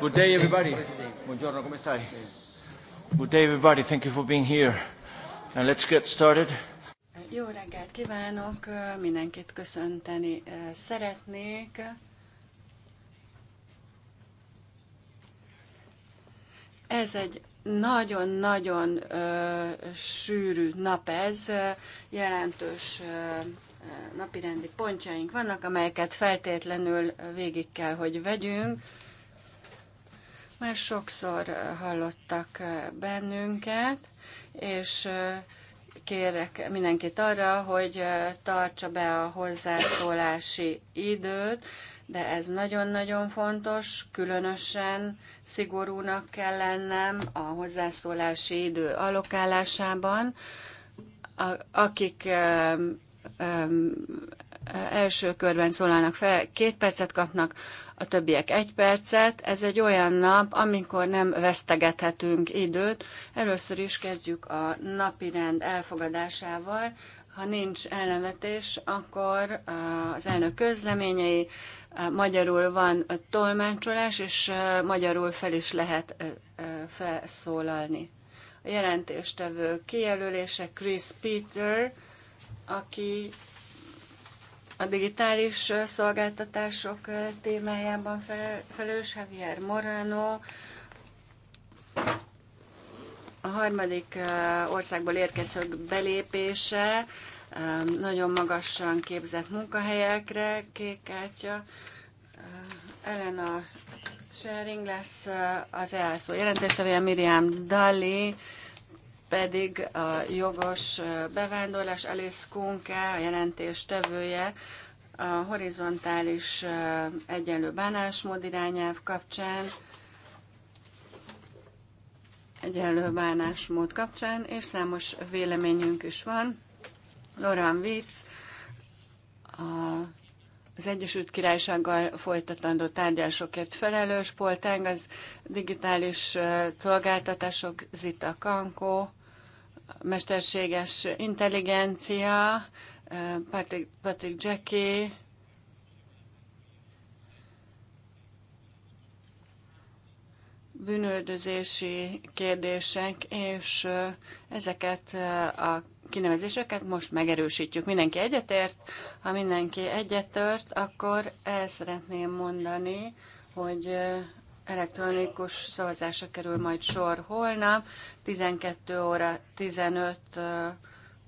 Good day, everybody. Buongiorno, come stai? Good day, everybody. Thank you for being here. And let's get started. Jó reggelt kívánok, mindenkit köszönteni eh, szeretnék. Ez egy nagyon-nagyon eh, sűrű nap ez, jelentős eh, napirendi pontjaink vannak, amelyeket feltétlenül végig kell, hogy vegyünk. Már sokszor hallottak bennünket, és kérek mindenkit arra, hogy tartsa be a hozzászólási időt, de ez nagyon-nagyon fontos, különösen szigorúnak kell lennem a hozzászólási idő alokálásában. akik első körben szólalnak fel, két percet kapnak, a többiek egy percet. Ez egy olyan nap, amikor nem vesztegethetünk időt. Először is kezdjük a napi rend elfogadásával. Ha nincs ellenvetés, akkor uh, az elnök közleményei, uh, magyarul van tolmácsolás, és uh, magyarul fel is lehet felszólalni. A jelentéstevő kijelölése Chris Peter, aki a digitális szolgáltatások témájában felelős Javier Morano, a harmadik országból érkezők belépése nagyon magasan képzett munkahelyekre, kék kártya. Elena Sharing lesz az elszó jelentéstevéje, Miriam Dali, pedig a jogos bevándorlás, Alice Kunke, a jelentés tevője, a horizontális egyenlő bánásmód irányelv kapcsán, egyenlő bánásmód kapcsán, és számos véleményünk is van. Loran Vitz, a, az Egyesült Királysággal folytatandó tárgyalásokért felelős, Poltánk, az digitális szolgáltatások, Zita Kankó, mesterséges intelligencia, Patrick, Patrick Jackie, bűnöldözési kérdések, és ezeket a kinevezéseket most megerősítjük. Mindenki egyetért? Ha mindenki egyetört, akkor el szeretném mondani, hogy elektronikus szavazásra kerül majd sor holnap, 12 óra 15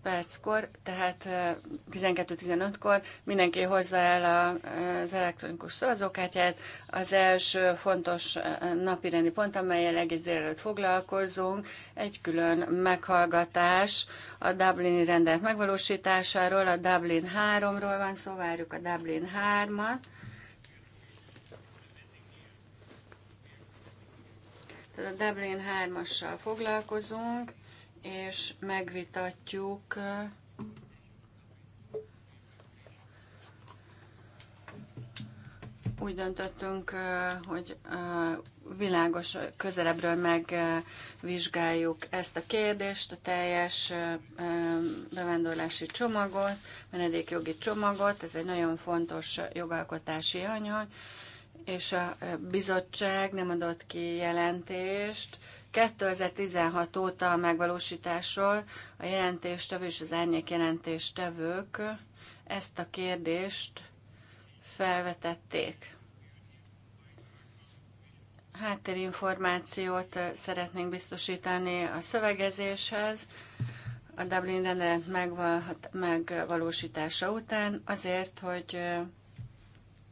perckor, tehát 12-15-kor mindenki hozza el az elektronikus szavazókártyát. Az első fontos napirendi pont, amelyel egész délelőtt foglalkozunk, egy külön meghallgatás a Dublini rendelet megvalósításáról, a Dublin 3-ról van szó, várjuk a Dublin 3-at. Tehát a Dublin 3-assal foglalkozunk, és megvitatjuk úgy döntöttünk, hogy világos közelebbről megvizsgáljuk ezt a kérdést, a teljes bevándorlási csomagot, menedékjogi csomagot, ez egy nagyon fontos jogalkotási anyag, és a e, bizottság nem adott ki jelentést. 2016 óta a megvalósításról a jelentéstevő és az árnyék jelentéstevők ezt a kérdést felvetették. Háttérinformációt e, szeretnénk biztosítani a szövegezéshez a Dublin rendelet megvalósítása után, azért, hogy e,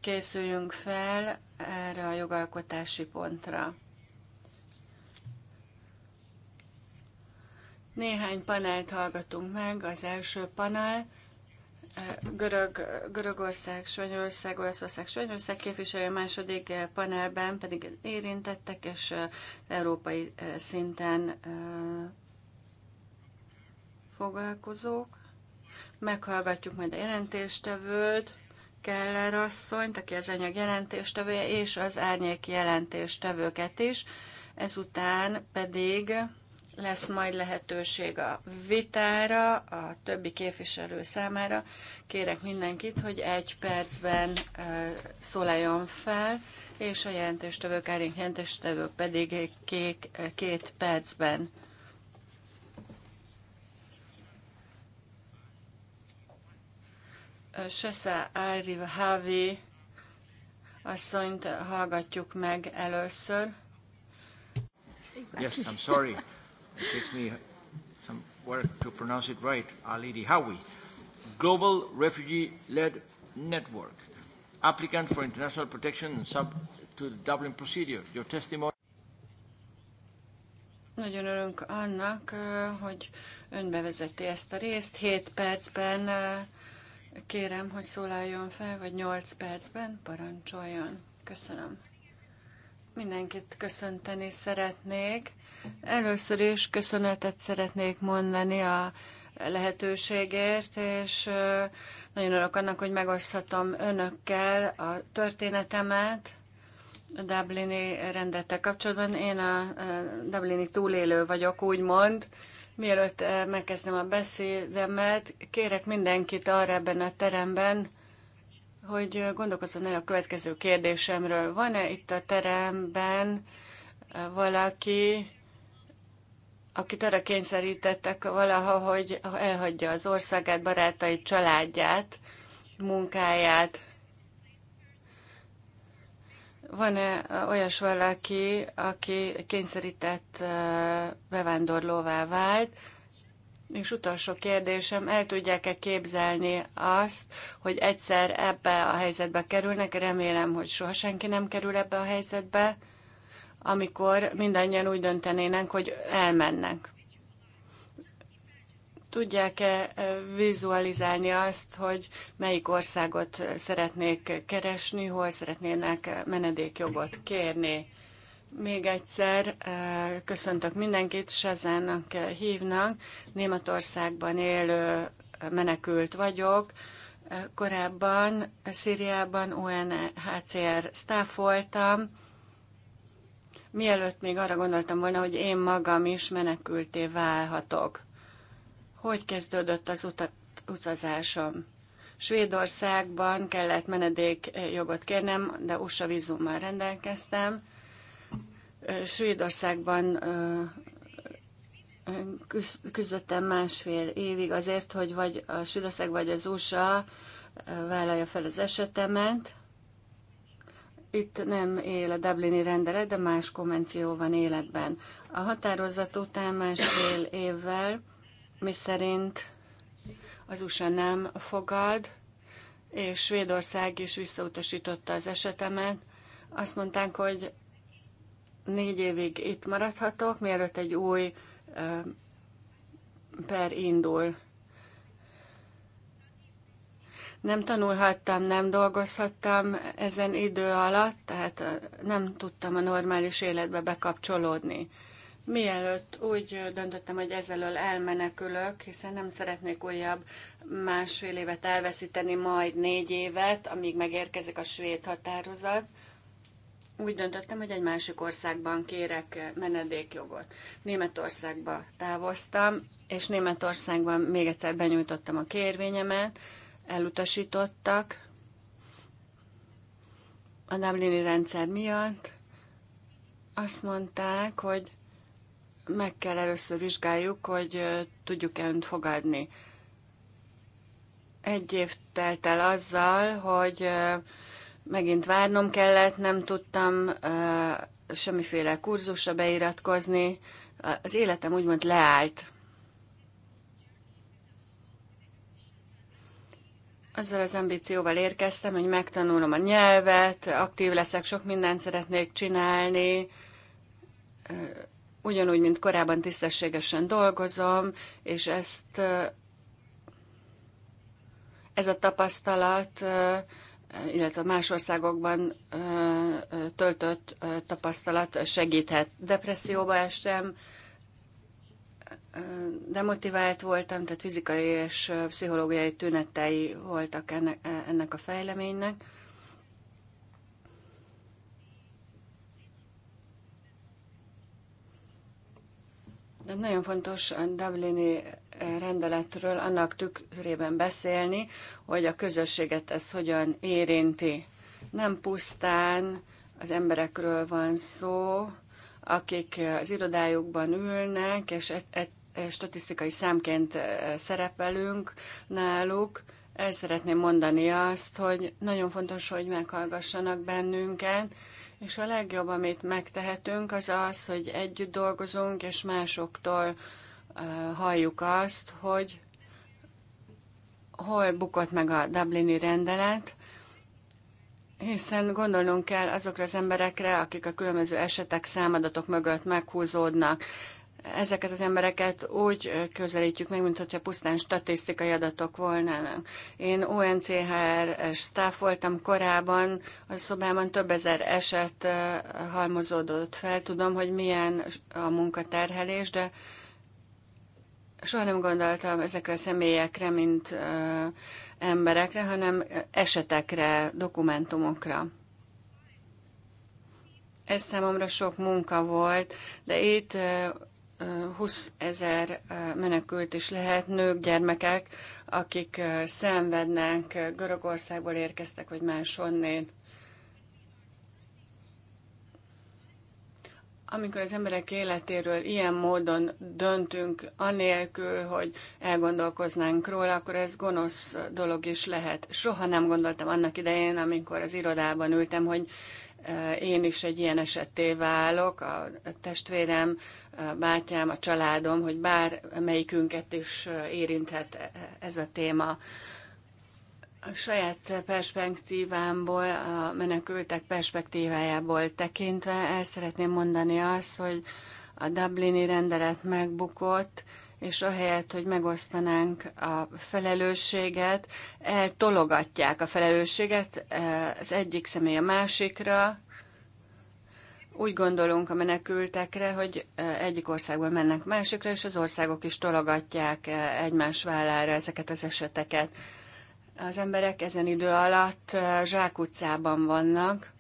készüljünk fel erre a jogalkotási pontra. Néhány panelt hallgatunk meg. Az első panel eh, Görög, Görögország, Spanyolország, Olaszország, Spanyolország képviselő, a második eh, panelben pedig érintettek, és eh, európai szinten foglalkozók. Meghallgatjuk majd a jelentéstevőt. Keller asszonyt, aki az anyag jelentéstevője, és az árnyék jelentéstevőket is. Ezután pedig lesz majd lehetőség a vitára, a többi képviselő számára. Kérek mindenkit, hogy egy percben szólaljon fel, és a jelentéstevők, árnyék jelentéstevők pedig kék, két percben Sesa Áriv Havi asszonyt hallgatjuk meg először. Exactly. Yes, I'm sorry. It takes me some work to pronounce it right. Alidi Hawi. Global Refugee-Led Network. Applicant for international protection and sub to the Dublin procedure. Your testimony. Nagyon örülünk annak, hogy ön bevezeti ezt a részt. 7 percben Kérem, hogy szólaljon fel, vagy 8 percben parancsoljon. Köszönöm. Mindenkit köszönteni szeretnék. Először is köszönetet szeretnék mondani a lehetőségért, és nagyon örülök annak, hogy megoszthatom önökkel a történetemet a Dublini rendettel kapcsolatban. Én a Dublini túlélő vagyok, úgymond. Mielőtt eh, megkezdem a beszédemet, kérek mindenkit arra ebben a teremben, hogy eh, gondolkozzon el a következő kérdésemről. Van-e itt a teremben eh, valaki, akit arra kényszerítettek valaha, hogy elhagyja az országát, barátait, családját, munkáját, van-e olyas valaki, aki kényszerített bevándorlóvá vált, és utolsó kérdésem, el tudják-e képzelni azt, hogy egyszer ebbe a helyzetbe kerülnek, remélem, hogy soha senki nem kerül ebbe a helyzetbe, amikor mindannyian úgy döntenének, hogy elmennek. Tudják-e vizualizálni azt, hogy melyik országot szeretnék keresni, hol szeretnének menedékjogot kérni? Még egyszer köszöntök mindenkit, Sazának hívnak. Németországban élő menekült vagyok. Korábban Szíriában UNHCR staff voltam. Mielőtt még arra gondoltam volna, hogy én magam is menekülté válhatok hogy kezdődött az utat, utazásom. Svédországban kellett menedékjogot eh, kérnem, de USA vízummal rendelkeztem. Eh, Svédországban eh, küzdöttem másfél évig azért, hogy vagy a Svédország vagy az USA vállalja fel az esetemet. Itt nem él a Dublini rendelet, de más konvenció van életben. A határozat után másfél évvel szerint az USA nem fogad, és Svédország is visszautasította az esetemet. Azt mondták, hogy négy évig itt maradhatok, mielőtt egy új per indul. Nem tanulhattam, nem dolgozhattam ezen idő alatt, tehát nem tudtam a normális életbe bekapcsolódni. Mielőtt úgy döntöttem, hogy ezelől elmenekülök, hiszen nem szeretnék újabb másfél évet elveszíteni, majd négy évet, amíg megérkezik a svéd határozat, úgy döntöttem, hogy egy másik országban kérek menedékjogot. Németországba távoztam, és Németországban még egyszer benyújtottam a kérvényemet, elutasítottak a Dublini rendszer miatt. Azt mondták, hogy meg kell először vizsgáljuk, hogy tudjuk-e önt fogadni. Egy év telt el azzal, hogy megint várnom kellett, nem tudtam semmiféle kurzusra beiratkozni, az életem úgymond leállt. Azzal az ambícióval érkeztem, hogy megtanulom a nyelvet, aktív leszek, sok mindent szeretnék csinálni, ugyanúgy, mint korábban tisztességesen dolgozom, és ezt ez a tapasztalat, illetve más országokban töltött tapasztalat segíthet. Depresszióba estem, demotivált voltam, tehát fizikai és pszichológiai tünetei voltak ennek, a fejleménynek. De nagyon fontos a Dublini eh, rendeletről annak tükrében beszélni, hogy a közösséget ez hogyan érinti. Nem pusztán az emberekről van szó, akik eh, az irodájukban ülnek, és egy, egy, egy statisztikai számként eh, szerepelünk náluk. El szeretném mondani azt, hogy nagyon fontos, hogy meghallgassanak bennünket, és a legjobb, amit megtehetünk, az az, hogy együtt dolgozunk, és másoktól halljuk azt, hogy hol bukott meg a Dublini rendelet, hiszen gondolnunk kell azokra az emberekre, akik a különböző esetek számadatok mögött meghúzódnak ezeket az embereket úgy közelítjük meg, mint hogyha pusztán statisztikai adatok volnának. Én UNCHR-es staff voltam korábban, a szobában több ezer eset halmozódott fel. Tudom, hogy milyen a munkaterhelés, de soha nem gondoltam ezekre a személyekre, mint emberekre, hanem esetekre, dokumentumokra. Ez számomra sok munka volt, de itt 20 ezer menekült is lehet, nők, gyermekek, akik szenvednek, Görögországból érkeztek, vagy máshonnét. Amikor az emberek életéről ilyen módon döntünk, anélkül, hogy elgondolkoznánk róla, akkor ez gonosz dolog is lehet. Soha nem gondoltam annak idején, amikor az irodában ültem, hogy én is egy ilyen esetté válok, a testvérem bátyám, a családom, hogy bár melyikünket is érinthet e, ez a téma. A saját perspektívámból, a menekültek perspektívájából tekintve el szeretném mondani azt, hogy a Dublini rendelet megbukott, és ahelyett, hogy megosztanánk a felelősséget, eltologatják a felelősséget e, az egyik személy a másikra, úgy gondolunk a menekültekre, hogy e, egyik országból mennek másikra, és az országok is tologatják e, egymás vállára ezeket az eseteket. Az emberek ezen idő alatt e, zsákutcában vannak,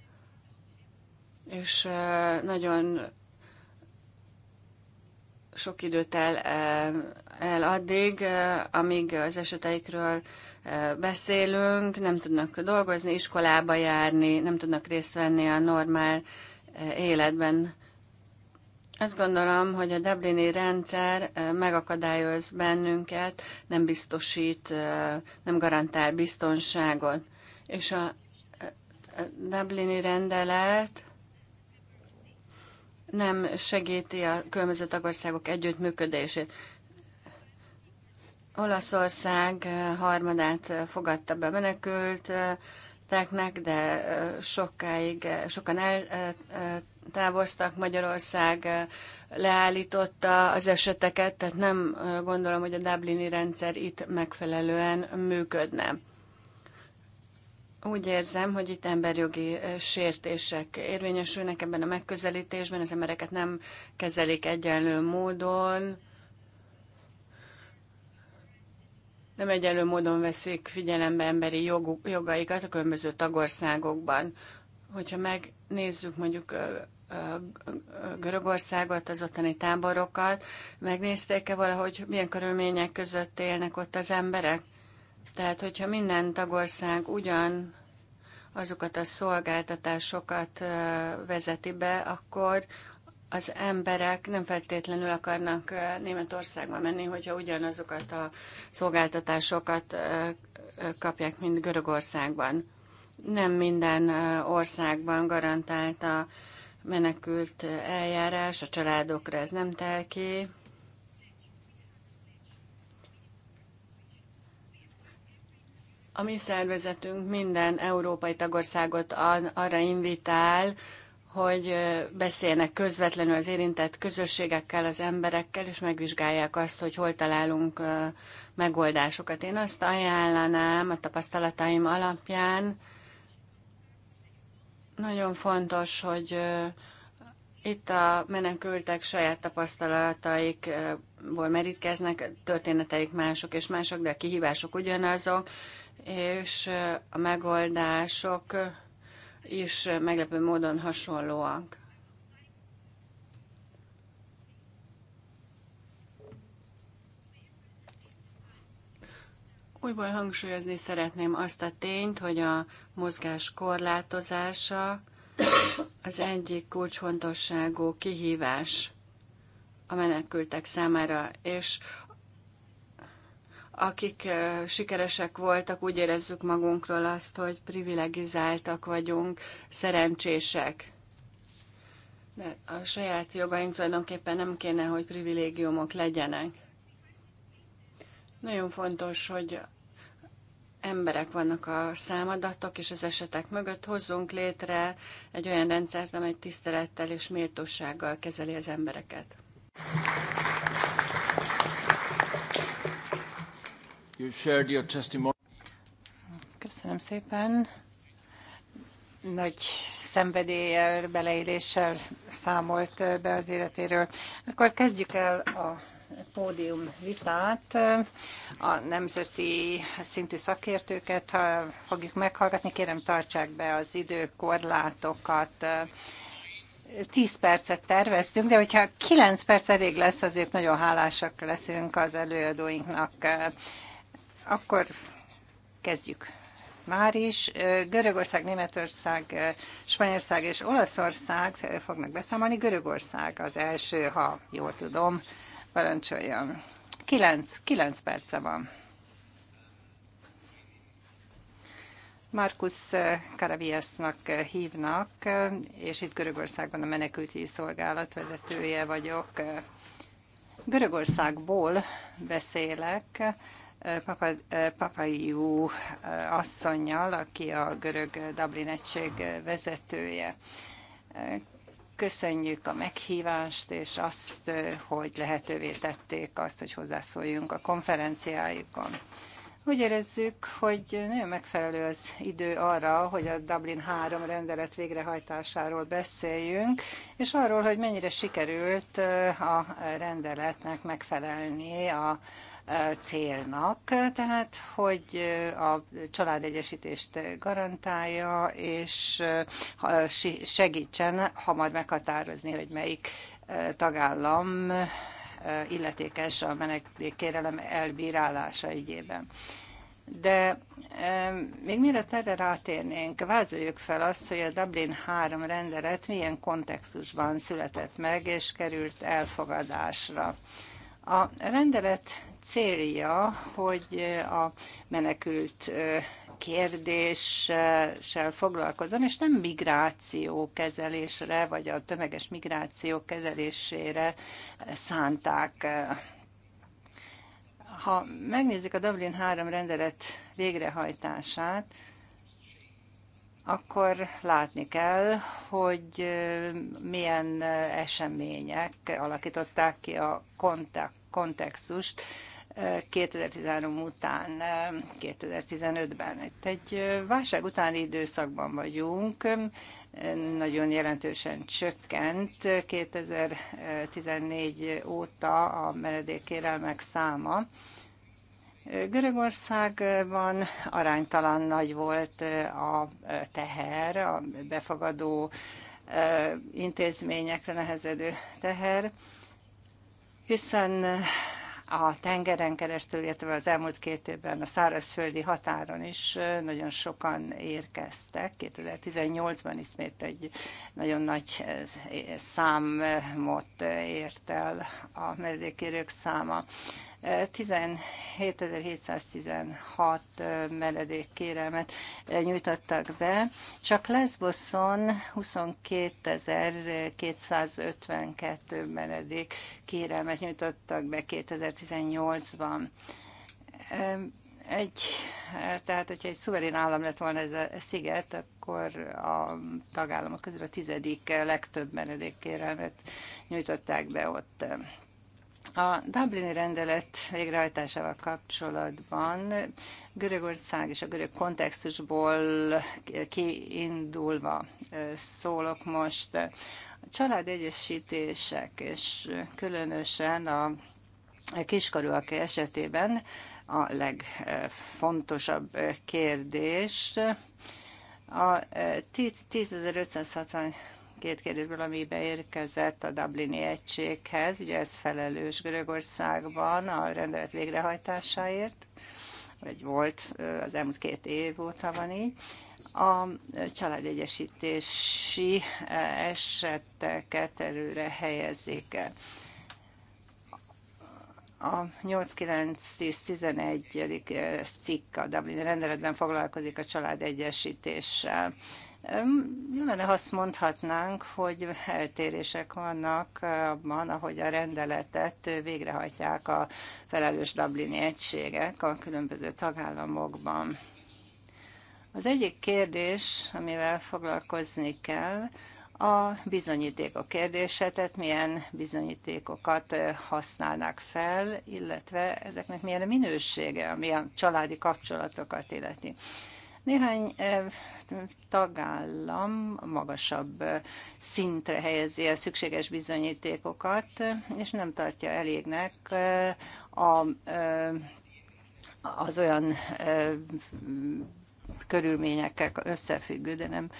és nagyon sok időt el, el addig, amíg az eseteikről beszélünk, nem tudnak dolgozni, iskolába járni, nem tudnak részt venni a normál életben. Azt gondolom, hogy a Dublini rendszer megakadályoz bennünket, nem biztosít, nem garantál biztonságot. És a Dublini rendelet nem segíti a különböző tagországok együttműködését. Olaszország harmadát fogadta be menekült meg, de sokáig, sokan eltávoztak, Magyarország leállította az eseteket, tehát nem gondolom, hogy a Dublini rendszer itt megfelelően működne. Úgy érzem, hogy itt emberjogi sértések érvényesülnek ebben a megközelítésben, az embereket nem kezelik egyenlő módon, nem egyenlő módon veszik figyelembe emberi joguk, jogaikat a különböző tagországokban. Hogyha megnézzük mondjuk Görögországot, az ottani táborokat, megnézték-e valahogy, milyen körülmények között élnek ott az emberek? Tehát, hogyha minden tagország ugyan azokat a szolgáltatásokat vezeti be, akkor az emberek nem feltétlenül akarnak Németországba menni, hogyha ugyanazokat a szolgáltatásokat kapják, mint Görögországban. Nem minden országban garantált a menekült eljárás, a családokra ez nem tel ki. A mi szervezetünk minden európai tagországot arra invitál, hogy beszélnek közvetlenül az érintett közösségekkel, az emberekkel, és megvizsgálják azt, hogy hol találunk megoldásokat. Én azt ajánlanám a tapasztalataim alapján, nagyon fontos, hogy itt a menekültek saját tapasztalataikból merítkeznek, történeteik mások és mások, de a kihívások ugyanazok, és a megoldások is meglepő módon hasonlóak. Újból hangsúlyozni szeretném azt a tényt, hogy a mozgás korlátozása az egyik kulcsfontosságú kihívás a menekültek számára, és akik sikeresek voltak, úgy érezzük magunkról azt, hogy privilegizáltak vagyunk, szerencsések. De a saját jogaink tulajdonképpen nem kéne, hogy privilégiumok legyenek. Nagyon fontos, hogy emberek vannak a számadatok és az esetek mögött, hozzunk létre egy olyan rendszert, amely tisztelettel és méltósággal kezeli az embereket. You shared your testimony. Köszönöm szépen. Nagy szenvedéllyel, beleéléssel számolt be az életéről. Akkor kezdjük el a pódium vitát. A nemzeti szintű szakértőket ha fogjuk meghallgatni. Kérem, tartsák be az időkorlátokat. 10 percet terveztünk, de hogyha 9 perc elég lesz, azért nagyon hálásak leszünk az előadóinknak. Akkor kezdjük. Már is Görögország, Németország, Spanyolország és Olaszország fognak beszámolni. Görögország az első, ha jól tudom, parancsoljon. Kilenc, kilenc perce van. Markus Karabiasnak hívnak, és itt Görögországban a menekülti szolgálat vezetője vagyok. Görögországból beszélek, Eh, Papaiú eh, asszonynal, aki a görög eh, Dublin egység vezetője. Köszönjük a meghívást, és azt, hogy lehetővé tették azt, hogy hozzászóljunk a konferenciájukon. Úgy érezzük, hogy nagyon megfelelő az idő arra, hogy a Dublin 3 rendelet végrehajtásáról beszéljünk, és arról, hogy mennyire sikerült a rendeletnek megfelelni a célnak, tehát hogy a családegyesítést garantálja, és segítsen hamar meghatározni, hogy melyik e, tagállam e, illetékes a menedékkérelem elbírálása ügyében. De e, még mielőtt erre rátérnénk, vázoljuk fel azt, hogy a Dublin 3 rendelet milyen kontextusban született meg és került elfogadásra. A rendelet célja, hogy eh, a menekült eh, kérdéssel foglalkozzon, és nem migráció kezelésre, vagy a tömeges migráció kezelésére eh, szánták. Ha megnézzük a Dublin 3 rendelet végrehajtását, akkor látni kell, hogy milyen események alakították ki a kontextust 2013 után, 2015-ben. Itt egy válság utáni időszakban vagyunk, nagyon jelentősen csökkent 2014 óta a menedékkérelmek száma. Görögországban aránytalan nagy volt a teher, a befogadó intézményekre nehezedő teher, hiszen a tengeren keresztül, illetve az elmúlt két évben a szárazföldi határon is nagyon sokan érkeztek. 2018-ban ismét egy nagyon nagy számot ért el a menedékérők száma. 17.716 kérelmet nyújtottak be, csak Lesboszon 22.252 meledék kérelmet nyújtottak be 2018-ban egy, hát tehát hogyha egy szuverén állam lett volna ez a sziget, akkor a tagállamok közül a tizedik legtöbb menedékkérelmet nyújtották be ott. A Dublini rendelet végrehajtásával kapcsolatban Görögország és a görög kontextusból kiindulva szólok most. A családegyesítések, és különösen a kiskorúak esetében a legfontosabb kérdés. A 10.560 két kérdésből, ami beérkezett a Dublini egységhez, ugye ez felelős Görögországban a rendelet végrehajtásáért, vagy volt, az elmúlt két év óta van így. A családegyesítési eseteket előre helyezik a 8-9-10-11. cikk a Dublin rendeletben foglalkozik a család egyesítéssel. Nem azt mondhatnánk, hogy eltérések vannak abban, ahogy a rendeletet végrehajtják a felelős Dublini egységek a különböző tagállamokban. Az egyik kérdés, amivel foglalkozni kell, a bizonyítékok kérdése, tehát milyen bizonyítékokat eh, használnak fel, illetve ezeknek milyen a minősége, ami a családi kapcsolatokat illeti. Néhány eh, tagállam magasabb szintre helyezi a szükséges bizonyítékokat, és nem tartja elégnek a, az olyan körülményekkel összefüggő, de nem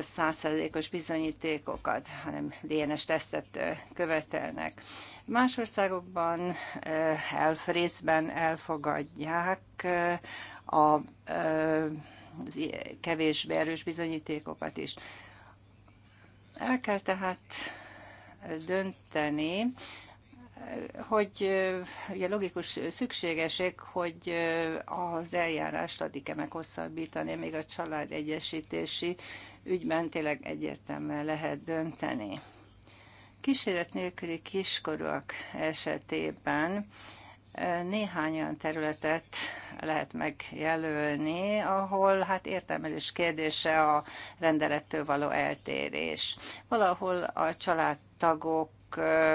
százszerzékos bizonyítékokat, hanem DNS-tesztet követelnek. Más országokban elf részben elfogadják a kevésbé erős bizonyítékokat is. El kell tehát dönteni, hogy ugye logikus szükségesek, hogy az eljárást addig-e meghosszabbítani, még a család egyesítési ügyben tényleg egyértelműen lehet dönteni. Kíséret nélküli kiskorúak esetében néhány olyan területet lehet megjelölni, ahol hát értelmezés kérdése a rendelettől való eltérés. Valahol a családtagok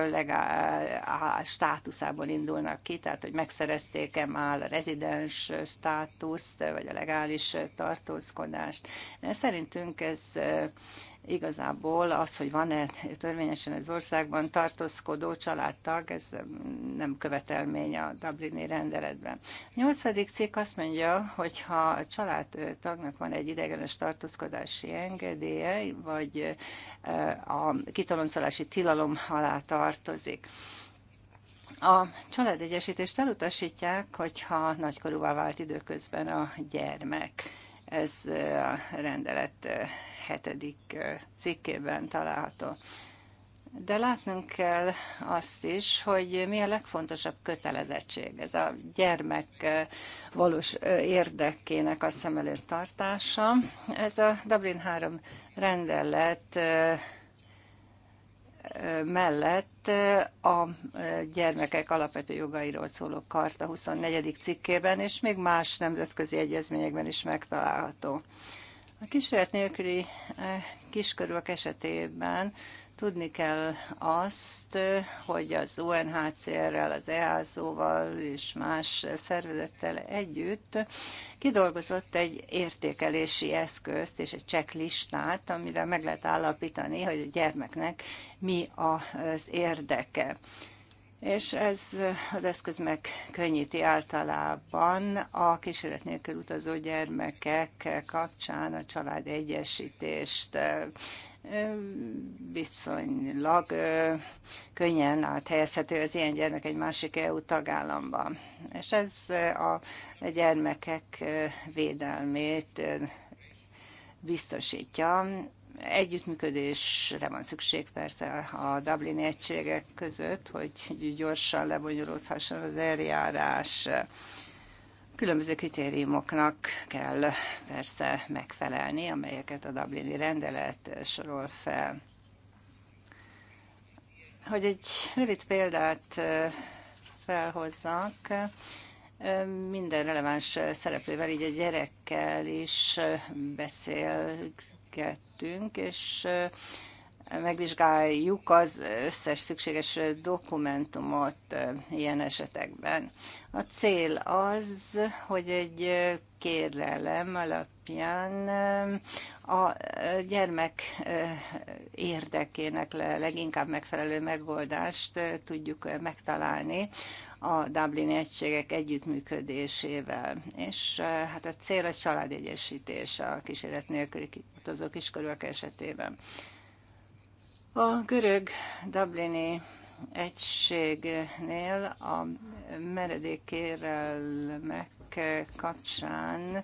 legá- státuszából indulnak ki, tehát hogy megszerezték-e már a rezidens státuszt, vagy a legális tartózkodást. Szerintünk ez Igazából az, hogy van-e törvényesen az országban tartózkodó családtag, ez nem követelmény a Dublini rendeletben. A nyolcadik cikk azt mondja, hogy ha a családtagnak van egy idegenes tartózkodási engedélye, vagy a kitoloncolási tilalom alá tartozik. A családegyesítést elutasítják, hogyha nagykorúvá vált időközben a gyermek. Ez a rendelet hetedik cikkében található. De látnunk kell azt is, hogy mi a legfontosabb kötelezettség, ez a gyermek valós érdekének a szem előtt tartása. Ez a Dublin 3 rendelet mellett a gyermekek alapvető jogairól szóló karta 24. cikkében és még más nemzetközi egyezményekben is megtalálható. A kísérlet nélküli e, kiskörülök esetében tudni kell azt, e, hogy az UNHCR-rel, az EASO-val és más szervezettel együtt kidolgozott egy értékelési eszközt és egy checklistát, amivel meg lehet állapítani, hogy a gyermeknek mi az érdeke és ez az eszköz megkönnyíti általában a kísérlet nélkül utazó gyermekek kapcsán a család egyesítést viszonylag könnyen áthelyezhető az ilyen gyermek egy másik EU tagállamban. És ez a gyermekek védelmét biztosítja Együttműködésre van szükség persze a Dublini egységek között, hogy gyorsan lebonyolódhasson az eljárás. Különböző kritériumoknak kell persze megfelelni, amelyeket a Dublini rendelet sorol fel. Hogy egy rövid példát felhozzak, minden releváns szereplővel, így a gyerekkel is beszél, beszélgettünk, és megvizsgáljuk az összes szükséges dokumentumot ilyen esetekben. A cél az, hogy egy kérlelem alapján a gyermek érdekének leginkább megfelelő megoldást tudjuk megtalálni a Dublini egységek együttműködésével. És eh, hát a cél a családegyesítés a kísérlet nélküli utazók körülök esetében. A görög Dublini egységnél a meredékérelmek Eh, kapcsán eh,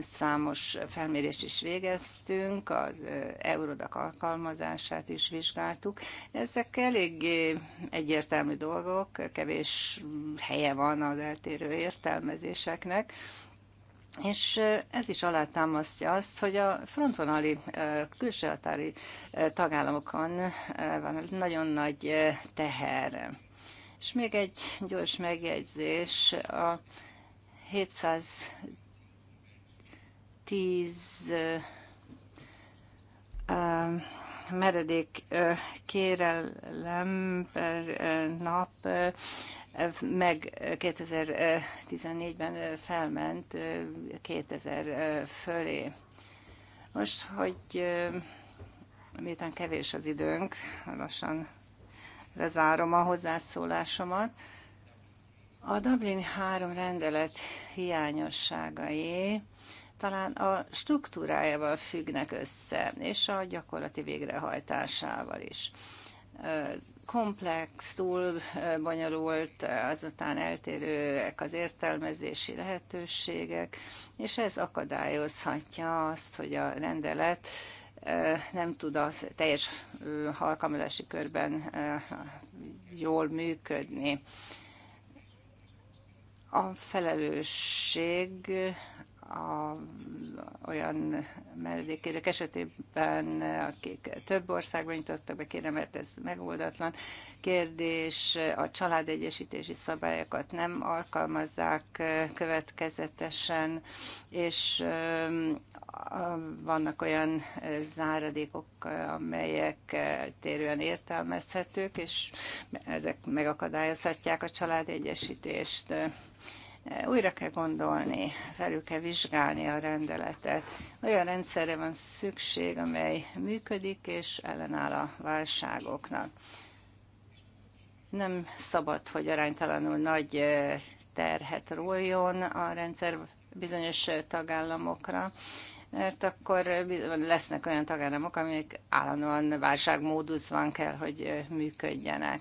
számos felmérést is végeztünk, az eh, Eurodak alkalmazását is vizsgáltuk. Ezek eléggé egyértelmű dolgok, kevés helye van az eltérő értelmezéseknek, és ez is alátámasztja azt, hogy a frontvonali külső határi tagállamokon van nagyon nagy teher. És még egy gyors megjegyzés. A 710 eh, meredék eh, kérelem per eh, nap meg 2014-ben felment 2000 fölé. Most, hogy miután kevés az időnk, lassan lezárom a hozzászólásomat. A Dublin 3 rendelet hiányosságai talán a struktúrájával függnek össze, és a gyakorlati végrehajtásával is. Komplex, túl bonyolult, azután eltérőek az értelmezési lehetőségek, és ez akadályozhatja azt, hogy a rendelet nem tud a teljes alkalmazási körben jól működni. A felelősség a, olyan menedékérek esetében, akik több országban nyitottak be, kérem, mert ez megoldatlan kérdés, a családegyesítési szabályokat nem alkalmazzák következetesen, és vannak olyan záradékok, amelyek térően értelmezhetők, és ezek megakadályozhatják a családegyesítést újra kell gondolni, felül kell vizsgálni a rendeletet. Olyan rendszerre van szükség, amely működik és ellenáll a válságoknak. Nem szabad, hogy aránytalanul nagy terhet róljon a rendszer bizonyos tagállamokra, mert akkor lesznek olyan tagállamok, amik állandóan van kell, hogy működjenek.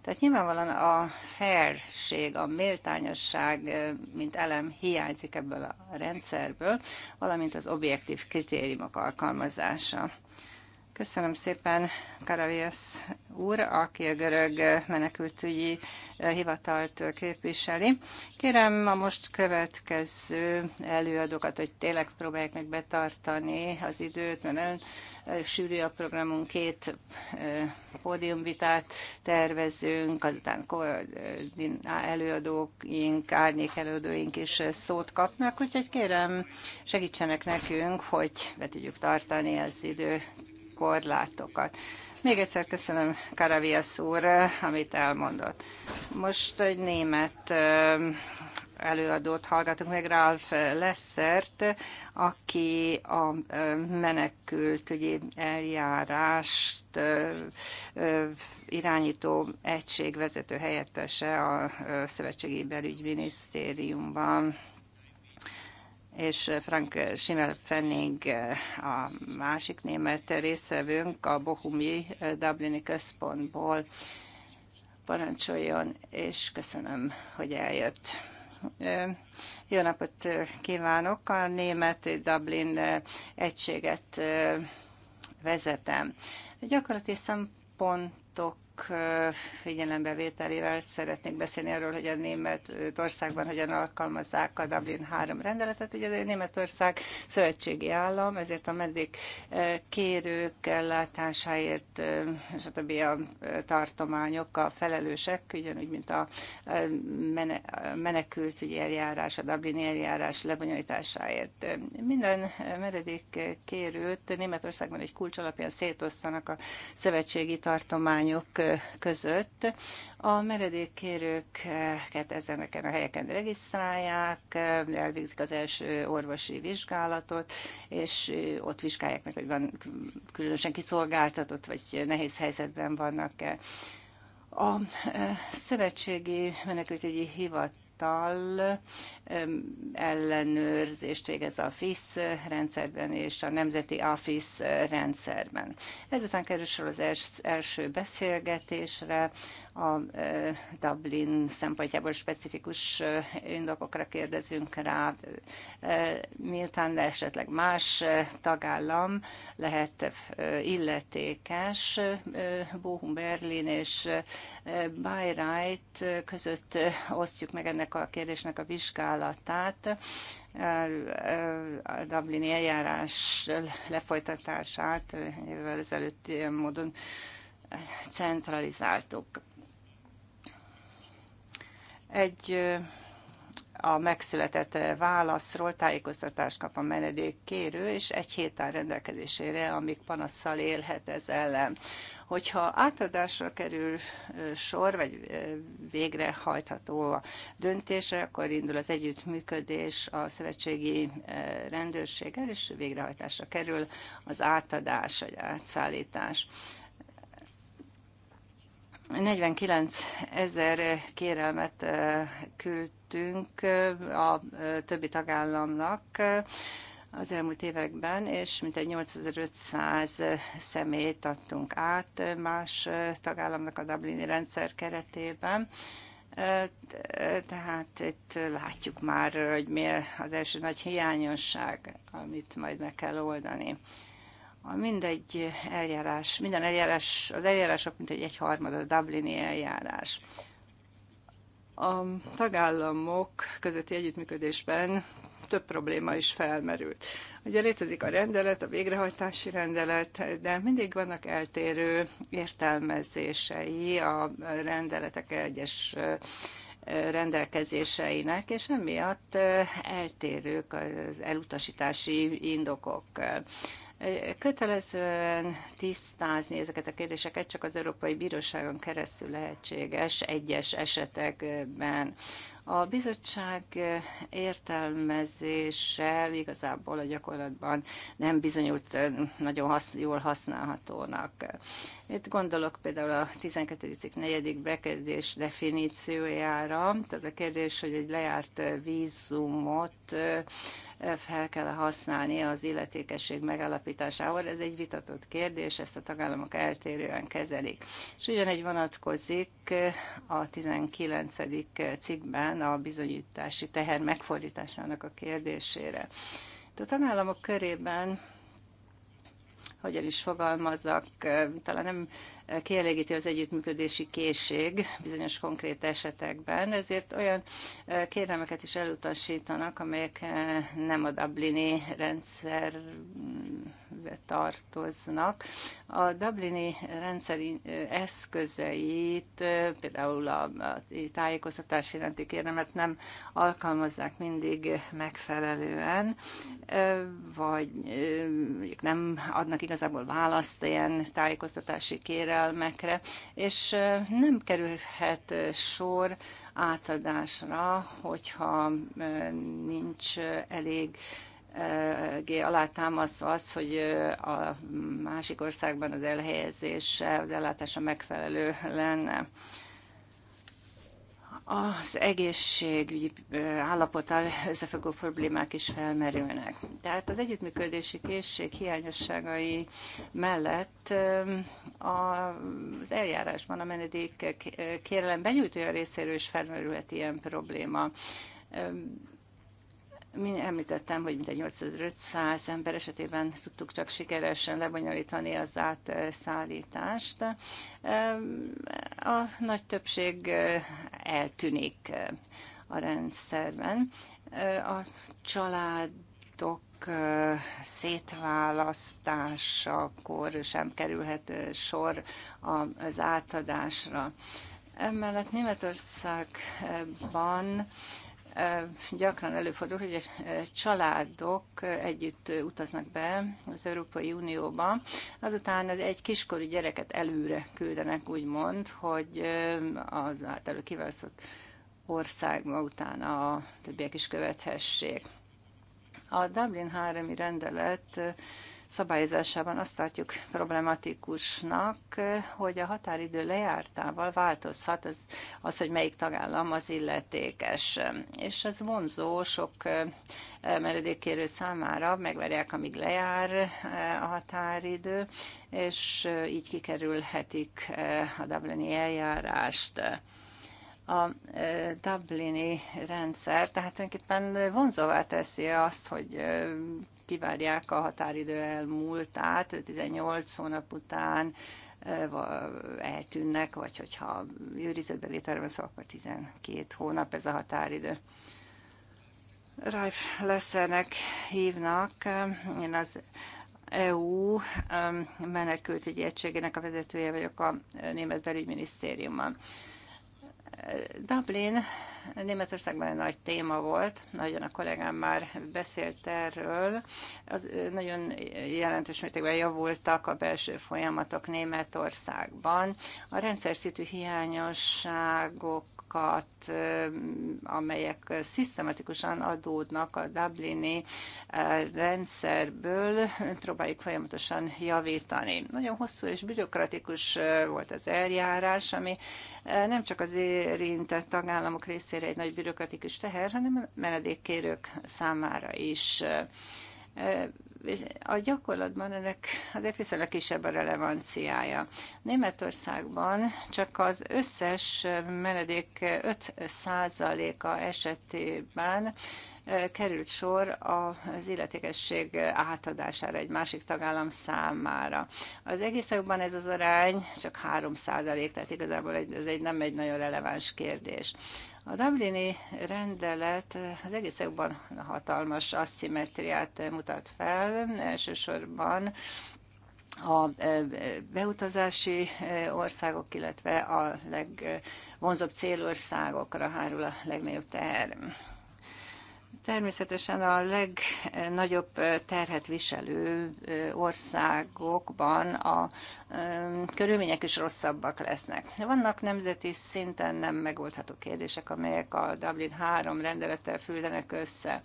Tehát nyilvánvalóan a fairség, a méltányosság, mint elem hiányzik ebből a rendszerből, valamint az objektív kritériumok alkalmazása. Köszönöm szépen Karaviasz úr, aki a görög menekültügyi hivatalt képviseli. Kérem a most következő előadókat, hogy tényleg próbálják meg betartani az időt, mert nagyon sűrű a programunk, két pódiumvitát tervezünk, azután előadóink, árnyék előadóink is szót kapnak, úgyhogy kérem segítsenek nekünk, hogy be tudjuk tartani az időt korlátokat. Még egyszer köszönöm Karaviasz úr, amit elmondott. Most egy német előadót hallgatunk meg, Ralf Lessert, aki a menekültügyi eljárást irányító egységvezető helyettese a Szövetségi Belügyminisztériumban és Frank Schimmelfenning a másik német részvevőnk a Bohumi eh, Dublini központból parancsoljon, és köszönöm, hogy eljött. Eh, jó napot eh, kívánok! A német Dublin egységet vezetem. Gyakorlati szempontok jogok figyelembevételével szeretnék beszélni arról, hogy a Németországban hogyan alkalmazzák a Dublin 3 rendeletet. Ugye a Németország szövetségi állam, ezért a meddig kérők ellátásáért, stb. a tartományok a felelősek, ugyanúgy, mint a menekült, eljárás, a Dublin eljárás lebonyolításáért. Minden meredék kérőt Németországban egy kulcs alapján szétosztanak a szövetségi tartományok között. A meredékkérőket ezeneken a helyeken regisztrálják, elvégzik az első orvosi vizsgálatot, és ott vizsgálják meg, hogy van különösen kiszolgáltatott, vagy nehéz helyzetben vannak-e. A Szövetségi Menekültügyi hivatal ellenőrzést végez a FISZ rendszerben és a Nemzeti AFISZ rendszerben. Ezután kerül sor az első beszélgetésre, a Dublin szempontjából specifikus indokokra kérdezünk rá, miután esetleg más tagállam lehet illetékes, Bohum Berlin és Bayreuth között osztjuk meg ennek a kérdésnek a vizsgálatát, vizsgálatát, a Dublini eljárás lefolytatását évvel ezelőtt ilyen módon centralizáltuk. Egy a megszületett válaszról tájékoztatást kap a menedékkérő, és egy héttel rendelkezésére, amíg panasszal élhet ez ellen. Hogyha átadásra kerül sor, vagy végrehajtható a döntése, akkor indul az együttműködés a szövetségi rendőrséggel, és végrehajtásra kerül az átadás, vagy átszállítás. 49 ezer kérelmet küldtünk a többi tagállamnak, az elmúlt években, és mintegy 8500 személyt adtunk át más tagállamnak a Dublini rendszer keretében. Tehát itt látjuk már, hogy mi az első nagy hiányosság, amit majd meg kell oldani. A mindegy eljárás, minden eljárás, az eljárások mintegy egy harmada a Dublini eljárás. A tagállamok közötti együttműködésben több probléma is felmerült. Ugye létezik a rendelet, a végrehajtási rendelet, de mindig vannak eltérő értelmezései a rendeletek egyes rendelkezéseinek, és emiatt eltérők az elutasítási indokok. Kötelezően tisztázni ezeket a kérdéseket csak az Európai Bíróságon keresztül lehetséges egyes esetekben. A bizottság értelmezése igazából a gyakorlatban nem bizonyult nagyon hasz, jól használhatónak. Itt gondolok például a 12.4. bekezdés definíciójára. Az a kérdés, hogy egy lejárt vízumot fel kell használni az illetékesség megállapításához. Ez egy vitatott kérdés, ezt a tagállamok eltérően kezelik. És ugyanegy vonatkozik a 19. cikkben a bizonyítási teher megfordításának a kérdésére. A tagállamok körében hogyan is fogalmazzak, talán nem kielégíti az együttműködési készség bizonyos konkrét esetekben, ezért olyan eh, kérelmeket is elutasítanak, amelyek eh, nem a Dublini rendszer mm, tartoznak. A Dublini rendszer eszközeit, például a tájékoztatás iránti kéremet nem alkalmazzák mindig megfelelően, vagy nem adnak igazából választ ilyen tájékoztatási kérelmekre, és nem kerülhet sor átadásra, hogyha nincs elég alátámasztva az, hogy a másik országban az elhelyezése, az ellátása megfelelő lenne. Az egészségügyi állapotal összefüggő problémák is felmerülnek. Tehát az együttműködési készség hiányosságai mellett az eljárásban a menedék kérelem benyújtója részéről is felmerülhet ilyen probléma mi említettem, hogy mintegy 8500 ember esetében tudtuk csak sikeresen lebonyolítani az átszállítást. A nagy többség eltűnik a rendszerben. A családok szétválasztásakor sem kerülhet sor az átadásra. Emellett Németországban gyakran előfordul, hogy a családok együtt utaznak be az Európai Unióba, azután az egy kiskorú gyereket előre küldenek, úgymond, hogy az által kiválasztott országba utána a többiek is követhessék. A Dublin 3 rendelet szabályozásában azt tartjuk problematikusnak, hogy a határidő lejártával változhat az, az hogy melyik tagállam az illetékes. És ez vonzó sok meredékérő számára, megvárják, amíg lejár a határidő, és így kikerülhetik a Dublini eljárást a Dublini rendszer, tehát tulajdonképpen vonzóvá teszi azt, hogy kivárják a határidő elmúltát, 18 hónap után eh, eltűnnek, vagy hogyha őrizetbe van szó, akkor 12 hónap ez a határidő. Ralf Lessernek hívnak. Én az EU egy egységének a vezetője vagyok a német belügyminisztériumban. Dublin Németországban egy nagy téma volt, nagyon a kollégám már beszélt erről. Az, nagyon jelentős mértékben javultak a belső folyamatok Németországban. A rendszer szintű hiányosságok hibákat, amelyek szisztematikusan adódnak a Dublini rendszerből, próbáljuk folyamatosan javítani. Nagyon hosszú és bürokratikus volt az eljárás, ami nem csak az érintett tagállamok részére egy nagy bürokratikus teher, hanem menedékkérők számára is a gyakorlatban ennek azért viszonylag kisebb a relevanciája. Németországban csak az összes menedék 5%-a esetében e, került sor az illetékesség átadására egy másik tagállam számára. Az egészekben ez az arány csak 3 százalék, tehát igazából ez egy, nem egy nagyon releváns kérdés. A Dublini rendelet az egészekben hatalmas asszimetriát mutat fel, elsősorban a e, beutazási e, országok, illetve a legvonzóbb célországokra hárul a legnagyobb teher. Természetesen a legnagyobb terhet viselő országokban a körülmények is rosszabbak lesznek. Vannak nemzeti szinten nem megoldható kérdések, amelyek a Dublin 3 rendelettel füllenek össze.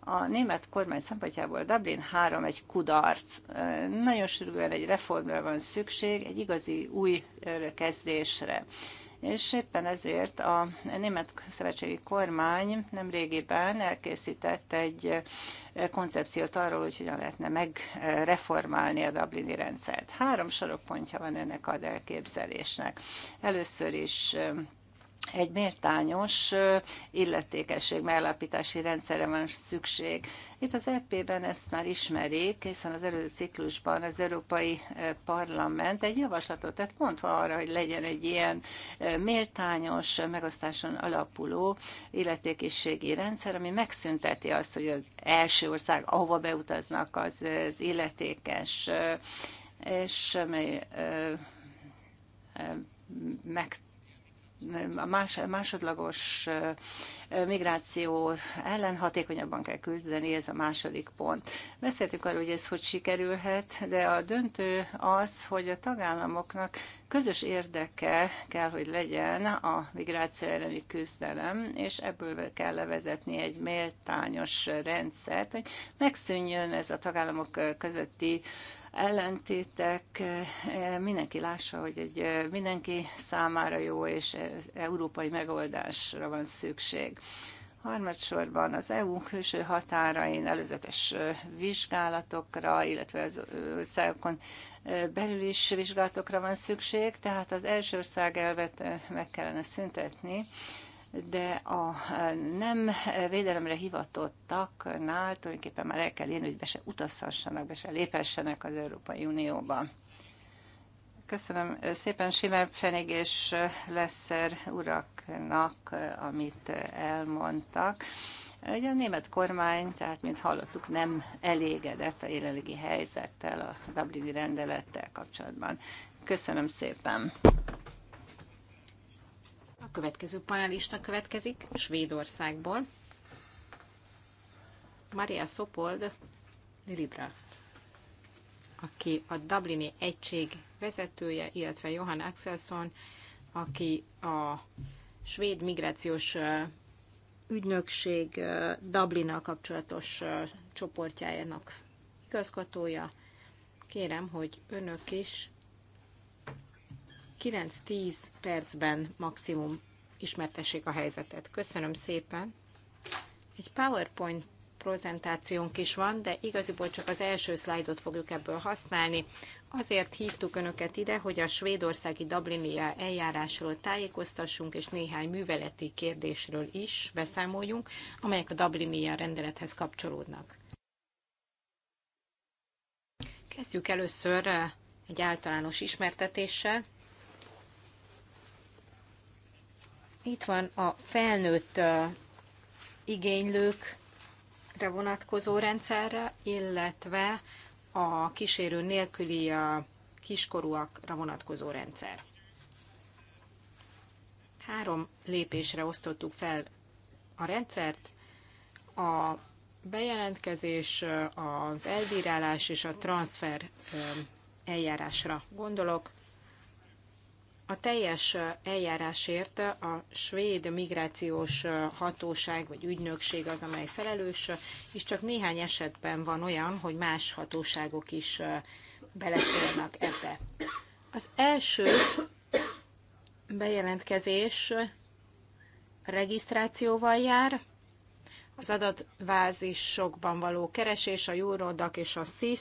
A német kormány szempontjából Dublin 3 egy kudarc. Nagyon sürgően egy reformra van szükség, egy igazi új kezdésre és éppen ezért a német szövetségi kormány nem régiben elkészített egy eh, koncepciót arról, hogy hogyan lehetne megreformálni a Dublini rendszert. Három sorokpontja van ennek az elképzelésnek. Először is eh, egy méltányos illetékesség megállapítási rendszerre van szükség. Itt az EP-ben ezt már ismerik, hiszen az előző ciklusban az Európai Parlament egy javaslatot tett pont arra, hogy legyen egy ilyen méltányos, megosztáson alapuló illetékességi rendszer, ami megszünteti azt, hogy az első ország, ahova beutaznak, az, az illetékes, és mely, meg a más, másodlagos migráció ellen hatékonyabban kell küzdeni, ez a második pont. Beszéltünk arról, hogy ez hogy sikerülhet, de a döntő az, hogy a tagállamoknak közös érdeke kell, hogy legyen a migráció elleni küzdelem, és ebből kell levezetni egy méltányos rendszert, hogy megszűnjön ez a tagállamok közötti ellentétek, eh, mindenki lássa, hogy egy eh, mindenki számára jó és eh, európai megoldásra van szükség. Harmadsorban az EU külső határain előzetes vizsgálatokra, illetve az országokon belül is vizsgálatokra van szükség, tehát az első ország elvet meg kellene szüntetni, de a nem védelemre hivatottaknál tulajdonképpen már el kell érni, hogy be se utazhassanak, be se léphessenek az Európai Unióba. Köszönöm szépen Simán Fenig és Leszer uraknak, amit elmondtak. Ugye a német kormány, tehát mint hallottuk, nem elégedett a jelenlegi helyzettel, a Dublini rendelettel kapcsolatban. Köszönöm szépen! következő panelista következik, Svédországból. Maria Szopold Libra, aki a Dublini egység vezetője, illetve Johan Axelsson, aki a svéd migrációs ügynökség Dublinnal kapcsolatos csoportjának igazgatója. Kérem, hogy önök is 9-10 percben maximum ismertessék a helyzetet. Köszönöm szépen. Egy PowerPoint prezentációnk is van, de igaziból csak az első szlájdot fogjuk ebből használni. Azért hívtuk Önöket ide, hogy a svédországi Dublini eljárásról tájékoztassunk, és néhány műveleti kérdésről is beszámoljunk, amelyek a Dublini rendelethez kapcsolódnak. Kezdjük először egy általános ismertetéssel. Itt van a felnőtt igénylőkre vonatkozó rendszerre, illetve a kísérő nélküli kiskorúakra vonatkozó rendszer. Három lépésre osztottuk fel a rendszert. A bejelentkezés, az elbírálás és a transfer eljárásra gondolok a teljes eljárásért a svéd migrációs hatóság vagy ügynökség az, amely felelős, és csak néhány esetben van olyan, hogy más hatóságok is beleszólnak ebbe. Az első bejelentkezés regisztrációval jár, az adatvázisokban való keresés, a Eurodac és a SIS,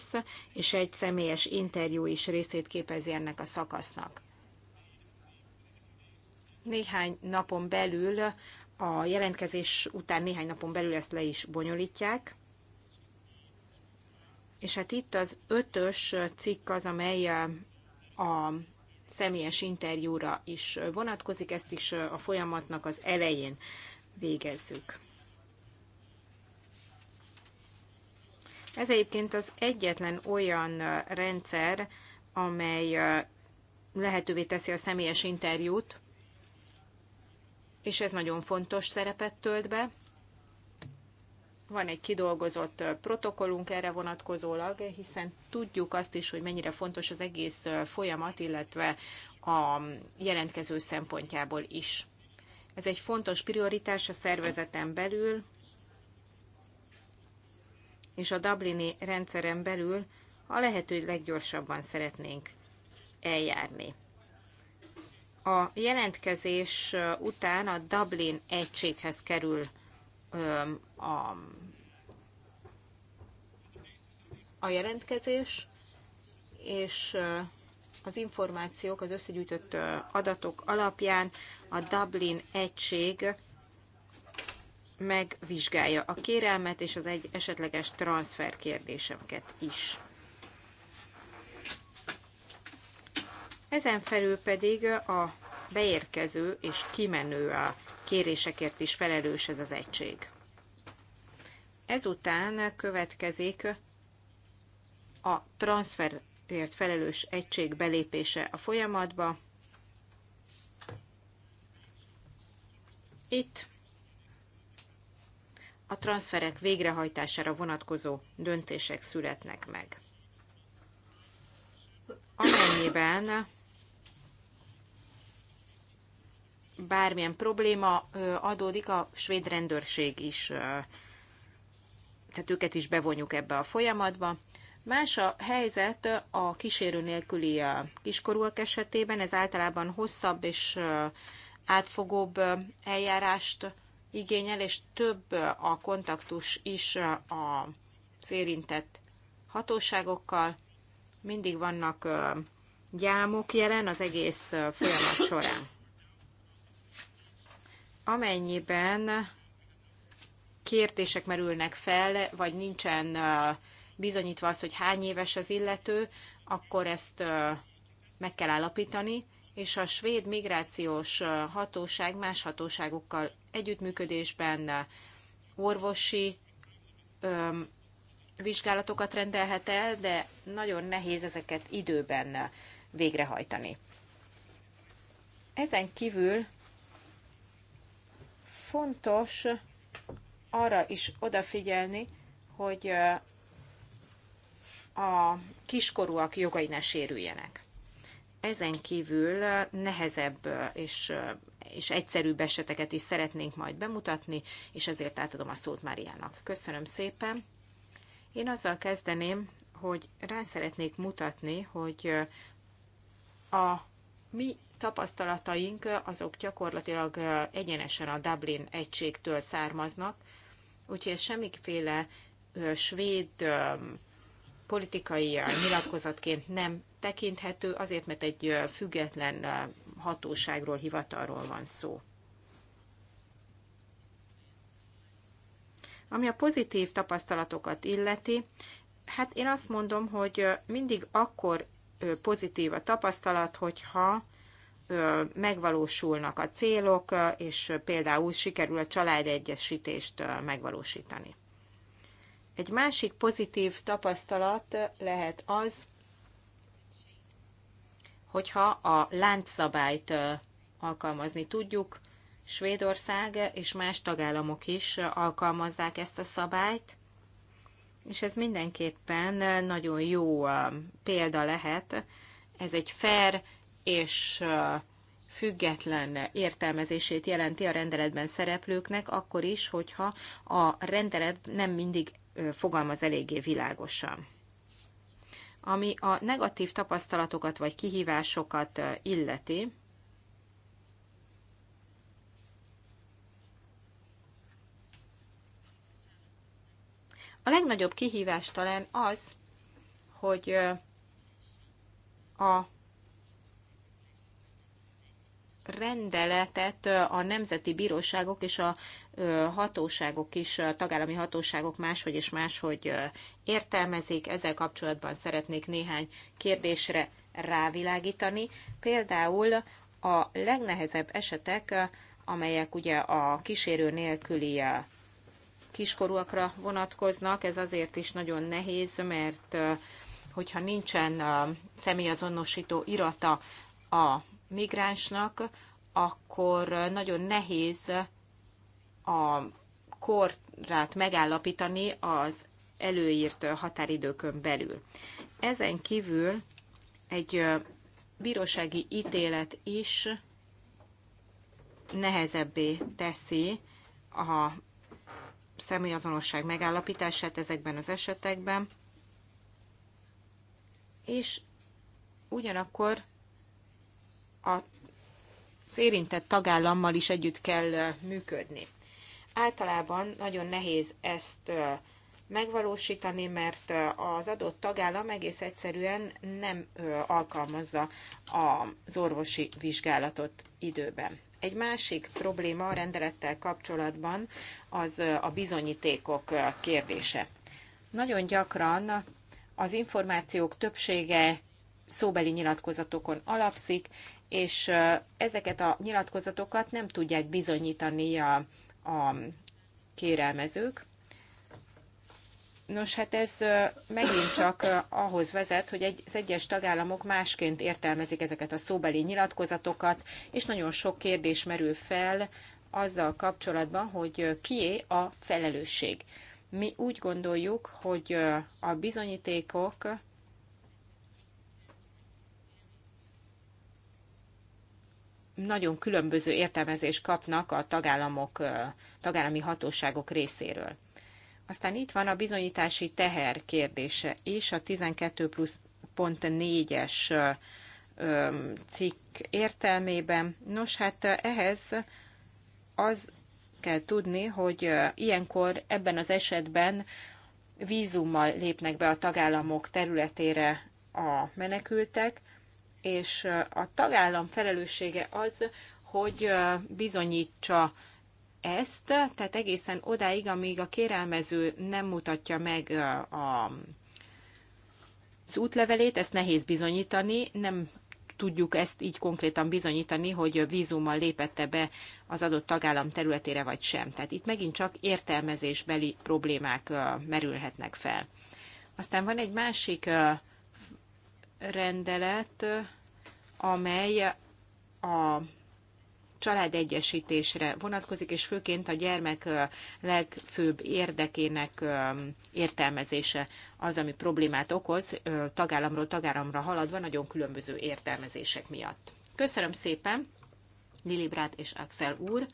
és egy személyes interjú is részét képezi ennek a szakasznak néhány napon belül, a jelentkezés után néhány napon belül ezt le is bonyolítják. És hát itt az ötös cikk az, amely a személyes interjúra is vonatkozik, ezt is a folyamatnak az elején végezzük. Ez egyébként az egyetlen olyan rendszer, amely lehetővé teszi a személyes interjút, és ez nagyon fontos szerepet tölt be. Van egy kidolgozott protokollunk erre vonatkozólag, hiszen tudjuk azt is, hogy mennyire fontos az egész folyamat, illetve a jelentkező szempontjából is. Ez egy fontos prioritás a szervezeten belül, és a Dublini rendszeren belül a lehető leggyorsabban szeretnénk eljárni a jelentkezés után a Dublin egységhez kerül a, a jelentkezés, és az információk, az összegyűjtött adatok alapján a Dublin egység megvizsgálja a kérelmet és az egy esetleges transfer kérdéseket is. Ezen felül pedig a beérkező és kimenő a kérésekért is felelős ez az egység. Ezután következik a transferért felelős egység belépése a folyamatba. Itt a transferek végrehajtására vonatkozó döntések születnek meg. Amennyiben bármilyen probléma adódik, a svéd rendőrség is, tehát őket is bevonjuk ebbe a folyamatba. Más a helyzet a kísérő nélküli kiskorúak esetében, ez általában hosszabb és átfogóbb eljárást igényel, és több a kontaktus is a érintett hatóságokkal. Mindig vannak gyámok jelen az egész folyamat során amennyiben kérdések merülnek fel, vagy nincsen bizonyítva az, hogy hány éves az illető, akkor ezt meg kell állapítani, és a svéd migrációs hatóság más hatóságokkal együttműködésben orvosi vizsgálatokat rendelhet el, de nagyon nehéz ezeket időben végrehajtani. Ezen kívül fontos arra is odafigyelni, hogy a kiskorúak jogai ne sérüljenek. Ezen kívül nehezebb és, és egyszerűbb eseteket is szeretnénk majd bemutatni, és ezért átadom a szót Máriának. Köszönöm szépen! Én azzal kezdeném, hogy rá szeretnék mutatni, hogy a mi tapasztalataink azok gyakorlatilag egyenesen a Dublin egységtől származnak, úgyhogy semmiféle svéd politikai nyilatkozatként nem tekinthető, azért, mert egy független hatóságról, hivatalról van szó. Ami a pozitív tapasztalatokat illeti, hát én azt mondom, hogy mindig akkor pozitív a tapasztalat, hogyha megvalósulnak a célok, és például sikerül a családegyesítést megvalósítani. Egy másik pozitív tapasztalat lehet az, hogyha a láncszabályt alkalmazni tudjuk. Svédország és más tagállamok is alkalmazzák ezt a szabályt, és ez mindenképpen nagyon jó példa lehet. Ez egy fair és független értelmezését jelenti a rendeletben szereplőknek, akkor is, hogyha a rendelet nem mindig fogalmaz eléggé világosan. Ami a negatív tapasztalatokat vagy kihívásokat illeti, A legnagyobb kihívás talán az, hogy a rendeletet a nemzeti bíróságok és a hatóságok is, a tagállami hatóságok máshogy és máshogy értelmezik. Ezzel kapcsolatban szeretnék néhány kérdésre rávilágítani. Például a legnehezebb esetek, amelyek ugye a kísérő nélküli kiskorúakra vonatkoznak, ez azért is nagyon nehéz, mert hogyha nincsen személyazonosító irata a migránsnak, akkor nagyon nehéz a korrát megállapítani az előírt határidőkön belül. Ezen kívül egy bírósági ítélet is nehezebbé teszi a személyazonosság megállapítását ezekben az esetekben, és ugyanakkor az érintett tagállammal is együtt kell működni. Általában nagyon nehéz ezt megvalósítani, mert az adott tagállam egész egyszerűen nem alkalmazza az orvosi vizsgálatot időben. Egy másik probléma a rendelettel kapcsolatban az a bizonyítékok kérdése. Nagyon gyakran az információk többsége szóbeli nyilatkozatokon alapszik, és ezeket a nyilatkozatokat nem tudják bizonyítani a, a kérelmezők. Nos, hát ez megint csak ahhoz vezet, hogy egy, az egyes tagállamok másként értelmezik ezeket a szóbeli nyilatkozatokat, és nagyon sok kérdés merül fel azzal kapcsolatban, hogy kié a felelősség. Mi úgy gondoljuk, hogy a bizonyítékok nagyon különböző értelmezést kapnak a tagállamok, tagállami hatóságok részéről. Aztán itt van a bizonyítási teher kérdése és a 12 plusz pont 4-es cikk értelmében. Nos, hát ehhez az kell tudni, hogy ilyenkor ebben az esetben vízummal lépnek be a tagállamok területére a menekültek, és a tagállam felelőssége az, hogy bizonyítsa ezt, tehát egészen odáig, amíg a kérelmező nem mutatja meg a, az útlevelét, ezt nehéz bizonyítani, nem tudjuk ezt így konkrétan bizonyítani, hogy vízummal lépette be az adott tagállam területére vagy sem. Tehát itt megint csak értelmezésbeli problémák merülhetnek fel. Aztán van egy másik rendelet, amely a családegyesítésre vonatkozik, és főként a gyermek legfőbb érdekének értelmezése az, ami problémát okoz, tagállamról tagállamra haladva nagyon különböző értelmezések miatt. Köszönöm szépen, Lili Brát és Axel úr!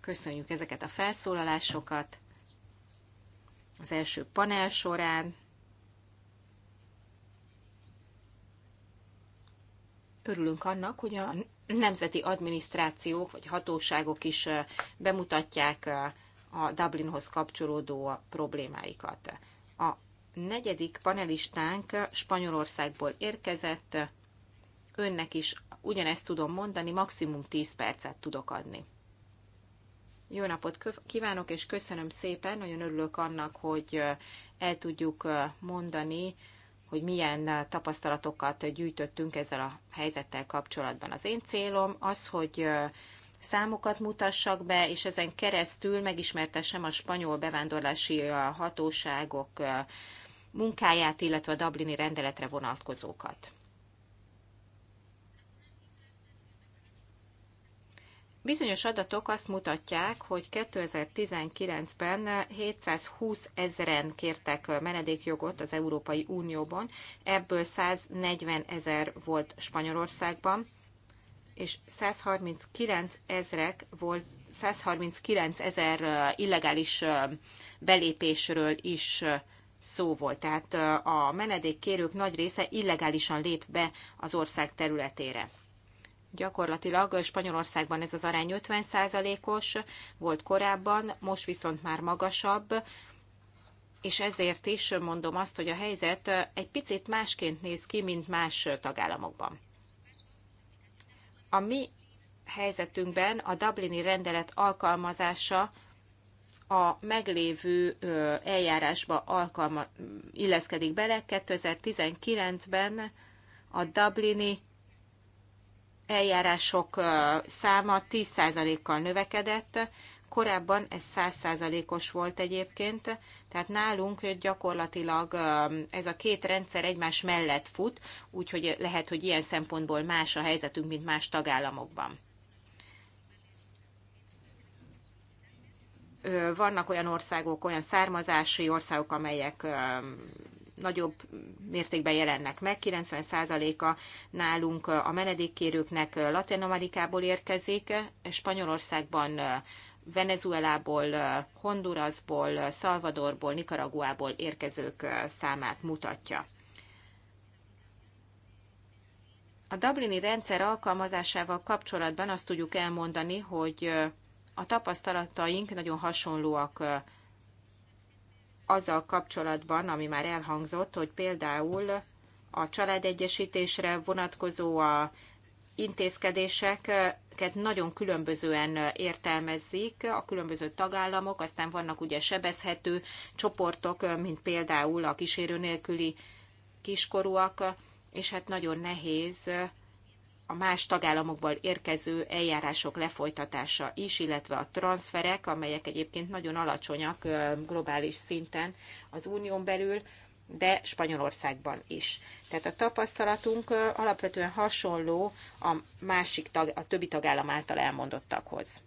Köszönjük ezeket a felszólalásokat az első panel során. örülünk annak, hogy a nemzeti adminisztrációk vagy hatóságok is bemutatják a Dublinhoz kapcsolódó problémáikat. A negyedik panelistánk Spanyolországból érkezett, önnek is ugyanezt tudom mondani, maximum 10 percet tudok adni. Jó napot kívánok, és köszönöm szépen, nagyon örülök annak, hogy el tudjuk mondani hogy milyen uh, tapasztalatokat gyűjtöttünk ezzel a helyzettel kapcsolatban. Az én célom az, hogy uh, számokat mutassak be, és ezen keresztül megismertessem a spanyol bevándorlási uh, hatóságok munkáját, illetve a Dublini rendeletre vonatkozókat. Bizonyos adatok azt mutatják, hogy 2019-ben 720 ezeren kértek menedékjogot az Európai Unióban, ebből 140 ezer volt Spanyolországban, és 139 ezrek volt 139 ezer illegális belépésről is szó volt. Tehát a menedékkérők nagy része illegálisan lép be az ország területére. Gyakorlatilag Spanyolországban ez az arány 50%-os volt korábban, most viszont már magasabb, és ezért is mondom azt, hogy a helyzet egy picit másként néz ki, mint más tagállamokban. A mi helyzetünkben a Dublini rendelet alkalmazása a meglévő eljárásba alkalma, illeszkedik bele. 2019-ben a Dublini eljárások száma 10%-kal növekedett, korábban ez 100%-os volt egyébként, tehát nálunk gyakorlatilag ez a két rendszer egymás mellett fut, úgyhogy lehet, hogy ilyen szempontból más a helyzetünk, mint más tagállamokban. Vannak olyan országok, olyan származási országok, amelyek nagyobb mértékben jelennek meg. 90%-a nálunk a menedékkérőknek Latin Amerikából érkezik, Spanyolországban Venezuelából, Hondurasból, Salvadorból, Nicaraguából érkezők számát mutatja. A Dublini rendszer alkalmazásával kapcsolatban azt tudjuk elmondani, hogy a tapasztalataink nagyon hasonlóak azzal kapcsolatban, ami már elhangzott, hogy például a családegyesítésre vonatkozó a intézkedéseket nagyon különbözően értelmezik a különböző tagállamok, aztán vannak ugye sebezhető csoportok, mint például a kísérő nélküli kiskorúak, és hát nagyon nehéz a más tagállamokból érkező eljárások lefolytatása is, illetve a transferek, amelyek egyébként nagyon alacsonyak globális szinten az unión belül, de Spanyolországban is. Tehát a tapasztalatunk alapvetően hasonló a másik tag, a többi tagállam által elmondottakhoz.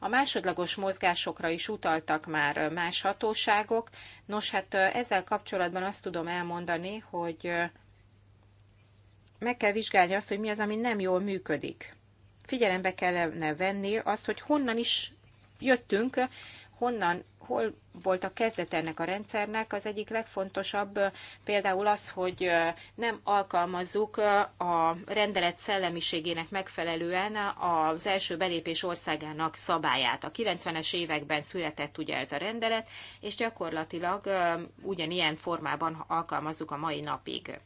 A másodlagos mozgásokra is utaltak már más hatóságok. Nos, hát ezzel kapcsolatban azt tudom elmondani, hogy meg kell vizsgálni azt, hogy mi az, ami nem jól működik. Figyelembe kellene venni azt, hogy honnan is jöttünk, honnan, hol volt a kezdet ennek a rendszernek. Az egyik legfontosabb például az, hogy nem alkalmazzuk a rendelet szellemiségének megfelelően az első belépés országának szabályát. A 90-es években született ugye ez a rendelet, és gyakorlatilag ugyanilyen formában alkalmazzuk a mai napig.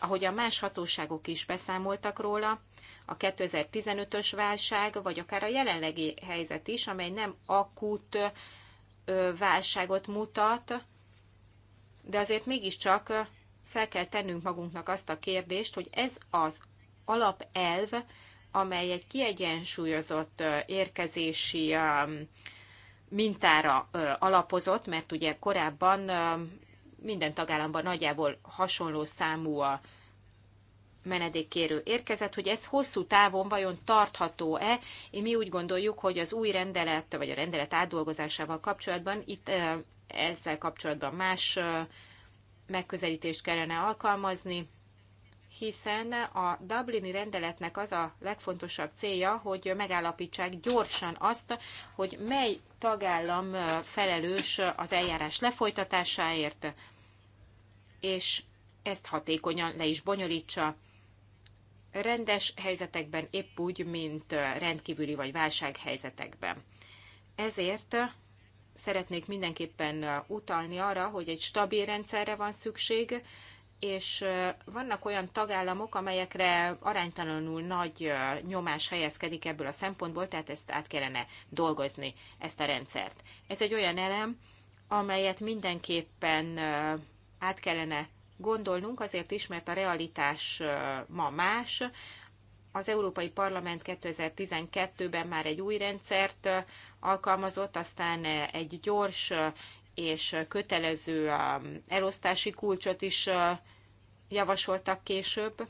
Ahogy a más hatóságok is beszámoltak róla, a 2015-ös válság, vagy akár a jelenlegi helyzet is, amely nem akut válságot mutat, de azért mégiscsak fel kell tennünk magunknak azt a kérdést, hogy ez az alapelv, amely egy kiegyensúlyozott érkezési mintára alapozott, mert ugye korábban minden tagállamban nagyjából hasonló számú a menedékkérő érkezett, hogy ez hosszú távon vajon tartható-e. Én mi úgy gondoljuk, hogy az új rendelet, vagy a rendelet átdolgozásával kapcsolatban itt ezzel kapcsolatban más megközelítést kellene alkalmazni, hiszen a Dublini rendeletnek az a legfontosabb célja, hogy megállapítsák gyorsan azt, hogy mely tagállam felelős az eljárás lefolytatásáért, és ezt hatékonyan le is bonyolítsa rendes helyzetekben, épp úgy, mint rendkívüli vagy válsághelyzetekben. Ezért szeretnék mindenképpen utalni arra, hogy egy stabil rendszerre van szükség, és vannak olyan tagállamok, amelyekre aránytalanul nagy nyomás helyezkedik ebből a szempontból, tehát ezt át kellene dolgozni, ezt a rendszert. Ez egy olyan elem, amelyet mindenképpen át kellene gondolnunk, azért is, mert a realitás ma más. Az Európai Parlament 2012-ben már egy új rendszert alkalmazott, aztán egy gyors és kötelező elosztási kulcsot is javasoltak később.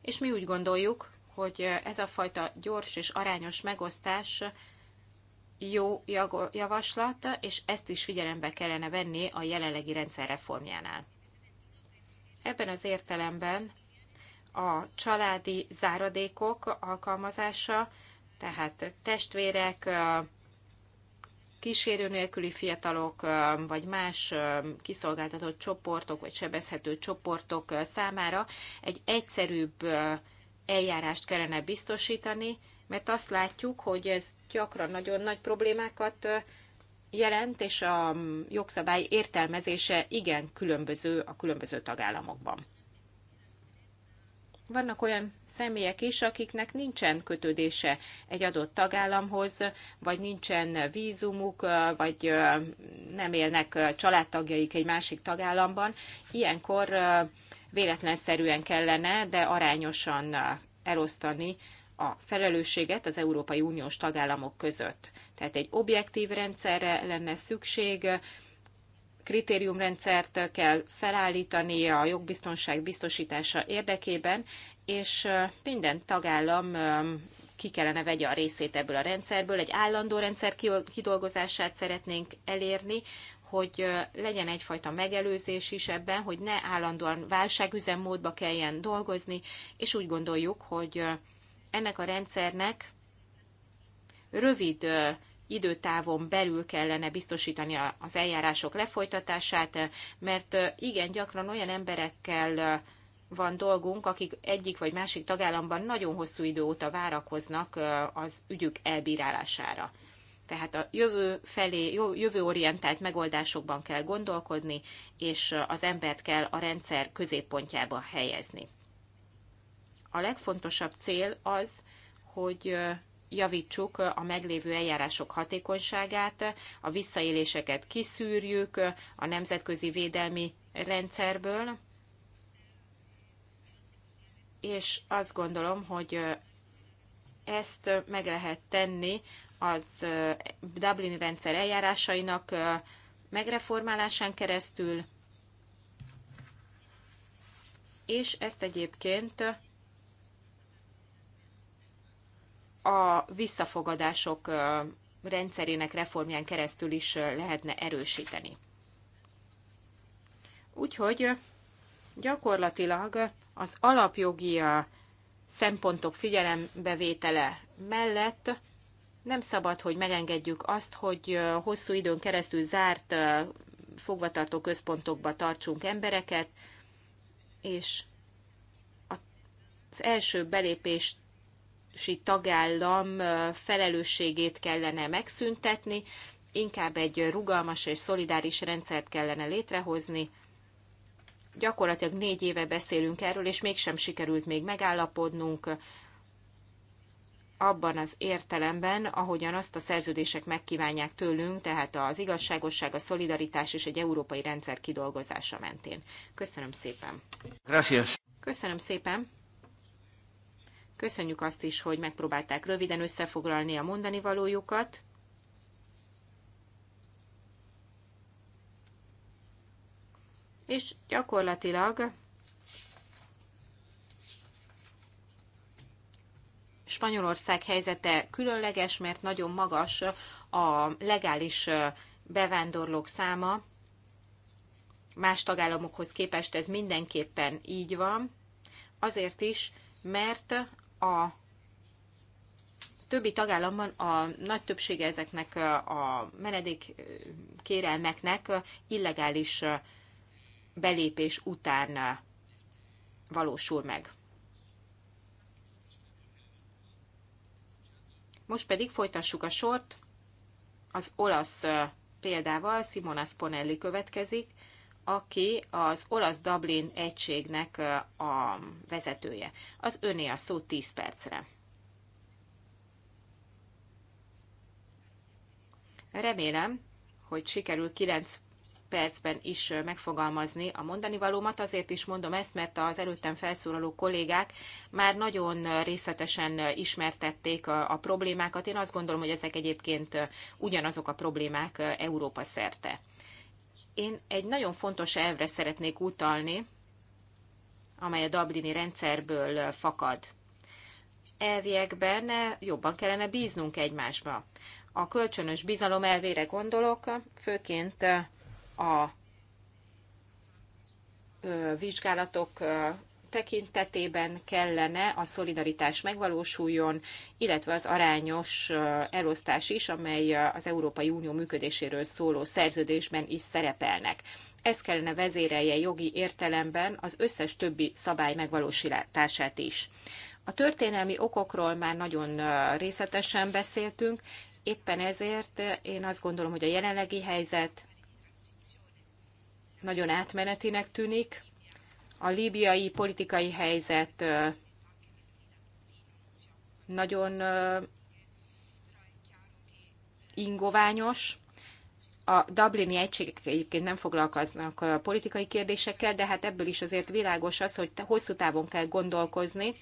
És mi úgy gondoljuk, hogy ez a fajta gyors és arányos megosztás jó javaslat, és ezt is figyelembe kellene venni a jelenlegi rendszer reformjánál. Ebben az értelemben a családi záradékok alkalmazása, tehát testvérek, kísérő nélküli fiatalok, vagy más kiszolgáltatott csoportok, vagy sebezhető csoportok számára egy egyszerűbb eljárást kellene biztosítani, mert azt látjuk, hogy ez gyakran nagyon nagy problémákat jelent, és a jogszabály értelmezése igen különböző a különböző tagállamokban. Vannak olyan személyek is, akiknek nincsen kötődése egy adott tagállamhoz, vagy nincsen vízumuk, vagy nem élnek családtagjaik egy másik tagállamban. Ilyenkor véletlenszerűen kellene, de arányosan elosztani a felelősséget az Európai Uniós tagállamok között. Tehát egy objektív rendszerre lenne szükség, kritériumrendszert kell felállítani a jogbiztonság biztosítása érdekében, és minden tagállam ki kellene vegye a részét ebből a rendszerből. Egy állandó rendszer kidolgozását szeretnénk elérni, hogy legyen egyfajta megelőzés is ebben, hogy ne állandóan válságüzemmódba kelljen dolgozni, és úgy gondoljuk, hogy ennek a rendszernek rövid időtávon belül kellene biztosítani az eljárások lefolytatását, mert igen, gyakran olyan emberekkel van dolgunk, akik egyik vagy másik tagállamban nagyon hosszú idő óta várakoznak az ügyük elbírálására. Tehát a jövő felé, jövőorientált megoldásokban kell gondolkodni, és az embert kell a rendszer középpontjába helyezni. A legfontosabb cél az, hogy javítsuk a meglévő eljárások hatékonyságát, a visszaéléseket kiszűrjük a nemzetközi védelmi rendszerből, és azt gondolom, hogy ezt meg lehet tenni az Dublini rendszer eljárásainak megreformálásán keresztül, és ezt egyébként a visszafogadások rendszerének reformján keresztül is lehetne erősíteni. Úgyhogy gyakorlatilag az alapjogi szempontok figyelembevétele mellett nem szabad, hogy megengedjük azt, hogy hosszú időn keresztül zárt fogvatartó központokba tartsunk embereket, és az első belépési tagállam felelősségét kellene megszüntetni, inkább egy rugalmas és szolidáris rendszert kellene létrehozni. Gyakorlatilag négy éve beszélünk erről, és mégsem sikerült még megállapodnunk abban az értelemben, ahogyan azt a szerződések megkívánják tőlünk, tehát az igazságosság, a szolidaritás és egy európai rendszer kidolgozása mentén. Köszönöm szépen. Gracias. Köszönöm szépen. Köszönjük azt is, hogy megpróbálták röviden összefoglalni a mondani valójukat. És gyakorlatilag Spanyolország helyzete különleges, mert nagyon magas a legális bevándorlók száma. Más tagállamokhoz képest ez mindenképpen így van. Azért is, mert a többi tagállamban a nagy többsége ezeknek a kérelmeknek illegális belépés után valósul meg. Most pedig folytassuk a sort. Az olasz példával Simona Sponelli következik, aki az olasz Dublin egységnek a vezetője. Az öné a szó 10 percre. Remélem, hogy sikerül 9 percben is megfogalmazni a mondani valómat. Azért is mondom ezt, mert az előttem felszólaló kollégák már nagyon részletesen ismertették a, a problémákat. Én azt gondolom, hogy ezek egyébként ugyanazok a problémák Európa szerte. Én egy nagyon fontos elvre szeretnék utalni, amely a Dublini rendszerből fakad. Elviekben jobban kellene bíznunk egymásba. A kölcsönös bizalom elvére gondolok, főként a vizsgálatok tekintetében kellene a szolidaritás megvalósuljon, illetve az arányos elosztás is, amely az Európai Unió működéséről szóló szerződésben is szerepelnek. Ez kellene vezérelje jogi értelemben az összes többi szabály megvalósítását is. A történelmi okokról már nagyon részletesen beszéltünk, éppen ezért én azt gondolom, hogy a jelenlegi helyzet nagyon átmenetinek tűnik. A líbiai politikai helyzet nagyon ingoványos. A Dublini egységek egyébként nem foglalkoznak politikai kérdésekkel, de hát ebből is azért világos az, hogy hosszú távon kell gondolkozni,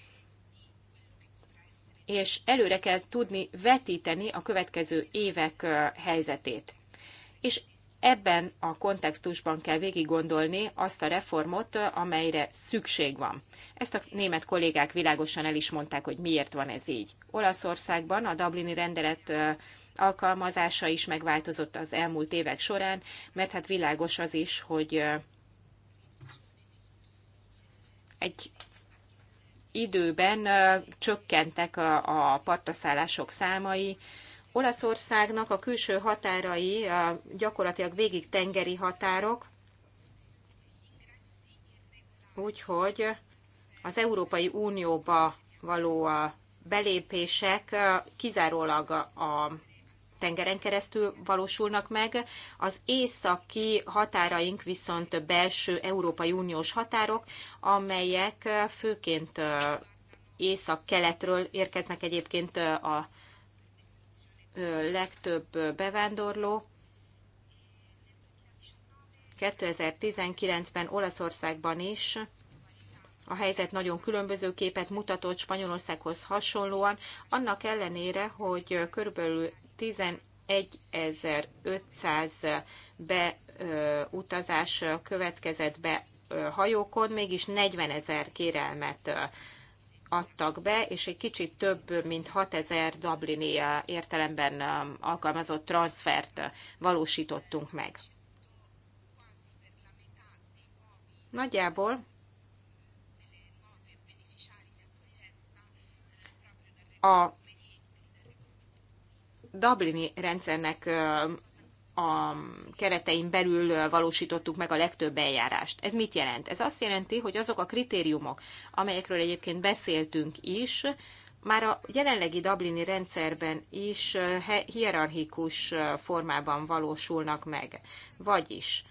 és előre kell tudni vetíteni a következő évek helyzetét. És ebben a kontextusban kell végiggondolni azt a reformot, amelyre szükség van. Ezt a német kollégák világosan el is mondták, hogy miért van ez így. Olaszországban a Dublini rendelet alkalmazása is megváltozott az elmúlt évek során, mert hát világos az is, hogy egy időben csökkentek a, a számai, Olaszországnak a külső határai gyakorlatilag végig tengeri határok, úgyhogy az Európai Unióba való belépések kizárólag a tengeren keresztül valósulnak meg, az északi határaink viszont belső Európai Uniós határok, amelyek főként észak-keletről érkeznek egyébként a legtöbb bevándorló 2019-ben Olaszországban is a helyzet nagyon különböző képet mutatott Spanyolországhoz hasonlóan, annak ellenére, hogy körülbelül 11.500 beutazás következett be hajókon, mégis 40 ezer kérelmet adtak be, és egy kicsit több, mint 6000 Dublini eh, értelemben eh, alkalmazott transfert eh, valósítottunk meg. Nagyjából a Dublini rendszernek a keretein belül valósítottuk meg a legtöbb eljárást. Ez mit jelent? Ez azt jelenti, hogy azok a kritériumok, amelyekről egyébként beszéltünk is, már a jelenlegi Dublini rendszerben is hierarchikus formában valósulnak meg. Vagyis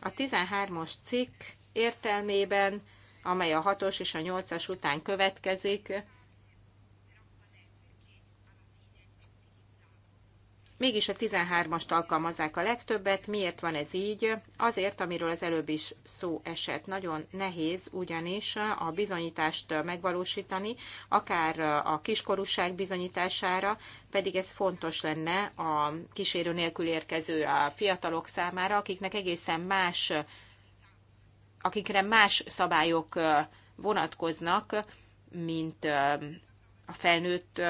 a 13 os cikk értelmében, amely a 6-os és a 8-as után következik, Mégis a 13-ast alkalmazzák a legtöbbet. Miért van ez így? Azért, amiről az előbb is szó esett. Nagyon nehéz ugyanis a bizonyítást megvalósítani, akár a kiskorúság bizonyítására, pedig ez fontos lenne a kísérő nélkül érkező a fiatalok számára, akiknek egészen más, akikre más szabályok vonatkoznak, mint a felnőtt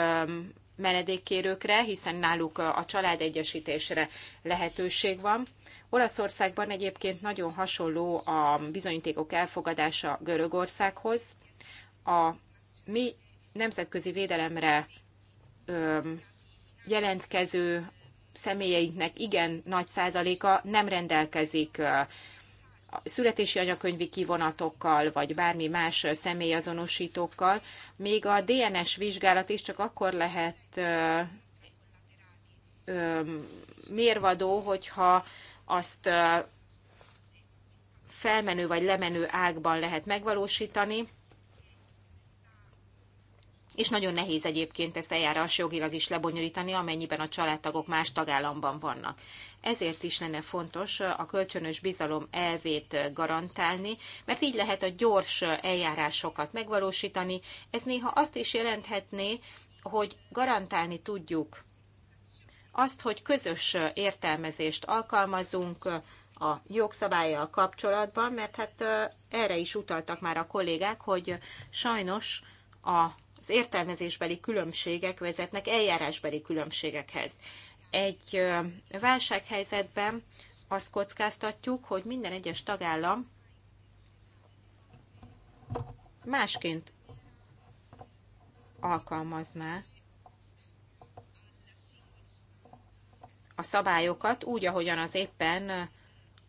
menedékkérőkre, hiszen náluk a családegyesítésre lehetőség van. Olaszországban egyébként nagyon hasonló a bizonyítékok elfogadása Görögországhoz. A mi nemzetközi védelemre jelentkező személyeinknek igen nagy százaléka nem rendelkezik születési anyakönyvi kivonatokkal, vagy bármi más személyazonosítókkal, még a DNS vizsgálat is csak akkor lehet ö, ö, mérvadó, hogyha azt ö, felmenő vagy lemenő ágban lehet megvalósítani, és nagyon nehéz egyébként ezt eljárás jogilag is lebonyolítani, amennyiben a családtagok más tagállamban vannak. Ezért is lenne fontos a kölcsönös bizalom elvét garantálni, mert így lehet a gyors eljárásokat megvalósítani. Ez néha azt is jelenthetné, hogy garantálni tudjuk azt, hogy közös értelmezést alkalmazunk a jogszabályjal kapcsolatban, mert hát erre is utaltak már a kollégák, hogy sajnos a értelmezésbeli különbségek vezetnek eljárásbeli különbségekhez. Egy válsághelyzetben azt kockáztatjuk, hogy minden egyes tagállam másként alkalmazná a szabályokat úgy, ahogyan az éppen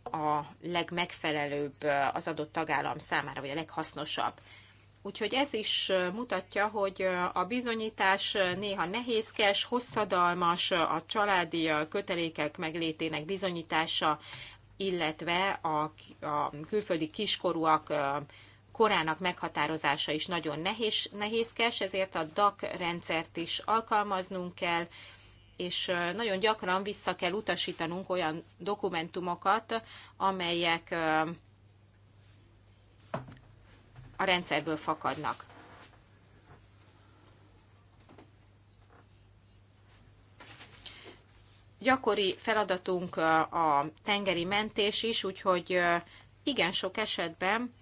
a legmegfelelőbb az adott tagállam számára, vagy a leghasznosabb. Úgyhogy ez is mutatja, hogy a bizonyítás néha nehézkes, hosszadalmas a családi kötelékek meglétének bizonyítása, illetve a, a külföldi kiskorúak korának meghatározása is nagyon nehéz, nehézkes, ezért a DAC rendszert is alkalmaznunk kell, és nagyon gyakran vissza kell utasítanunk olyan dokumentumokat, amelyek a rendszerből fakadnak. Gyakori feladatunk a tengeri mentés is, úgyhogy igen sok esetben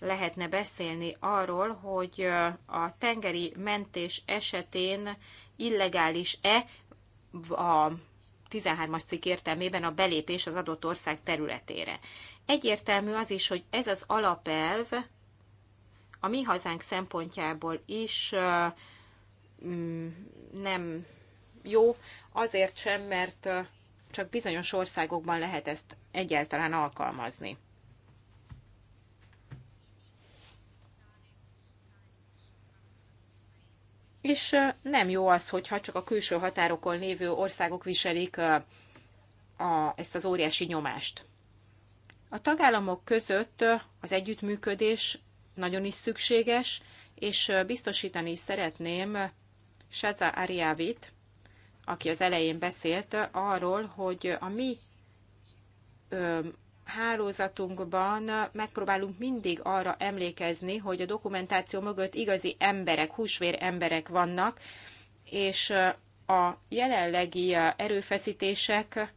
lehetne beszélni arról, hogy a tengeri mentés esetén illegális-e a 13-as cikk értelmében a belépés az adott ország területére. Egyértelmű az is, hogy ez az alapelv a mi hazánk szempontjából is mm, nem jó, azért sem, mert csak bizonyos országokban lehet ezt egyáltalán alkalmazni. És nem jó az, hogyha csak a külső határokon lévő országok viselik a, a, ezt az óriási nyomást. A tagállamok között az együttműködés nagyon is szükséges, és biztosítani is szeretném Saza Ariávit, aki az elején beszélt arról, hogy a mi ö, hálózatunkban megpróbálunk mindig arra emlékezni, hogy a dokumentáció mögött igazi emberek, húsvér emberek vannak, és a jelenlegi erőfeszítések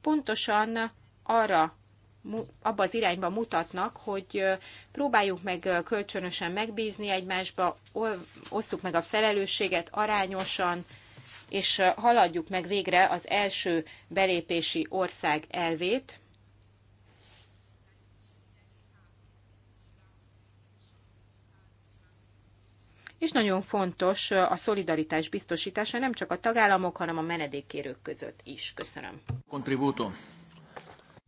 pontosan arra abba az irányba mutatnak, hogy próbáljuk meg kölcsönösen megbízni egymásba, osszuk meg a felelősséget arányosan, és haladjuk meg végre az első belépési ország elvét. És nagyon fontos a szolidaritás biztosítása nem csak a tagállamok, hanem a menedékkérők között is. Köszönöm. Contributo.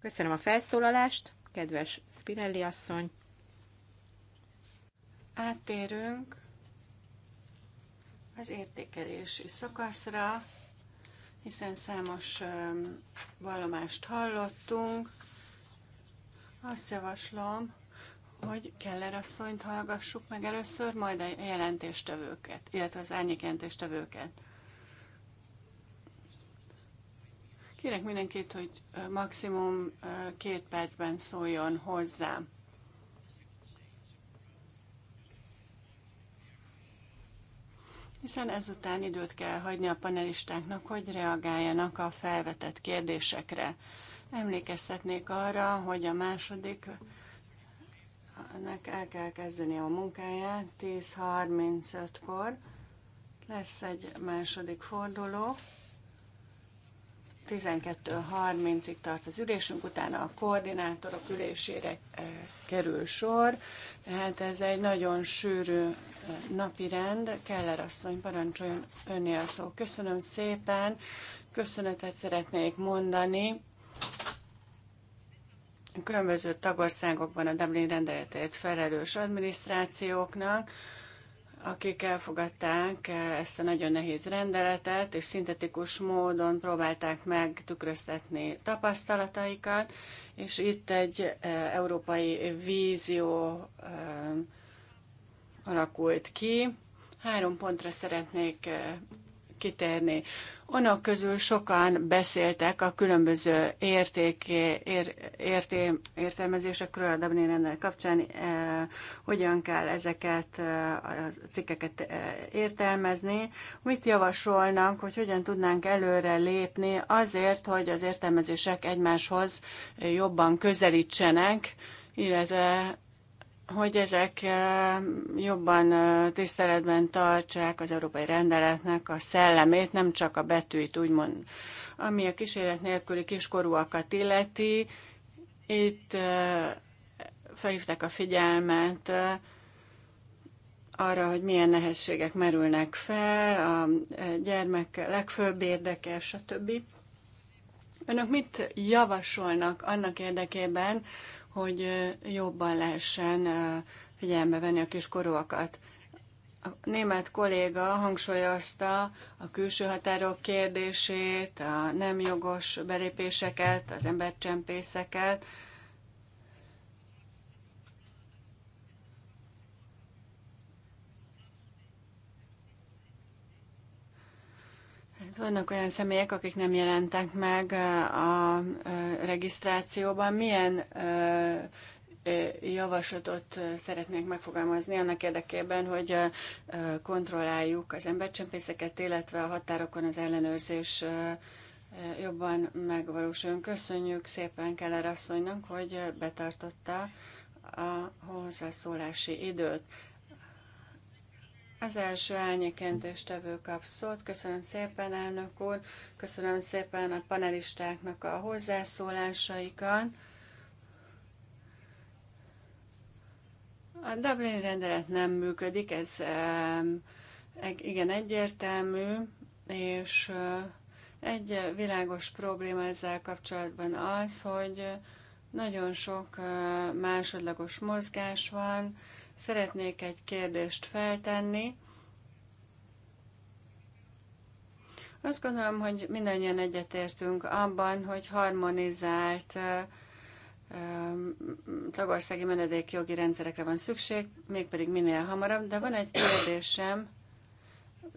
Köszönöm a felszólalást, kedves Spinelli asszony. Áttérünk az értékelési szakaszra, hiszen számos vallomást hallottunk. Azt javaslom, hogy Keller asszonyt hallgassuk meg először, majd a jelentéstevőket, illetve az árnyék jelentéstevőket. Kérek mindenkit, hogy maximum két percben szóljon hozzá. Hiszen ezután időt kell hagyni a panelistáknak, hogy reagáljanak a felvetett kérdésekre. Emlékeztetnék arra, hogy a második ennek el kell kezdeni a munkáját 10.35-kor. Lesz egy második forduló. 12.30-ig tart az ülésünk, utána a koordinátorok ülésére eh, kerül sor. Tehát ez egy nagyon sűrű eh, napi rend. Keller asszony, parancsoljon önnél a szó. Köszönöm szépen, köszönetet szeretnék mondani. Különböző tagországokban a Dublin rendeletért felelős adminisztrációknak, akik elfogadták ezt a nagyon nehéz rendeletet, és szintetikus módon próbálták meg tükröztetni tapasztalataikat, és itt egy e, európai vízió e, alakult ki. Három pontra szeretnék e, kitérni. Onok közül sokan beszéltek a különböző értéké, ér, érté, értelmezésekről a Dublin rendel kapcsán, eh, hogyan kell ezeket eh, a cikkeket eh, értelmezni. Mit javasolnak, hogy hogyan tudnánk előre lépni azért, hogy az értelmezések egymáshoz jobban közelítsenek, illetve hogy ezek eh, jobban eh, tiszteletben tartsák az európai rendeletnek a szellemét, nem csak a betűit, úgymond. Ami a kísérlet nélküli kiskorúakat illeti, itt eh, felhívták a figyelmet arra, hogy milyen nehézségek merülnek fel, a gyermek legfőbb érdeke, stb. Önök mit javasolnak annak érdekében, hogy jobban lehessen figyelembe venni a kiskorúakat. A német kolléga hangsúlyozta a külső határok kérdését, a nem jogos belépéseket, az embercsempészeket, Vannak olyan személyek, akik nem jelentek meg a regisztrációban. Milyen javaslatot szeretnék megfogalmazni annak érdekében, hogy kontrolláljuk az embercsempészeket, illetve a határokon az ellenőrzés jobban megvalósuljon. Köszönjük szépen Keller asszonynak, hogy betartotta a hozzászólási időt. Az első árnyékentéstevő kap szót. Köszönöm szépen, elnök úr. Köszönöm szépen a panelistáknak a hozzászólásaikat. A Dublin rendelet nem működik, ez e- igen egyértelmű, és egy világos probléma ezzel kapcsolatban az, hogy nagyon sok másodlagos mozgás van, Szeretnék egy kérdést feltenni. Azt gondolom, hogy mindannyian egyetértünk abban, hogy harmonizált tagországi menedékjogi rendszerekre van szükség, mégpedig minél hamarabb, de van egy kérdésem,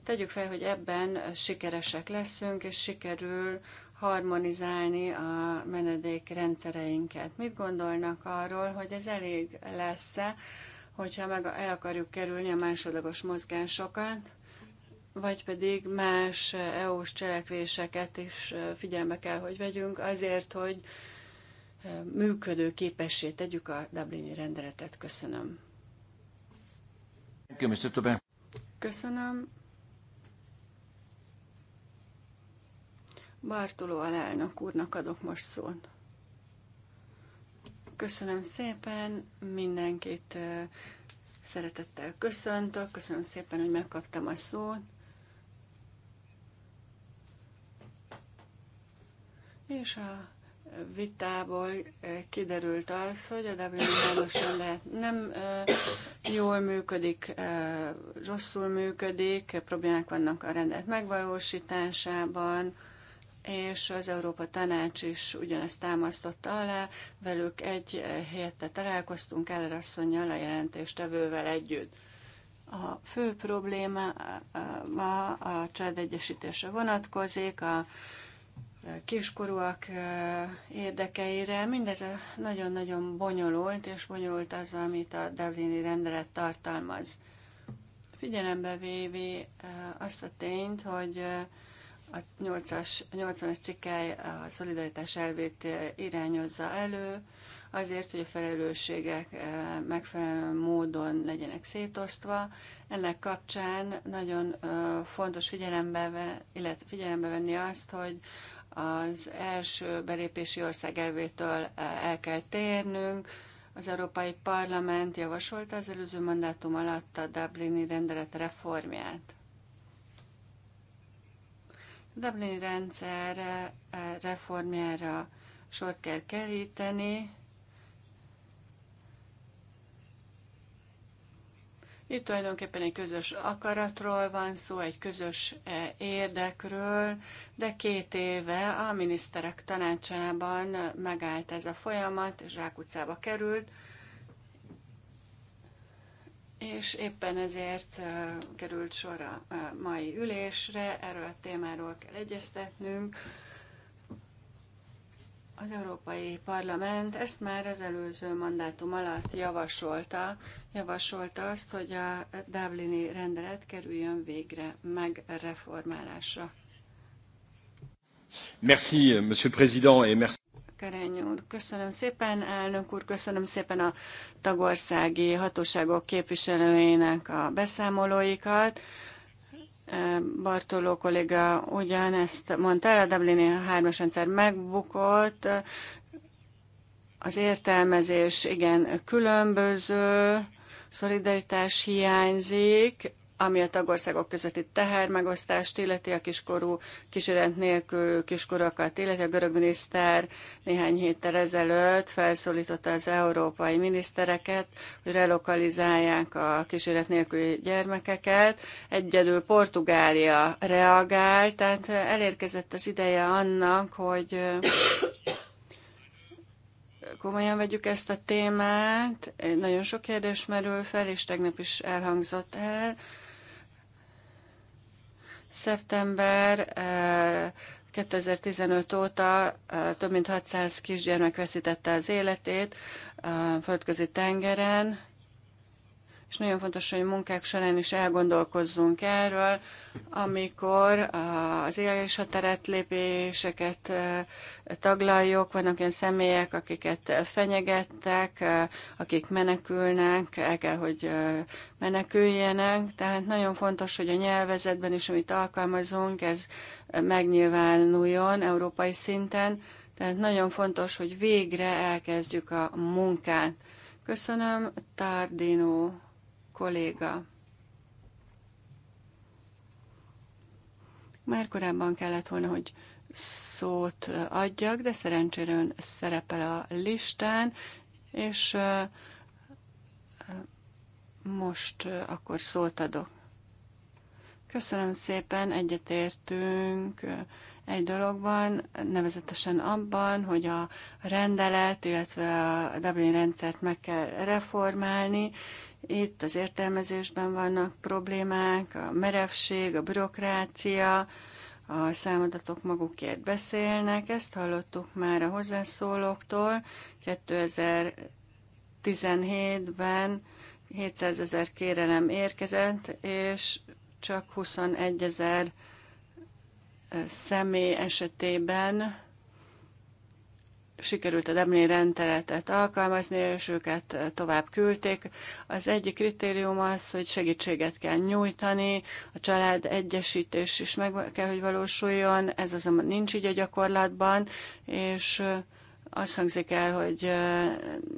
tegyük fel, hogy ebben sikeresek leszünk, és sikerül harmonizálni a menedék rendszereinket. Mit gondolnak arról, hogy ez elég lesz-e hogyha meg el akarjuk kerülni a másodlagos mozgásokat, vagy pedig más EU-s cselekvéseket is figyelme kell, hogy vegyünk, azért, hogy működő képessé tegyük a Dublini rendeletet. Köszönöm. Köszönöm. Bartoló alelnök úrnak adok most szót. Köszönöm szépen mindenkit. Szeretettel köszöntök, köszönöm szépen, hogy megkaptam a szót. És a vitából kiderült az, hogy a Dublin 3 lehet nem jól működik, rosszul működik, problémák vannak a rendelet megvalósításában, és az Európa Tanács is ugyanezt támasztotta alá, velük egy héttel eh, találkoztunk Eller a jelentéstevővel együtt. A fő probléma eh, ma a családegyesítésre vonatkozik, a eh, kiskorúak érdekeire. Mindez nagyon-nagyon bonyolult, és bonyolult az, amit a Dublini rendelet tartalmaz. Figyelembe véve azt a tényt, hogy a 8-as, 80-as cikkely a szolidaritás elvét irányozza elő, azért, hogy a felelősségek eh, megfelelő módon legyenek szétosztva. Ennek kapcsán nagyon eh, fontos figyelembe, illetve figyelembe venni azt, hogy az első belépési ország elvétől eh, el kell térnünk. Az Európai Parlament javasolta az előző mandátum alatt a Dublini rendelet reformját. Dublin rendszer eh, reformjára sor kell keríteni. Itt tulajdonképpen egy közös akaratról van szó, egy közös eh, érdekről, de két éve a miniszterek tanácsában megállt ez a folyamat, és Rákutcába került. És éppen ezért került sor a mai ülésre, erről a témáról kell egyeztetnünk. Az Európai Parlament ezt már az előző mandátum alatt javasolta, javasolta azt, hogy a Dublini rendelet kerüljön végre megreformálásra. Merci, Monsieur le Président, et merci. Kerény úr, köszönöm szépen, elnök úr, köszönöm szépen a tagországi hatóságok képviselőinek a beszámolóikat. E, Bartoló kolléga ugyanezt mondta el, a Dublini 3 rendszer megbukott, az értelmezés igen különböző, szolidaritás hiányzik, ami a tagországok közötti tehermegosztást illeti, a kiskorú kísérlet nélkül kiskorokat illeti. A görög miniszter néhány héttel ezelőtt felszólította az európai minisztereket, hogy relokalizálják a kísérlet nélküli gyermekeket. Egyedül Portugália reagált, tehát elérkezett az ideje annak, hogy komolyan vegyük ezt a témát. Nagyon sok kérdés merül fel, és tegnap is elhangzott el. Szeptember 2015 eh, óta eh, több mint 600 kisgyermek veszítette az életét a földközi tengeren, és nagyon fontos, hogy munkák során is elgondolkozzunk erről, amikor az a teret lépéseket taglaljuk, vannak olyan személyek, akiket fenyegettek, akik menekülnek, el kell, hogy meneküljenek, tehát nagyon fontos, hogy a nyelvezetben is, amit alkalmazunk, ez megnyilvánuljon európai szinten, tehát nagyon fontos, hogy végre elkezdjük a munkát. Köszönöm, Tardino kolléga. Már korábban kellett volna, hogy szót adjak, de szerencsére ön szerepel a listán, és most akkor szót adok. Köszönöm szépen, egyetértünk egy dologban, nevezetesen abban, hogy a rendelet, illetve a Dublin rendszert meg kell reformálni, itt az értelmezésben vannak problémák, a merevség, a bürokrácia, a számadatok magukért beszélnek. Ezt hallottuk már a hozzászólóktól. 2017-ben 700 ezer kérelem érkezett, és csak 21 ezer személy esetében sikerült a Dublin rendeletet alkalmazni, és őket tovább küldték. Az egyik kritérium az, hogy segítséget kell nyújtani, a család egyesítés is meg kell, hogy valósuljon, ez azonban nincs így a gyakorlatban, és azt hangzik el, hogy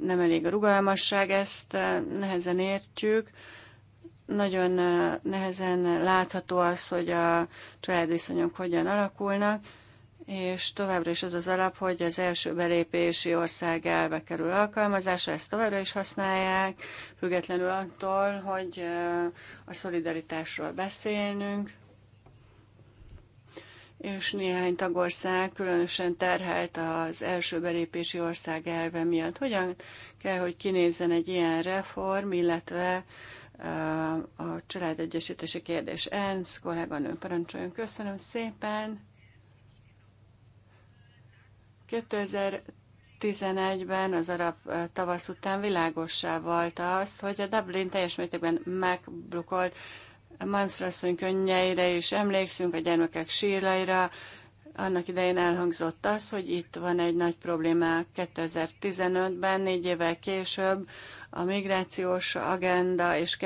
nem elég a rugalmasság, ezt nehezen értjük. Nagyon nehezen látható az, hogy a családviszonyok hogyan alakulnak és továbbra is az az alap, hogy az első belépési ország elve kerül alkalmazásra, ezt továbbra is használják, függetlenül attól, hogy a szolidaritásról beszélnünk, és néhány tagország különösen terhelt az első belépési ország elve miatt. Hogyan kell, hogy kinézzen egy ilyen reform, illetve a családegyesítési kérdés ENSZ kolléganőm parancsoljon. Köszönöm szépen! 2011-ben az arab tavasz után világossá vált az, hogy a Dublin teljes mértékben megblokkolt Malmström könnyeire is emlékszünk, a gyermekek sírlaira, annak idején elhangzott az, hogy itt van egy nagy probléma 2015-ben, négy évvel később a migrációs agenda, és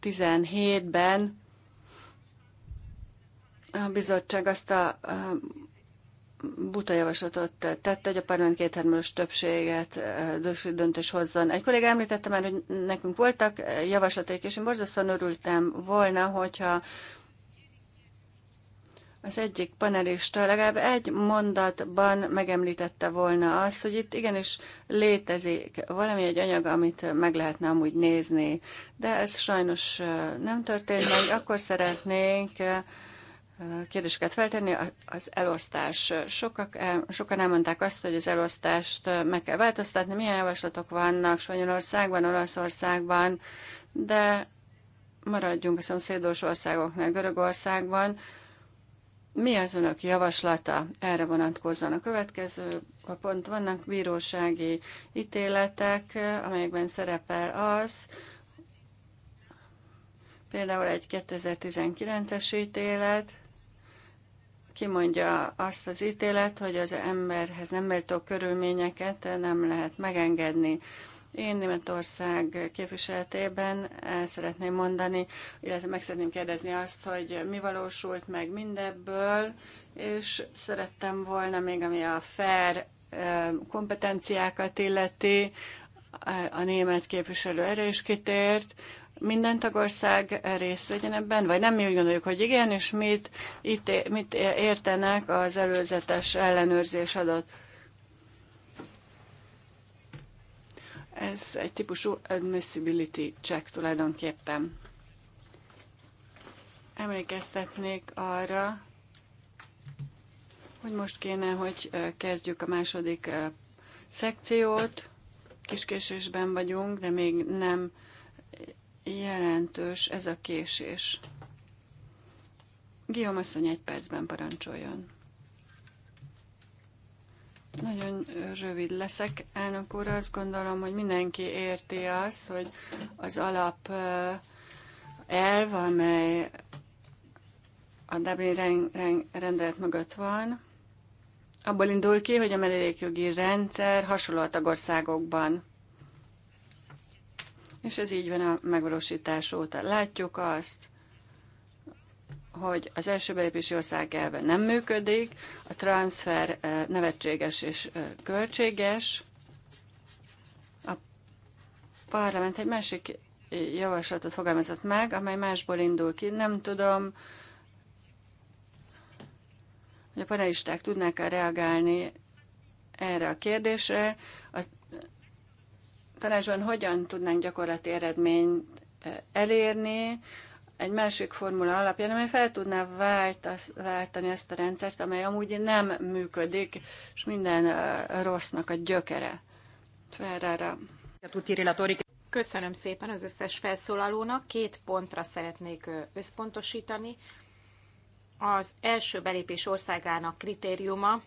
2017-ben a bizottság azt a buta javaslatot tett, hogy a parlament kétharmados többséget döntés hozzon. Egy kollégám említette már, hogy nekünk voltak javaslatok és én borzasztóan örültem volna, hogyha az egyik panelista legalább egy mondatban megemlítette volna azt, hogy itt igenis létezik valami egy anyag, amit meg lehetne amúgy nézni. De ez sajnos nem történt meg. Akkor szeretnénk kérdéseket feltenni. Az elosztás. Sokak, sokan elmondták azt, hogy az elosztást meg kell változtatni. Milyen javaslatok vannak Spanyolországban, Olaszországban, de maradjunk a szomszédos országoknál, Görögországban. Mi az önök javaslata erre vonatkozóan? A következő a pont vannak bírósági ítéletek, amelyekben szerepel az, például egy 2019-es ítélet, kimondja azt az ítélet, hogy az emberhez nem méltó körülményeket nem lehet megengedni. Én Németország képviseletében el szeretném mondani, illetve meg szeretném kérdezni azt, hogy mi valósult meg mindebből, és szerettem volna még, ami a fair kompetenciákat illeti, a német képviselő erre is kitért, minden tagország részt vegyen ebben, vagy nem mi úgy gondoljuk, hogy igen, és mit, itt, mit értenek az előzetes ellenőrzés adat. Ez egy típusú admissibility check tulajdonképpen. Emlékeztetnék arra, hogy most kéne, hogy kezdjük a második szekciót. Kiskésésben vagyunk, de még nem jelentős ez a késés. Guillaume asszony egy percben parancsoljon. Nagyon rövid leszek, elnök úr. Azt gondolom, hogy mindenki érti azt, hogy az alap elv, amely a Dublin rendelet mögött van, abból indul ki, hogy a menedékjogi rendszer hasonló a tagországokban. És ez így van a megvalósítás óta. Látjuk azt, hogy az első belépési ország elve nem működik, a transfer eh, nevetséges és eh, költséges. A parlament egy másik javaslatot fogalmazott meg, amely másból indul ki. Nem tudom, hogy a panelisták tudnák-e reagálni erre a kérdésre. A tanácsban hogyan tudnánk gyakorlati eredményt eh, elérni egy másik formula alapján, amely fel tudná váltani ezt a rendszert, amely amúgy nem működik, és minden eh, rossznak a gyökere. Ferrara. Köszönöm szépen az összes felszólalónak. Két pontra szeretnék összpontosítani. Az első belépés országának kritériuma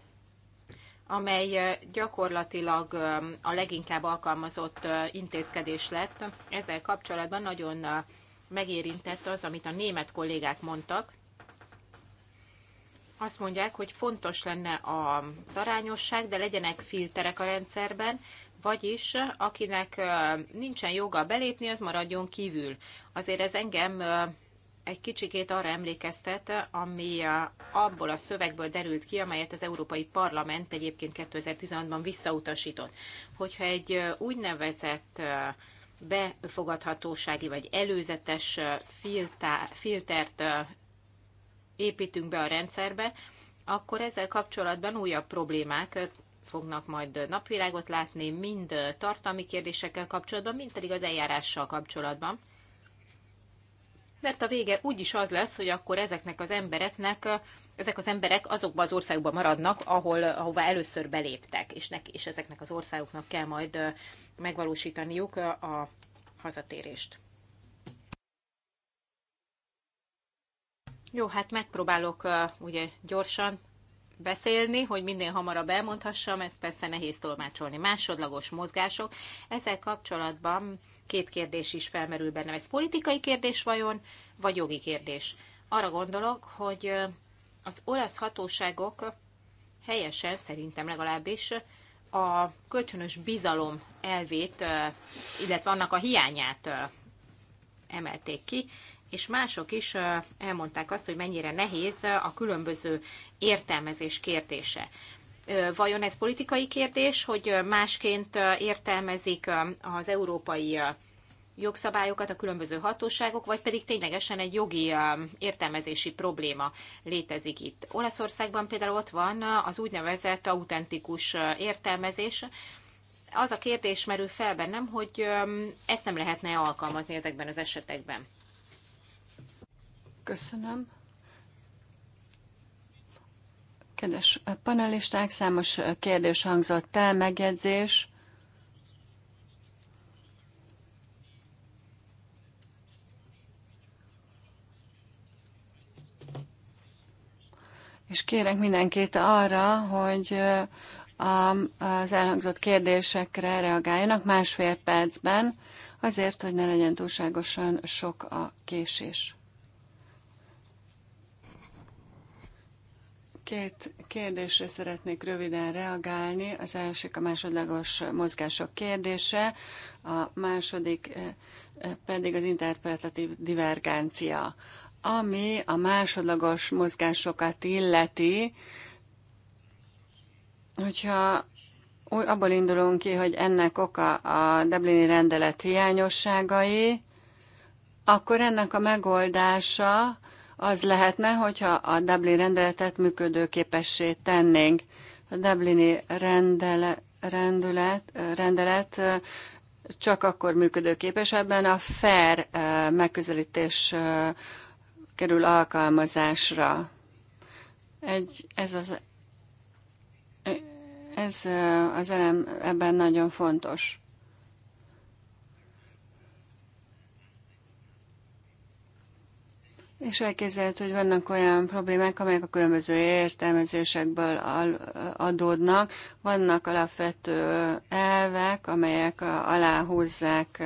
amely gyakorlatilag a leginkább alkalmazott intézkedés lett. Ezzel kapcsolatban nagyon megérintett az, amit a német kollégák mondtak. Azt mondják, hogy fontos lenne az arányosság, de legyenek filterek a rendszerben, vagyis akinek nincsen joga belépni, az maradjon kívül. Azért ez engem egy kicsikét arra emlékeztet, ami abból a szövegből derült ki, amelyet az Európai Parlament egyébként 2016-ban visszautasított. Hogyha egy úgynevezett befogadhatósági vagy előzetes filtert építünk be a rendszerbe, akkor ezzel kapcsolatban újabb problémák fognak majd napvilágot látni, mind tartalmi kérdésekkel kapcsolatban, mind pedig az eljárással kapcsolatban mert a vége úgy is az lesz, hogy akkor ezeknek az embereknek, ezek az emberek azokban az országokban maradnak, ahol, ahová először beléptek, és, neki, és ezeknek az országoknak kell majd megvalósítaniuk a hazatérést. Jó, hát megpróbálok ugye gyorsan beszélni, hogy minél hamarabb elmondhassam, ez persze nehéz tolmácsolni. Másodlagos mozgások. Ezzel kapcsolatban két kérdés is felmerül bennem. Ez politikai kérdés vajon, vagy jogi kérdés? Arra gondolok, hogy az olasz hatóságok helyesen, szerintem legalábbis, a kölcsönös bizalom elvét, illetve annak a hiányát emelték ki, és mások is elmondták azt, hogy mennyire nehéz a különböző értelmezés kérdése vajon ez politikai kérdés, hogy másként értelmezik az európai jogszabályokat a különböző hatóságok, vagy pedig ténylegesen egy jogi értelmezési probléma létezik itt. Olaszországban például ott van az úgynevezett autentikus értelmezés. Az a kérdés merül fel bennem, hogy ezt nem lehetne alkalmazni ezekben az esetekben. Köszönöm. Kedves panelisták, számos kérdés hangzott el, megjegyzés. És kérek mindenkit arra, hogy az elhangzott kérdésekre reagáljanak másfél percben, azért, hogy ne legyen túlságosan sok a késés. Két kérdésre szeretnék röviden reagálni. Az elsők a másodlagos mozgások kérdése, a második eh, eh, pedig az interpretatív divergencia. Ami a másodlagos mozgásokat illeti, hogyha abból indulunk ki, hogy ennek oka a Dublini rendelet hiányosságai, akkor ennek a megoldása az lehetne, hogyha a Dublin rendeletet működőképessé tennénk. A Dublini rendele, rendület, rendelet csak akkor működőképes, ebben a fair megközelítés kerül alkalmazásra. Egy, ez az ez az elem ebben nagyon fontos. És elképzelhető, hogy vannak olyan problémák, amelyek a különböző értelmezésekből adódnak. Vannak alapvető elvek, amelyek aláhúzzák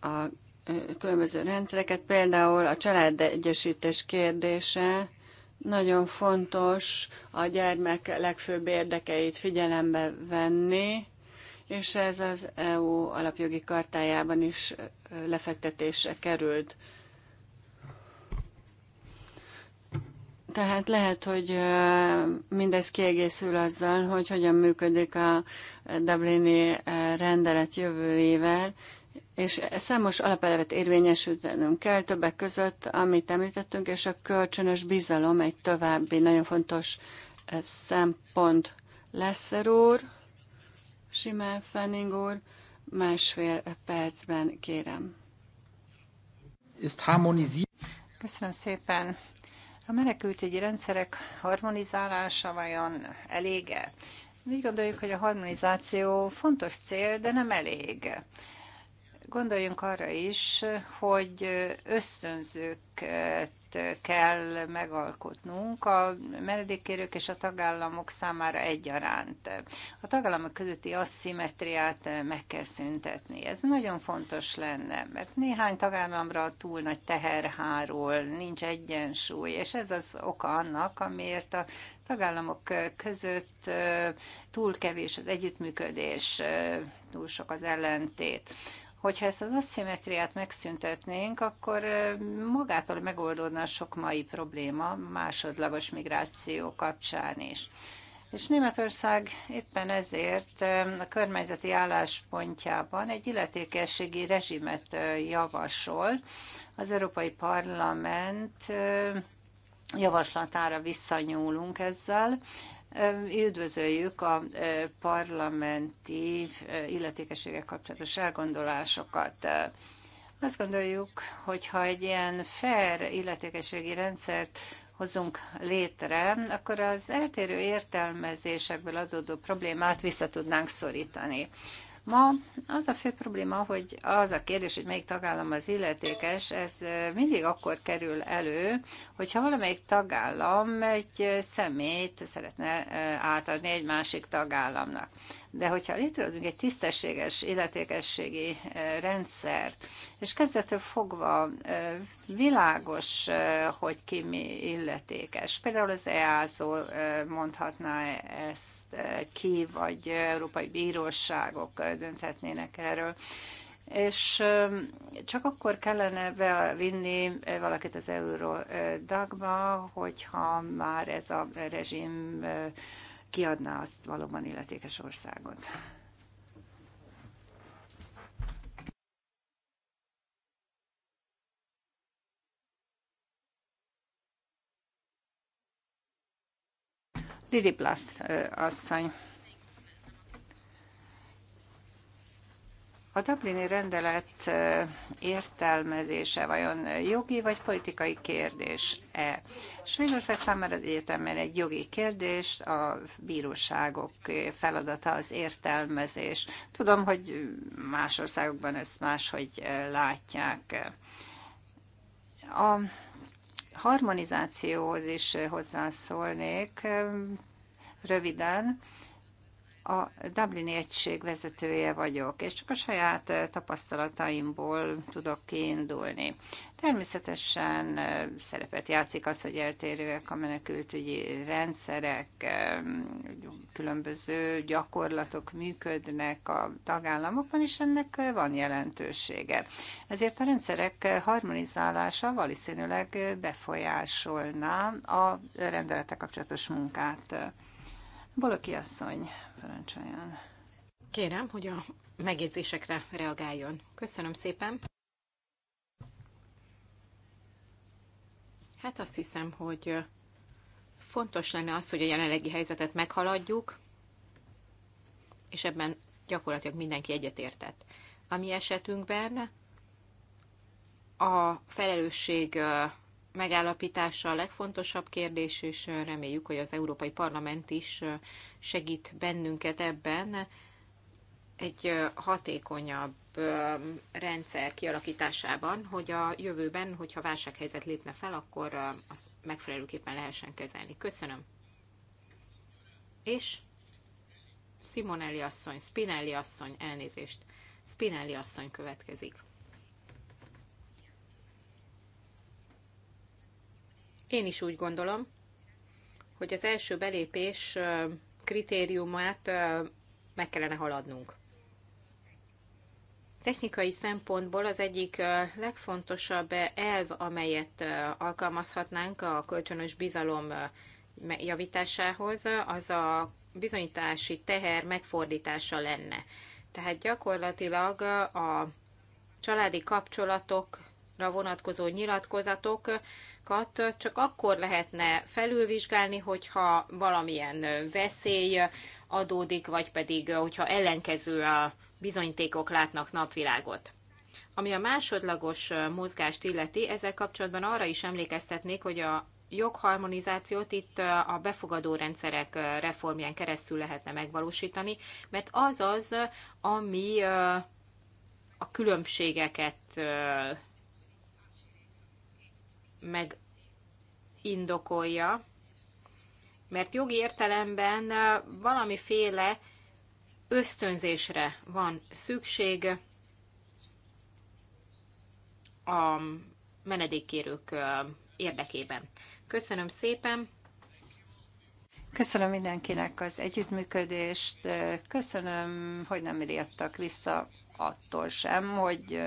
a különböző rendszereket, például a családegyesítés kérdése nagyon fontos a gyermek legfőbb érdekeit figyelembe venni, és ez az EU alapjogi kartájában is lefektetésre került. Tehát lehet, hogy mindez kiegészül azzal, hogy hogyan működik a Dublini rendelet jövőjével, és számos alapelvet érvényesítenünk kell, többek között, amit említettünk, és a kölcsönös bizalom egy további nagyon fontos szempont. lesz, úr, Simán Fenning úr, másfél percben kérem. Köszönöm szépen. A menekültügyi rendszerek harmonizálása vajon elége? Mi gondoljuk, hogy a harmonizáció fontos cél, de nem elég. Gondoljunk arra is, hogy ösztönzők amit kell megalkotnunk a menedékkérők és a tagállamok számára egyaránt. A tagállamok közötti asszimetriát meg kell szüntetni. Ez nagyon fontos lenne, mert néhány tagállamra túl nagy teherháról nincs egyensúly, és ez az oka annak, amiért a tagállamok között túl kevés az együttműködés, túl sok az ellentét. Hogyha ezt az aszimetriát megszüntetnénk, akkor magától megoldódna sok mai probléma másodlagos migráció kapcsán is. És Németország éppen ezért a kormányzati álláspontjában egy illetékességi rezsimet javasol. Az Európai Parlament javaslatára visszanyúlunk ezzel, Üdvözöljük a e, parlamenti e, illetékességek kapcsolatos elgondolásokat. E, azt gondoljuk, hogy ha egy ilyen fair illetékességi rendszert hozunk létre, akkor az eltérő értelmezésekből adódó problémát vissza tudnánk szorítani. Ma az a fő probléma, hogy az a kérdés, hogy melyik tagállam az illetékes, ez mindig akkor kerül elő, hogyha valamelyik tagállam egy szemét szeretne átadni egy másik tagállamnak de hogyha létrehozunk egy tisztességes illetékességi eh, rendszert, és kezdetől fogva eh, világos, eh, hogy ki mi illetékes. Például az EASO mondhatná ezt ki, vagy európai bíróságok dönthetnének erről és csak akkor kellene bevinni valakit az dagba, hogyha már ez a rezsim kiadná azt valóban illetékes országot. Lili Blast asszony. A Dublini rendelet értelmezése vajon jogi vagy politikai kérdés-e? Svédország számára egyértelműen egy jogi kérdés, a bíróságok feladata az értelmezés. Tudom, hogy más országokban ezt máshogy látják. A harmonizációhoz is hozzászólnék röviden a Dublini egység vezetője vagyok, és csak a saját tapasztalataimból tudok kiindulni. Természetesen szerepet játszik az, hogy eltérőek a menekültügyi rendszerek, különböző gyakorlatok működnek a tagállamokban, és ennek van jelentősége. Ezért a rendszerek harmonizálása valószínűleg befolyásolná a rendelete kapcsolatos munkát. Valaki asszony, parancsoljon. Kérem, hogy a megjegyzésekre reagáljon. Köszönöm szépen. Hát azt hiszem, hogy fontos lenne az, hogy a jelenlegi helyzetet meghaladjuk, és ebben gyakorlatilag mindenki egyetértett. A mi esetünkben a felelősség megállapítása a legfontosabb kérdés, és reméljük, hogy az Európai Parlament is segít bennünket ebben egy hatékonyabb rendszer kialakításában, hogy a jövőben, hogyha válsághelyzet lépne fel, akkor azt megfelelőképpen lehessen kezelni. Köszönöm. És Simonelli asszony, Spinelli asszony, elnézést. Spinelli asszony következik. Én is úgy gondolom, hogy az első belépés kritériumát meg kellene haladnunk. Technikai szempontból az egyik legfontosabb elv, amelyet alkalmazhatnánk a kölcsönös bizalom javításához, az a bizonyítási teher megfordítása lenne. Tehát gyakorlatilag a családi kapcsolatok vonatkozó nyilatkozatokat csak akkor lehetne felülvizsgálni, hogyha valamilyen veszély adódik, vagy pedig hogyha ellenkező a bizonyítékok látnak napvilágot. Ami a másodlagos mozgást illeti, ezzel kapcsolatban arra is emlékeztetnék, hogy a jogharmonizációt itt a befogadó rendszerek reformján keresztül lehetne megvalósítani, mert az az, ami a különbségeket megindokolja, mert jogi értelemben valamiféle ösztönzésre van szükség a menedékkérők érdekében. Köszönöm szépen! Köszönöm mindenkinek az együttműködést, köszönöm, hogy nem riadtak vissza attól sem, hogy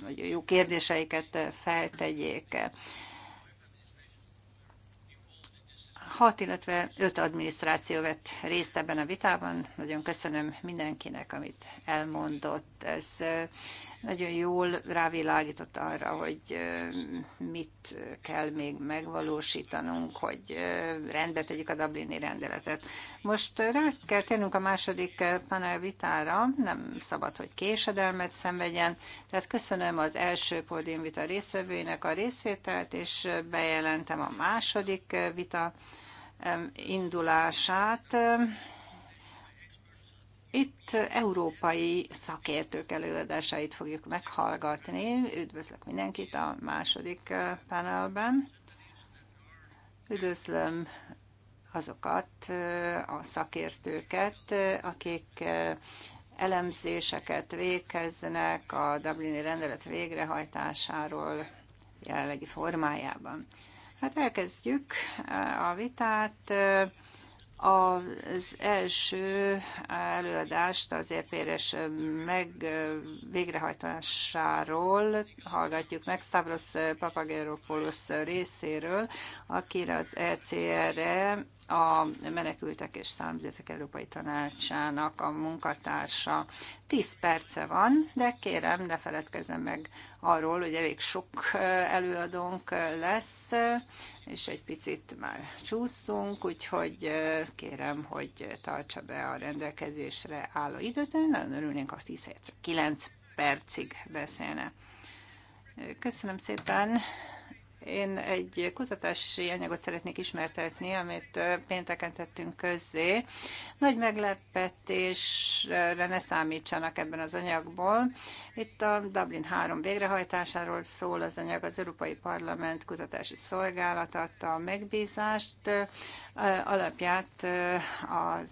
nagyon jó kérdéseiket eh, feltegyék hat, illetve öt adminisztráció vett részt ebben a vitában. Nagyon köszönöm mindenkinek, amit elmondott. Ez eh, nagyon jól rávilágított arra, hogy mit kell még megvalósítanunk, hogy rendbe tegyük a Dublini rendeletet. Most rá kell térnünk a második panel vitára, nem szabad, hogy késedelmet szenvedjen, tehát köszönöm az első vita részvevőinek a részvételt, és bejelentem a második vita indulását. Itt európai szakértők előadásait fogjuk meghallgatni. Üdvözlök mindenkit a második eh, panelben. Üdvözlöm azokat eh, a szakértőket, eh, akik elemzéseket végeznek a Dublini rendelet végrehajtásáról jelenlegi formájában. Hát elkezdjük a vitát. Az első előadást az EPRS meg végrehajtásáról hallgatjuk meg Stavros Papageropoulos részéről, akire az ECR-re a Menekültek és Számüzetek Európai Tanácsának a munkatársa. Tíz perce van, de kérem, ne feledkezzen meg arról, hogy elég sok előadónk lesz, és egy picit már csúsztunk, úgyhogy kérem, hogy tartsa be a rendelkezésre álló időt, nagyon örülnénk, ha 10 9 percig beszélne. Köszönöm szépen, én egy kutatási anyagot szeretnék ismertetni, amit pénteken tettünk közzé. Nagy meglepetésre ne számítsanak ebben az anyagból. Itt a Dublin 3 végrehajtásáról szól az anyag, az Európai Parlament kutatási szolgálat adta a megbízást, alapját az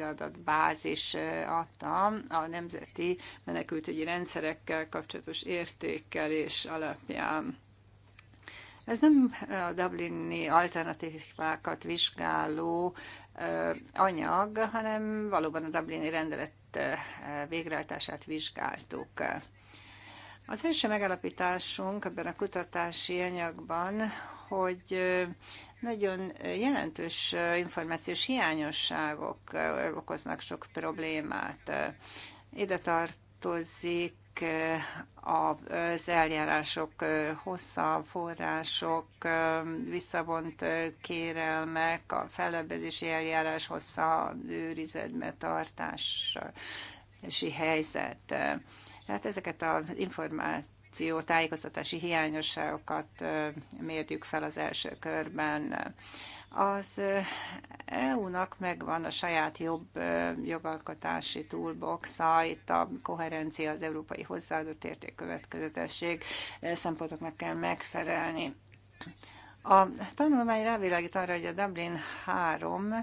adat bázis adta a nemzeti menekültügyi rendszerekkel kapcsolatos értékelés alapján. Ez nem a Dublini alternatívákat vizsgáló anyag, hanem valóban a Dublini rendelet végrehajtását vizsgáltuk. Az első megállapításunk ebben a kutatási anyagban, hogy nagyon jelentős információs hiányosságok okoznak sok problémát. Ide tartozik Eh, az eljárások eh, hossza, források, eh, visszavont kérelmek, a fellebbezési eljárás hossza, őrizetbe tartási helyzet. Tehát ezeket az információ, tájékoztatási hiányosságokat mérjük fel az első körben. Az EU-nak megvan a saját jobb jogalkotási toolboxa, itt a koherencia, az európai hozzáadott érték következetesség szempontoknak kell megfelelni. A tanulmány rávilágít arra, hogy a Dublin 3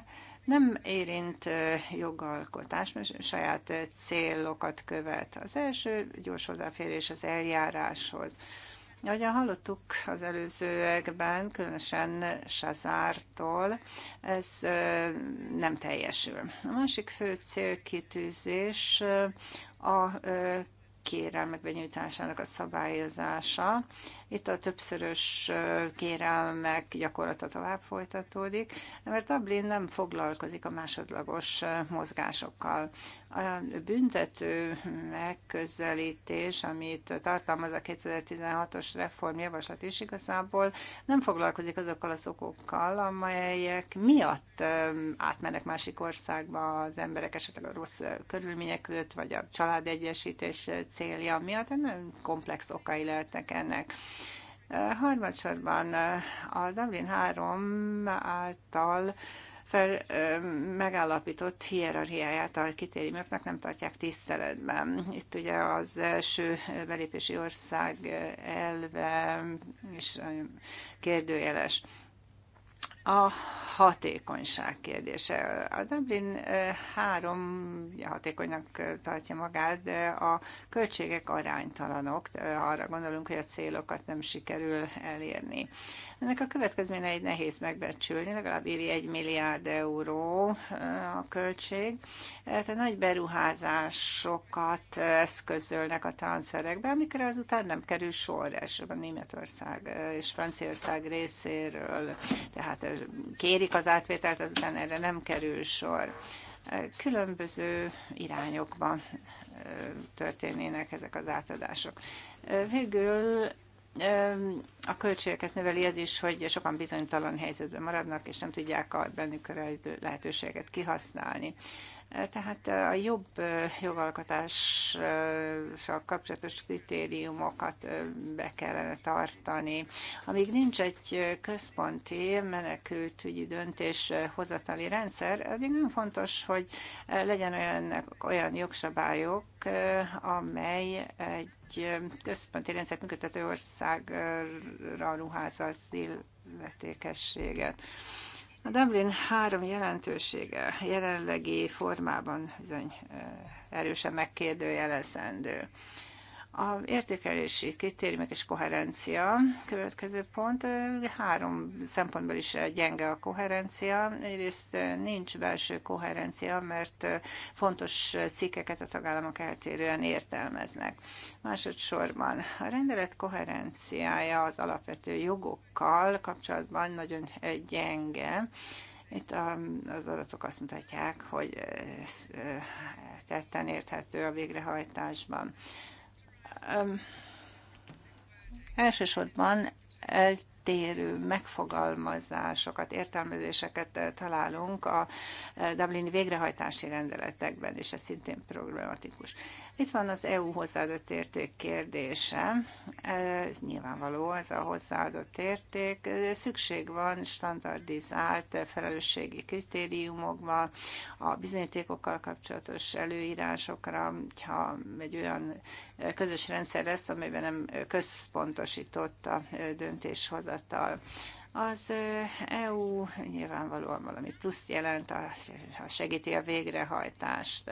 nem érint jogalkotás, mert saját célokat követ. Az első gyors hozzáférés az eljáráshoz. Ahogyan hallottuk az előzőekben, különösen Sazártól, ez nem teljesül. A másik fő célkitűzés a kérelmek benyújtásának a szabályozása. Itt a többszörös kérelmek gyakorlata tovább folytatódik, mert Dublin nem foglalkozik a másodlagos mozgásokkal. A büntető megközelítés, amit tartalmaz a 2016-os reformjavaslat is igazából nem foglalkozik azokkal az okokkal, amelyek miatt átmennek másik országba az emberek esetleg a rossz körülmények között, vagy a családegyesítés célja miatt, nem komplex okai lehetnek ennek. Harmadsorban eh, a Dublin 3 által fel, eh, megállapított hierarchiáját a kitérőmöknek nem tartják tiszteletben. Itt ugye az első belépési ország elve és eh, kérdőjeles. A hatékonyság kérdése. A Dublin három hatékonynak tartja magát, de a költségek aránytalanok. Arra gondolunk, hogy a célokat nem sikerül elérni. Ennek a következménye egy nehéz megbecsülni, legalább évi egy milliárd euró a költség. Tehát nagy beruházásokat eszközölnek a transferekbe, amikre azután nem kerül sor, elsősorban Németország és Franciaország részéről. Tehát ez kérik az átvételt, aztán erre nem kerül sor. Különböző irányokban történnének ezek az átadások. Végül a költségeket növeli az is, hogy sokan bizonytalan helyzetben maradnak, és nem tudják a bennük lehetőséget kihasználni. Tehát a jobb jogalkotással kapcsolatos kritériumokat be kellene tartani. Amíg nincs egy központi menekültügyi döntés hozatali rendszer, addig nem fontos, hogy legyen olyan, olyan jogszabályok, amely egy központi rendszert működtető országra ruházza az illetékességet. A Dublin három jelentősége jelenlegi formában bizony erősen megkérdőjelezendő. A értékelési kritériumok és koherencia következő pont. Három szempontból is gyenge a koherencia. Egyrészt nincs belső koherencia, mert fontos cikkeket a tagállamok eltérően értelmeznek. Másodszorban a rendelet koherenciája az alapvető jogokkal kapcsolatban nagyon gyenge. Itt az adatok azt mutatják, hogy tetten érthető a végrehajtásban elsősorban eltérő megfogalmazásokat, értelmezéseket eh, találunk a eh, Dublini végrehajtási rendeletekben, és ez szintén problematikus. Itt van az EU hozzáadott érték kérdése. Nyilvánvaló ez a hozzáadott érték. Szükség van standardizált felelősségi kritériumokba, a bizonyítékokkal kapcsolatos előírásokra, ha egy olyan eh, közös rendszer lesz, amelyben nem központosított a döntéshozat hivatal. Az EU nyilvánvalóan valami plusz jelent, ha segíti a végrehajtást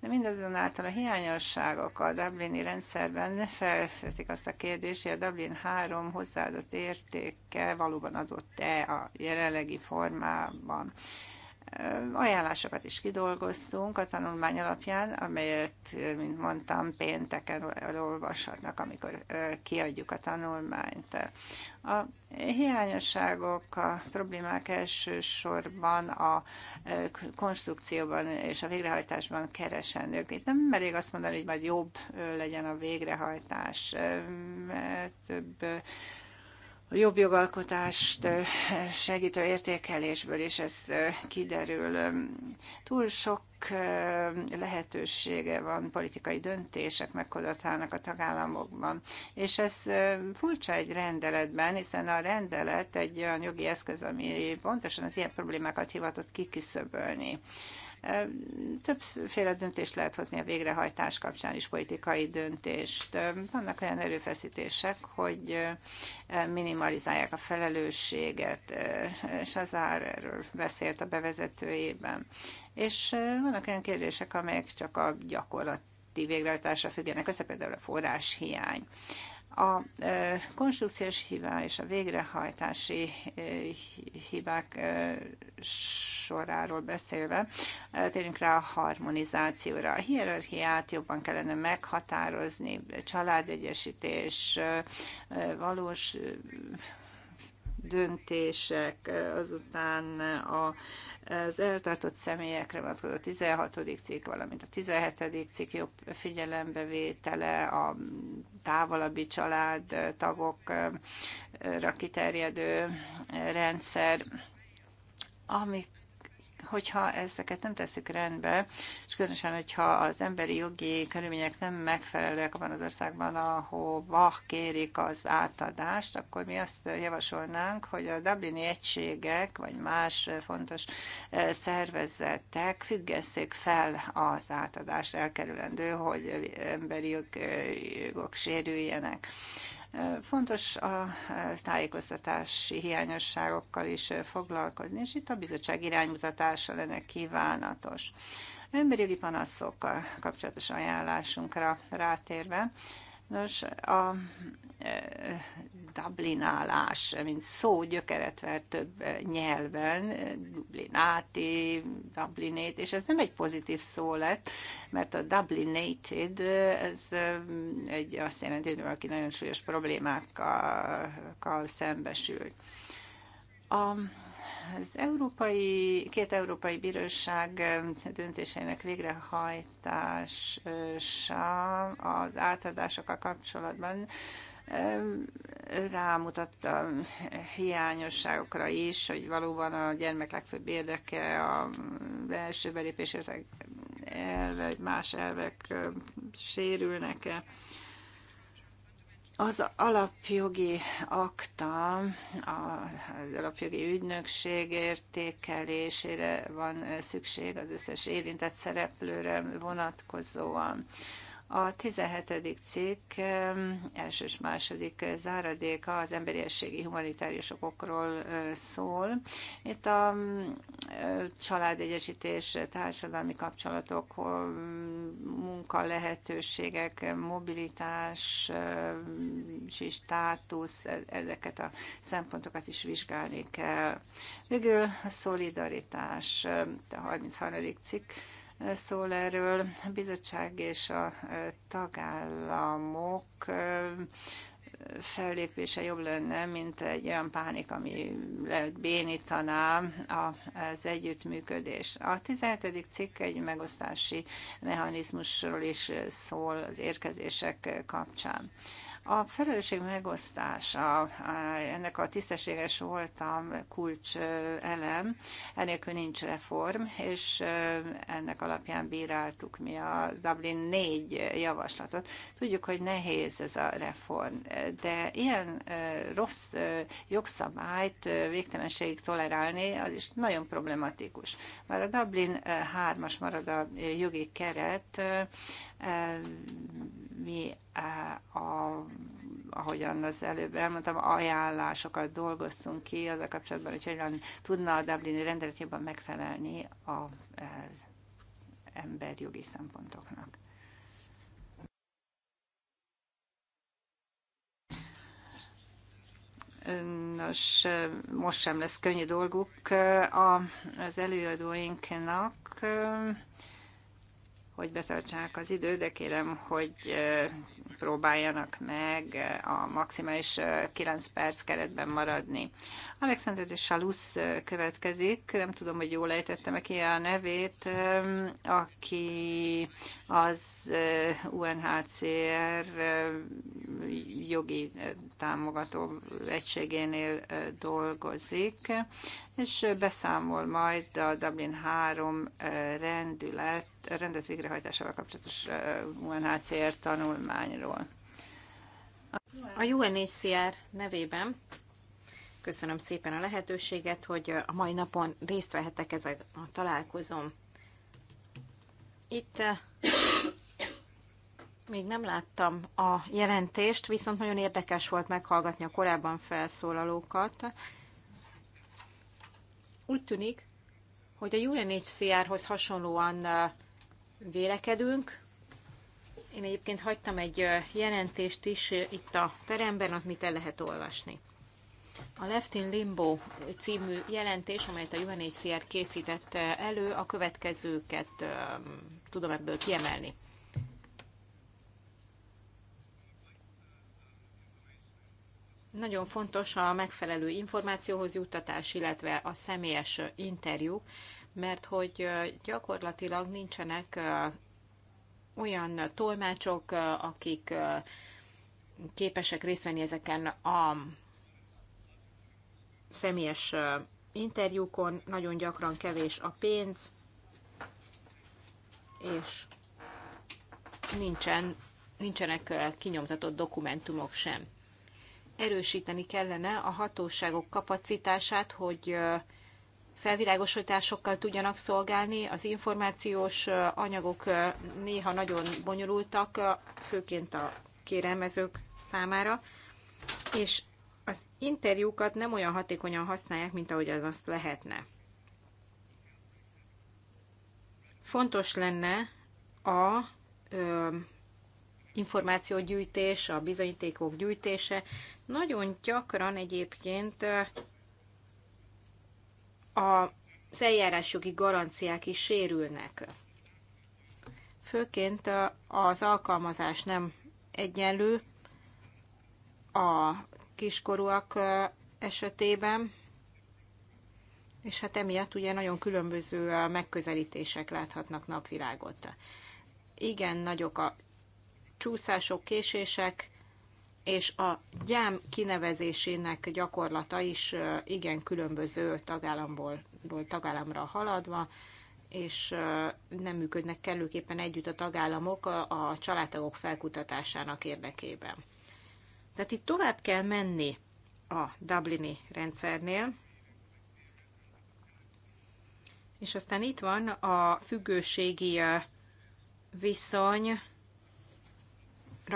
de mindazonáltal a hiányosságok a Dublini rendszerben felvetik azt a kérdést, hogy a Dublin 3 hozzáadott értéke valóban adott-e a jelenlegi formában ajánlásokat is kidolgoztunk a tanulmány alapján, amelyet, mint mondtam, pénteken olvashatnak, amikor kiadjuk a tanulmányt. A hiányosságok, a problémák elsősorban a konstrukcióban és a végrehajtásban keresendők. Itt nem elég azt mondani, hogy majd jobb legyen a végrehajtás, több a jobb jogalkotást segítő értékelésből is ez kiderül. Túl sok lehetősége van politikai döntések meghozatának a tagállamokban. És ez furcsa egy rendeletben, hiszen a rendelet egy olyan jogi eszköz, ami pontosan az ilyen problémákat hivatott kiküszöbölni. Többféle döntést lehet hozni a végrehajtás kapcsán is, politikai döntést. Vannak olyan erőfeszítések, hogy eh, minimalizálják a felelősséget, eh, és az ár erről beszélt a bevezetőjében. És eh, vannak olyan kérdések, amelyek csak a gyakorlat végrehajtásra függenek össze, például a forráshiány. A konstrukciós hiba és a végrehajtási hibák soráról beszélve, térünk rá a harmonizációra. A hierarchiát jobban kellene meghatározni, családegyesítés, valós döntések, azután az eltartott személyekre vonatkozó 16. cikk, valamint a 17. cikk jobb figyelembevétele, a távolabbi család tagokra kiterjedő rendszer, amik Hogyha ezeket nem teszik rendbe, és különösen, hogyha az emberi jogi körülmények nem megfelelőek abban az országban, ahova kérik az átadást, akkor mi azt javasolnánk, hogy a Dublini egységek, vagy más fontos eh, szervezetek függesszék fel az átadást, elkerülendő, hogy emberi jogok eh, sérüljenek. Fontos a e, tájékoztatási hiányosságokkal is e, foglalkozni, és itt a bizottság iránymutatása lenne kívánatos. Emberi panaszokkal kapcsolatos ajánlásunkra rátérve, Nos, a e, dublinálás, mint szó gyökeret ver több e, nyelven, dublináti, dublinét, és ez nem egy pozitív szó lett, mert a dublinated, e, ez egy, azt jelenti, hogy valaki nagyon súlyos problémákkal szembesül. A az európai, két európai bíróság um, döntéseinek végrehajtása az átadásokkal kapcsolatban um, rámutatta a hiányosságokra is, hogy valóban a gyermek legfőbb érdeke a belső belépés elve, más elvek um, sérülnek-e. Az alapjogi akta, az alapjogi ügynökség értékelésére van szükség az összes érintett szereplőre vonatkozóan. A 17. cikk első és második záradéka az emberiességi humanitárius okokról szól. Itt a családegyesítés, társadalmi kapcsolatok, munka lehetőségek, mobilitás és státusz, e, ezeket a szempontokat is vizsgálni kell. Végül a szolidaritás, a 33. cikk szól erről. A bizottság és a tagállamok fellépése jobb lenne, mint egy olyan pánik, ami bénítaná az együttműködés. A 17. cikk egy megosztási mechanizmusról is szól az érkezések kapcsán. A felelősség megosztása, ennek a tisztességes voltam kulcs elem, enélkül nincs reform, és ennek alapján bíráltuk mi a Dublin 4 javaslatot. Tudjuk, hogy nehéz ez a reform, de ilyen rossz jogszabályt végtelenségig tolerálni, az is nagyon problematikus. Már a Dublin 3-as marad a jogi keret, mi a, ahogyan az előbb elmondtam, ajánlásokat dolgoztunk ki az a kapcsolatban, hogy hogyan tudna a Dublini rendelet jobban megfelelni az emberjogi szempontoknak. Nos, most sem lesz könnyű dolguk az előadóinknak hogy betartsák az idő, de kérem, hogy próbáljanak meg a maximális 9 perc keretben maradni. Alexander de Salusz következik, nem tudom, hogy jól ejtettem meg ki a nevét, aki az UNHCR jogi támogató egységénél dolgozik, és beszámol majd a Dublin 3 rendület, rendet végrehajtásával kapcsolatos UNHCR tanulmányról munkájáról. A UNHCR nevében köszönöm szépen a lehetőséget, hogy a mai napon részt vehetek ezen a találkozón. Itt eh, még nem láttam a jelentést, viszont nagyon érdekes volt meghallgatni a korábban felszólalókat. Úgy tűnik, hogy a UNHCR-hoz hasonlóan eh, vélekedünk, én egyébként hagytam egy jelentést is itt a teremben, amit el lehet olvasni. A Left in Limbo című jelentés, amelyet a UNHCR készített elő, a következőket tudom ebből kiemelni. Nagyon fontos a megfelelő információhoz juttatás, illetve a személyes interjú, mert hogy gyakorlatilag nincsenek olyan tolmácsok, akik képesek részt venni ezeken a személyes interjúkon, nagyon gyakran kevés a pénz, és nincsen, nincsenek kinyomtatott dokumentumok sem. Erősíteni kellene a hatóságok kapacitását, hogy felvilágosításokkal tudjanak szolgálni. Az információs anyagok néha nagyon bonyolultak, főként a kérelmezők számára, és az interjúkat nem olyan hatékonyan használják, mint ahogy az azt lehetne. Fontos lenne a ö, információgyűjtés, a bizonyítékok gyűjtése. Nagyon gyakran egyébként az eljárásjogi garanciák is sérülnek. Főként az alkalmazás nem egyenlő a kiskorúak esetében, és hát emiatt ugye nagyon különböző megközelítések láthatnak napvilágot. Igen, nagyok a csúszások, késések, és a gyám kinevezésének gyakorlata is igen különböző tagállamból tagállamra haladva, és nem működnek kellőképpen együtt a tagállamok a családtagok felkutatásának érdekében. Tehát itt tovább kell menni a Dublini rendszernél, és aztán itt van a függőségi viszony,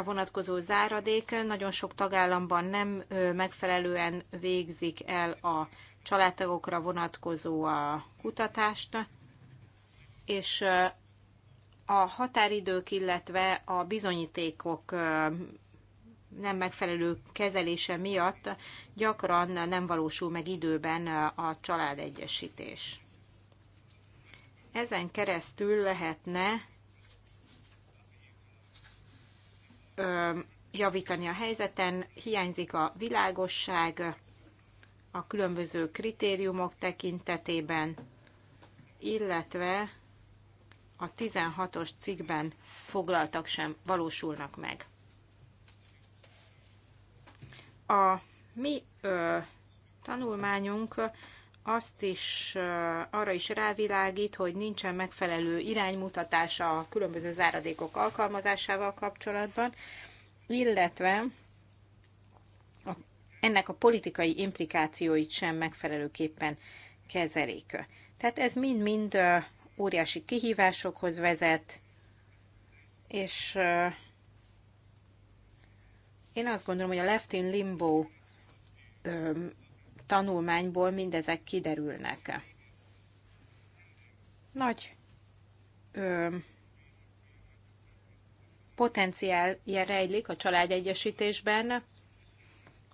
vonatkozó záradék nagyon sok tagállamban nem megfelelően végzik el a családtagokra vonatkozó a kutatást, és a határidők, illetve a bizonyítékok nem megfelelő kezelése miatt gyakran nem valósul meg időben a családegyesítés. Ezen keresztül lehetne javítani a helyzeten, hiányzik a világosság a különböző kritériumok tekintetében, illetve a 16-os cikkben foglaltak sem valósulnak meg. A mi ö, tanulmányunk azt is, arra is rávilágít, hogy nincsen megfelelő iránymutatása a különböző záradékok alkalmazásával kapcsolatban, illetve a, ennek a politikai implikációit sem megfelelőképpen kezelik. Tehát ez mind-mind óriási kihívásokhoz vezet, és én azt gondolom, hogy a Left in Limbo tanulmányból mindezek kiderülnek. Nagy ö, potenciálja rejlik a családegyesítésben,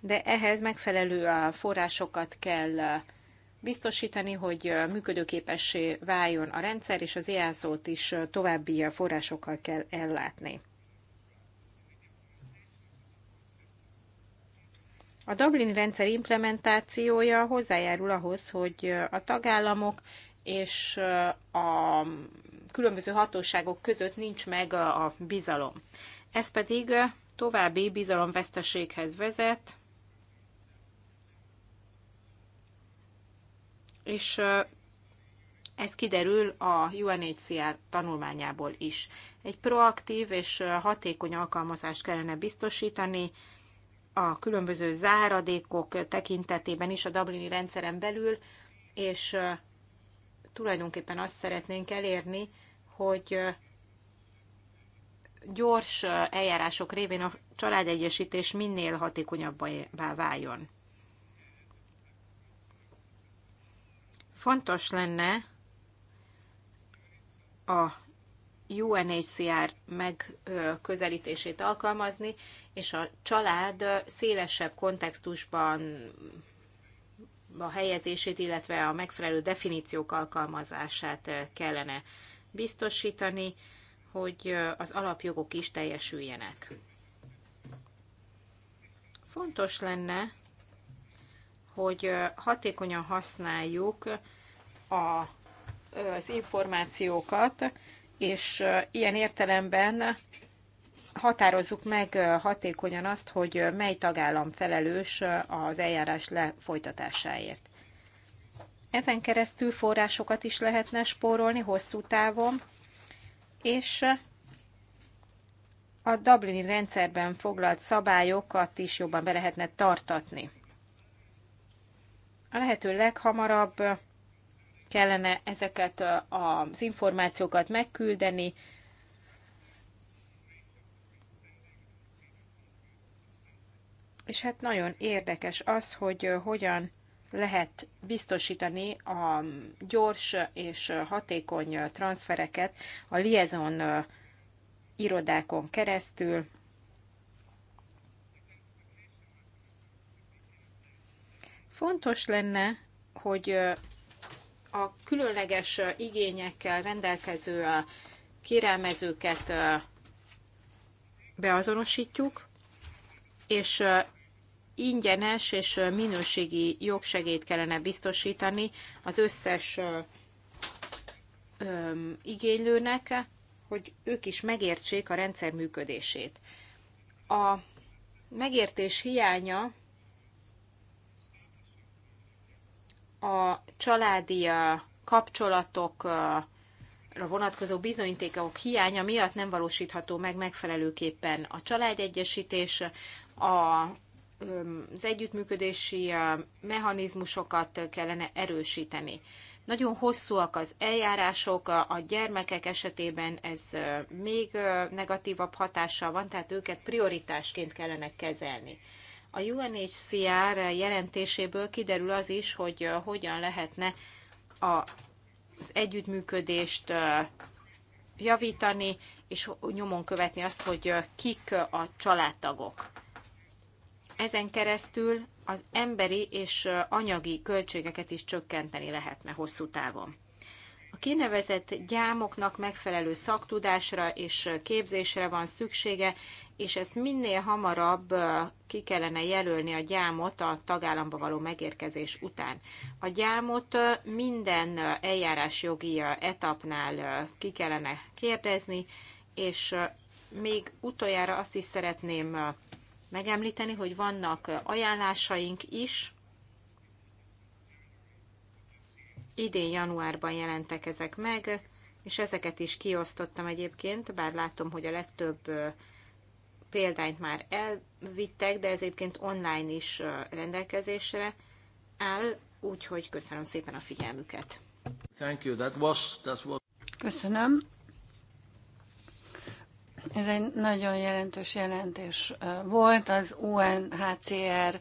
de ehhez megfelelő forrásokat kell biztosítani, hogy működőképessé váljon a rendszer, és az iászót is további forrásokkal kell ellátni. A Dublin rendszer implementációja hozzájárul ahhoz, hogy a tagállamok és a különböző hatóságok között nincs meg a bizalom. Ez pedig további bizalomveszteséghez vezet, és ez kiderül a UNHCR tanulmányából is. Egy proaktív és hatékony alkalmazást kellene biztosítani a különböző záradékok tekintetében is a Dublini rendszeren belül, és tulajdonképpen azt szeretnénk elérni, hogy gyors eljárások révén a családegyesítés minél hatékonyabbá váljon. Fontos lenne a UNHCR megközelítését alkalmazni, és a család szélesebb kontextusban a helyezését, illetve a megfelelő definíciók alkalmazását kellene biztosítani, hogy az alapjogok is teljesüljenek. Fontos lenne, hogy hatékonyan használjuk a, az információkat, és ilyen értelemben határozzuk meg hatékonyan azt, hogy mely tagállam felelős az eljárás lefolytatásáért. Ezen keresztül forrásokat is lehetne spórolni hosszú távon, és a Dublini rendszerben foglalt szabályokat is jobban be lehetne tartatni. A lehető leghamarabb kellene ezeket az információkat megküldeni. És hát nagyon érdekes az, hogy hogyan lehet biztosítani a gyors és hatékony transfereket a liaison irodákon keresztül. Fontos lenne, hogy a különleges igényekkel rendelkező kérelmezőket beazonosítjuk, és ingyenes és minőségi jogsegélyt kellene biztosítani az összes igénylőnek, hogy ők is megértsék a rendszer működését. A megértés hiánya a családi kapcsolatokra vonatkozó bizonyítékok hiánya miatt nem valósítható meg megfelelőképpen a családegyesítés, a az együttműködési mechanizmusokat kellene erősíteni. Nagyon hosszúak az eljárások, a gyermekek esetében ez még negatívabb hatással van, tehát őket prioritásként kellene kezelni. A UNHCR jelentéséből kiderül az is, hogy hogyan lehetne az együttműködést javítani, és nyomon követni azt, hogy kik a családtagok. Ezen keresztül az emberi és anyagi költségeket is csökkenteni lehetne hosszú távon. A kinevezett gyámoknak megfelelő szaktudásra és képzésre van szüksége, és ezt minél hamarabb ki kellene jelölni a gyámot a tagállamba való megérkezés után. A gyámot minden eljárásjogi etapnál ki kellene kérdezni, és még utoljára azt is szeretném megemlíteni, hogy vannak ajánlásaink is, idén januárban jelentek ezek meg, és ezeket is kiosztottam egyébként, bár látom, hogy a legtöbb példányt már elvittek, de ez egyébként online is rendelkezésre áll, úgyhogy köszönöm szépen a figyelmüket. Thank you. That was, that was... Köszönöm. Ez egy nagyon jelentős jelentés volt. Az UNHCR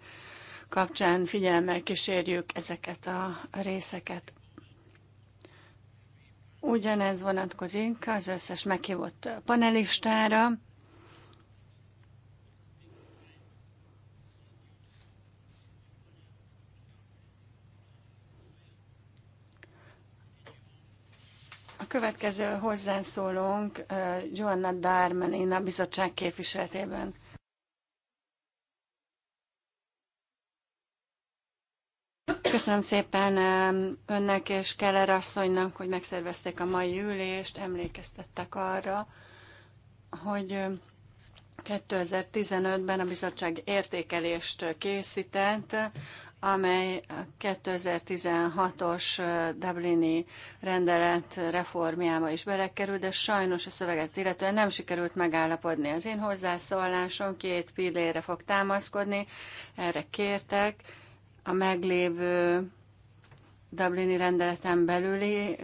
kapcsán figyelmel kísérjük ezeket a részeket. Ugyanez vonatkozik az összes meghívott panelistára. A következő hozzászólónk Joanna Darmanin a bizottság képviseletében Köszönöm szépen önnek és Keller asszonynak, hogy megszervezték a mai ülést, emlékeztettek arra, hogy 2015-ben a bizottság értékelést készített, amely 2016-os Dublini rendelet reformjába is belekerült, de sajnos a szöveget illetően nem sikerült megállapodni. Az én hozzászólásom két pillére fog támaszkodni, erre kértek a meglévő Dublini rendeleten belüli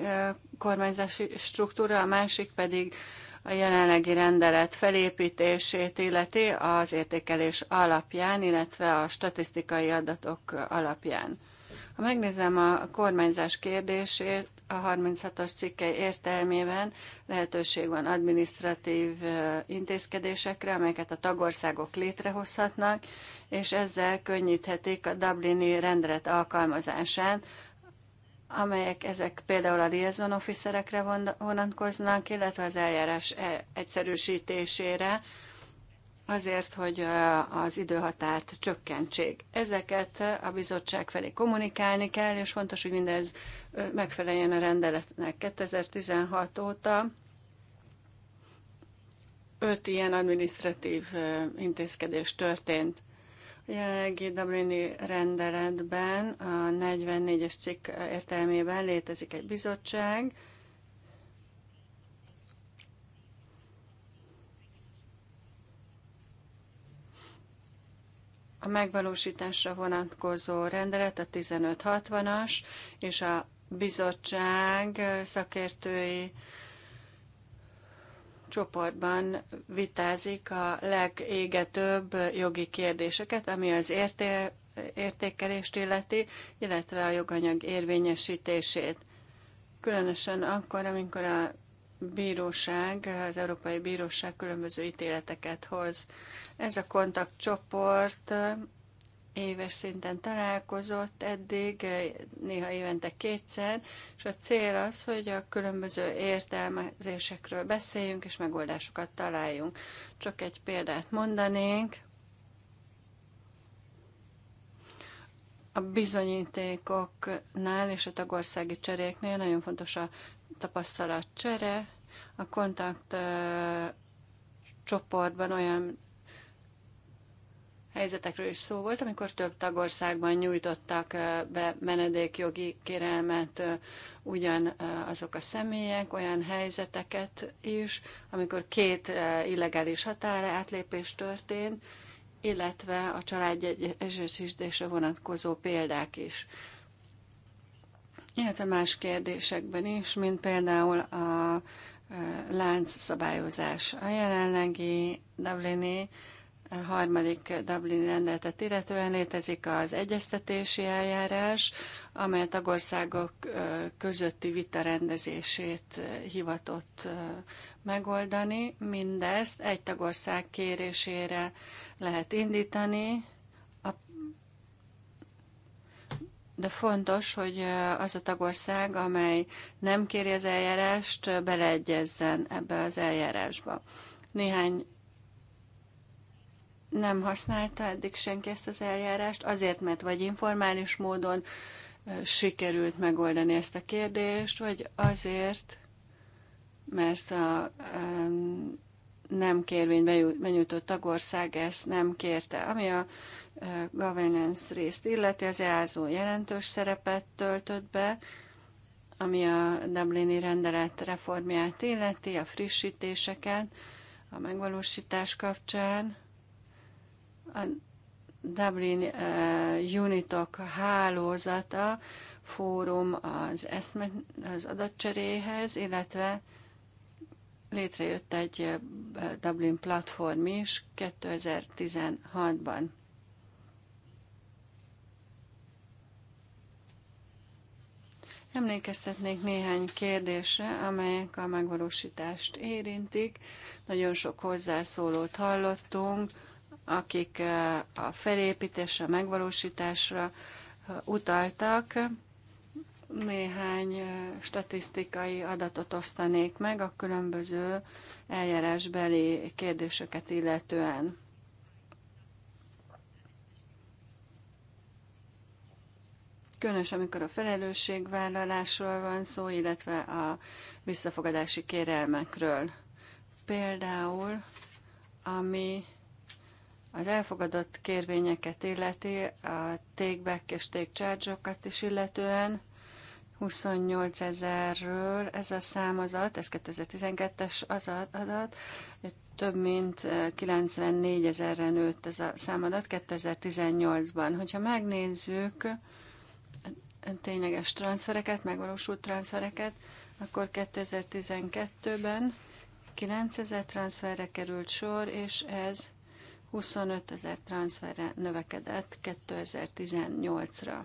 kormányzási struktúra, a másik pedig a jelenlegi rendelet felépítését illeti az értékelés alapján, illetve a statisztikai adatok alapján. Ha megnézem a kormányzás kérdését, a 36-os cikkei értelmében lehetőség van adminisztratív intézkedésekre, amelyeket a tagországok létrehozhatnak, és ezzel könnyíthetik a Dublini rendelet alkalmazásán, amelyek ezek például a liaison officerekre vonatkoznak, illetve az eljárás e-, egyszerűsítésére, azért, hogy az időhatárt csökkentsék. Ezeket a bizottság felé kommunikálni kell, és fontos, hogy mindez megfeleljen a rendeletnek. 2016 óta öt ilyen administratív intézkedés történt. A jelenlegi Dublini rendeletben a 44-es cikk értelmében létezik egy bizottság, A megvalósításra vonatkozó rendelet a 1560-as, és a bizottság szakértői csoportban vitázik a legégetőbb jogi kérdéseket, ami az érté értékelést illeti, illetve a joganyag érvényesítését. Különösen akkor, amikor a bíróság, az Európai Bíróság különböző ítéleteket hoz. Ez a kontaktcsoport éves szinten találkozott eddig, néha évente kétszer, és a cél az, hogy a különböző értelmezésekről beszéljünk és megoldásokat találjunk. Csak egy példát mondanénk, A bizonyítékoknál és a tagországi cseréknél nagyon fontos a tapasztalat csere, a kontakt csoportban olyan helyzetekről is szó volt, amikor több tagországban nyújtottak be menedékjogi kérelmet ugyan azok a személyek, olyan helyzeteket is, amikor két illegális határa átlépés történt, illetve a családegyesítésre vonatkozó példák is. Illetve más kérdésekben is, mint például a lánc szabályozás. A jelenlegi Dublini a harmadik Dublini rendeletet illetően létezik az egyeztetési eljárás, amely a tagországok közötti vita rendezését hivatott megoldani. Mindezt egy tagország kérésére lehet indítani, de fontos, hogy az a tagország, amely nem kéri az eljárást, beleegyezzen ebbe az eljárásba. Néhány nem használta eddig senki ezt az eljárást, azért, mert vagy informális módon sikerült megoldani ezt a kérdést, vagy azért, mert a nem kérvény benyújtott tagország ezt nem kérte. Ami a governance részt illeti, az EASO jelentős szerepet töltött be, ami a Dublini rendelet reformját illeti, a frissítéseket, a megvalósítás kapcsán. A Dublin Unitok hálózata fórum az, eszme, az adatcseréhez, illetve Létrejött egy Dublin platform is 2016-ban. Emlékeztetnék néhány kérdésre, amelyek a megvalósítást érintik. Nagyon sok hozzászólót hallottunk, akik a felépítésre, megvalósításra utaltak néhány statisztikai adatot osztanék meg a különböző eljárásbeli kérdéseket illetően. Különös, amikor a felelősségvállalásról van szó, illetve a visszafogadási kérelmekről. Például, ami az elfogadott kérvényeket illeti, a take és take is illetően, 28 ezerről ez a számozat, ez 2012-es az adat, több mint 94 ezerre nőtt ez a számadat 2018-ban. Hogyha megnézzük tényleges transzfereket, megvalósult transzfereket, akkor 2012-ben 9 ezer transzferre került sor, és ez 25 ezer transzferre növekedett 2018-ra.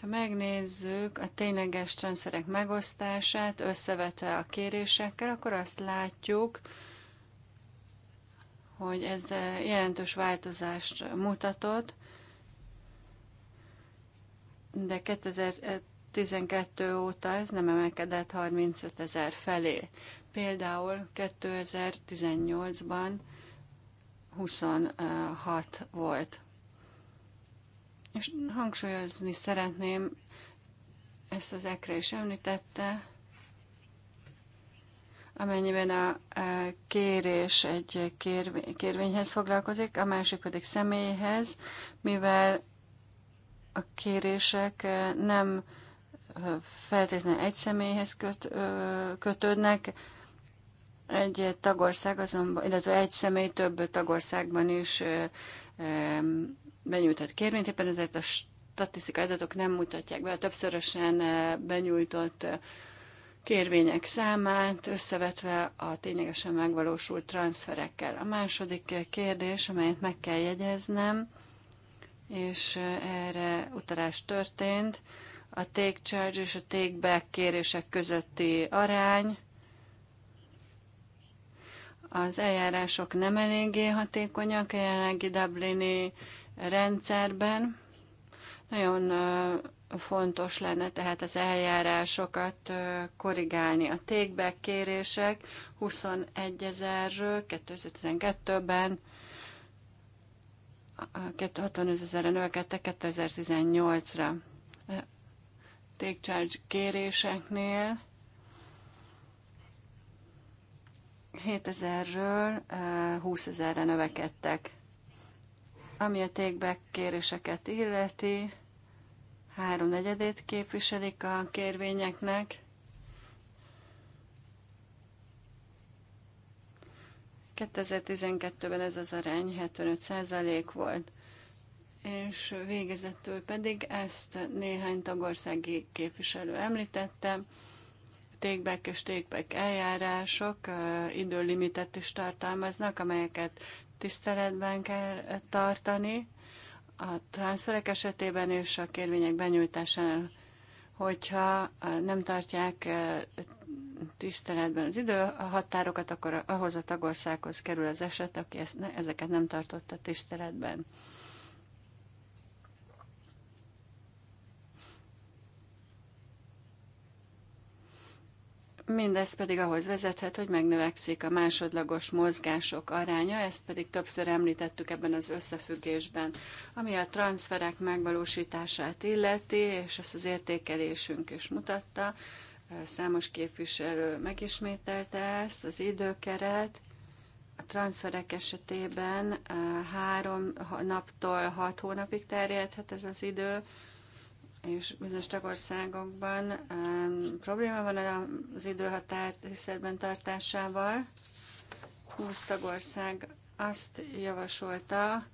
Ha megnézzük a tényleges transzferek megosztását összevetve a kérésekkel, akkor azt látjuk, hogy ez eh, jelentős változást mutatott, de 2012 óta ez nem emelkedett 35 ezer felé. Például 2018-ban 26 volt és hangsúlyozni szeretném, ezt az ekre is említette, amennyiben a e, kérés egy kérvényhez foglalkozik, a másik pedig személyhez, mivel a kérések e, nem e, feltétlenül egy személyhez köt, kötődnek, egy tagország azonban, illetve egy személy több tagországban is benyújtott kérvényt, éppen ezért a statisztikai adatok nem mutatják be a többszörösen eh, benyújtott eh, kérvények számát, összevetve a ténylegesen megvalósult transferekkel. A második eh, kérdés, amelyet meg kell jegyeznem, és erre utalás történt, a take charge és a take back kérések közötti arány. Az eljárások nem eléggé hatékonyak, a jelenlegi Dublini rendszerben. Nagyon fontos lenne tehát az eljárásokat korrigálni. A tékbek kérések 21 ezerről 2012-ben 65 ezerre növekedtek 2018-ra. Take charge kéréseknél 7000-ről 20 ezerre növekedtek. Ami a tékbek kéréseket illeti, háromnegyedét képviselik a kérvényeknek. ben ez az arány 75% volt, és végezetül pedig ezt néhány tagországi képviselő említette, tékbek és tékbek eljárások időlimitet is tartalmaznak, amelyeket tiszteletben kell tartani a transzerek esetében és a kérvények benyújtásánál, hogyha nem tartják tiszteletben az időhatárokat, akkor ahhoz a tagországhoz kerül az eset, aki ezeket nem tartotta tiszteletben. Mindez pedig ahhoz vezethet, hogy megnövekszik a másodlagos mozgások aránya, ezt pedig többször említettük ebben az összefüggésben, ami a transferek megvalósítását illeti, és ezt az értékelésünk is mutatta. Számos képviselő megismételte ezt, az időkeret, a transferek esetében eh, három naptól hat hónapig terjedhet ez az idő, és bizonyos tagországokban um, probléma van az időhatár tiszteletben tartásával. 20 tagország azt javasolta,